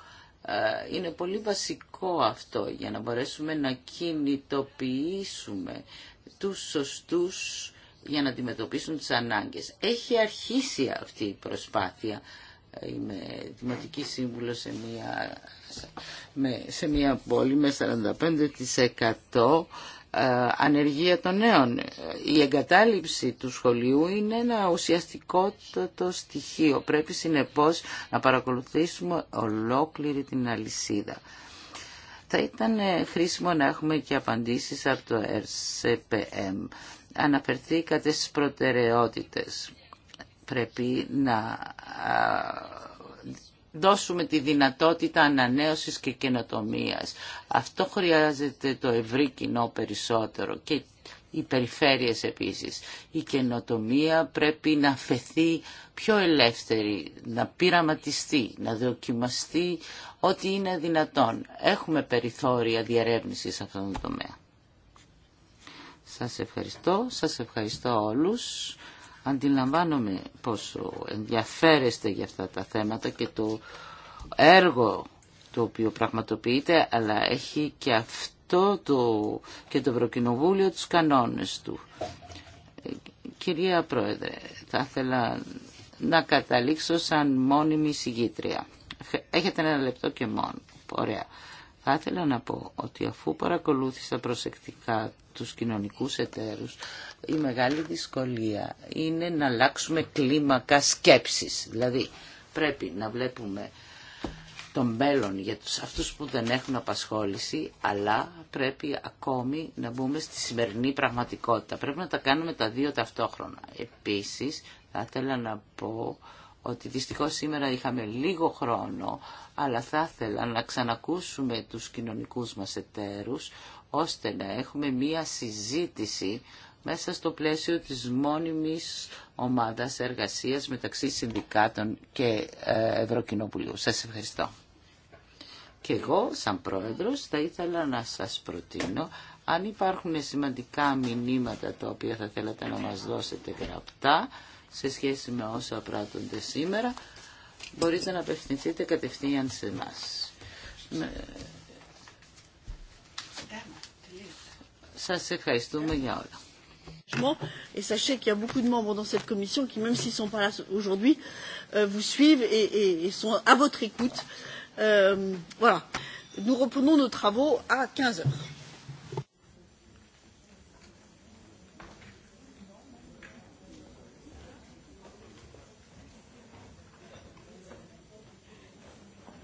Ε, είναι πολύ βασικό αυτό για να μπορέσουμε να κινητοποιήσουμε τους σωστούς για να αντιμετωπίσουν τις ανάγκες. Έχει αρχίσει αυτή η προσπάθεια. Είμαι δημοτική σύμβουλο σε μια, σε μια πόλη με 45% ε, ανεργία των νέων. Η εγκατάλειψη του σχολείου είναι ένα ουσιαστικό το στοιχείο. Πρέπει συνεπώς να παρακολουθήσουμε ολόκληρη την αλυσίδα. Θα ήταν χρήσιμο να έχουμε και απαντήσεις από το RCPM Αναφερθήκατε στις προτεραιότητες. Πρέπει να δώσουμε τη δυνατότητα ανανέωσης και καινοτομίας. Αυτό χρειάζεται το ευρύ κοινό περισσότερο και οι περιφέρειες επίσης. Η καινοτομία πρέπει να φεθεί πιο ελεύθερη, να πειραματιστεί, να δοκιμαστεί ό,τι είναι δυνατόν. Έχουμε περιθώρια διερεύνησης σε αυτόν τον τομέα. Σας ευχαριστώ, σας ευχαριστώ όλους. Αντιλαμβάνομαι πόσο ενδιαφέρεστε για αυτά τα θέματα και το έργο το οποίο πραγματοποιείται, αλλά έχει και αυτό το, και το Ευρωκοινοβούλιο τους κανόνες του. Ε, κυρία Πρόεδρε, θα ήθελα να καταλήξω σαν μόνιμη συγγήτρια. Έχετε ένα λεπτό και μόνο. Ωραία. Θα ήθελα να πω ότι αφού παρακολούθησα προσεκτικά τους κοινωνικούς εταίρους, η μεγάλη δυσκολία είναι να αλλάξουμε κλίμακα σκέψης. Δηλαδή πρέπει να βλέπουμε το μέλλον για τους, αυτούς που δεν έχουν απασχόληση, αλλά πρέπει ακόμη να μπούμε στη σημερινή πραγματικότητα. Πρέπει να τα κάνουμε τα δύο ταυτόχρονα. Επίσης, θα ήθελα να πω ότι δυστυχώς σήμερα είχαμε λίγο χρόνο, αλλά θα ήθελα να ξανακούσουμε τους κοινωνικούς μας εταίρους, ώστε να έχουμε μία συζήτηση μέσα στο πλαίσιο της μόνιμης ομάδας εργασίας μεταξύ συνδικάτων και ε, Ευρωκοινοβουλίου. Σας ευχαριστώ. Και εγώ, σαν πρόεδρος, θα ήθελα να σας προτείνω, αν υπάρχουν σημαντικά μηνύματα τα οποία θα θέλατε να μας δώσετε γραπτά, σε σχέση με όσα πράττονται σήμερα, μπορείτε να απευθυνθείτε κατευθείαν σε εμά. Σας ευχαριστούμε για όλα. Et sachez qu'il y a beaucoup de membres dans cette commission qui, même s'ils ne sont pas là aujourd'hui, vous suivent et et, sont à votre écoute. Euh, Voilà. Nous reprenons nos travaux à 15 heures.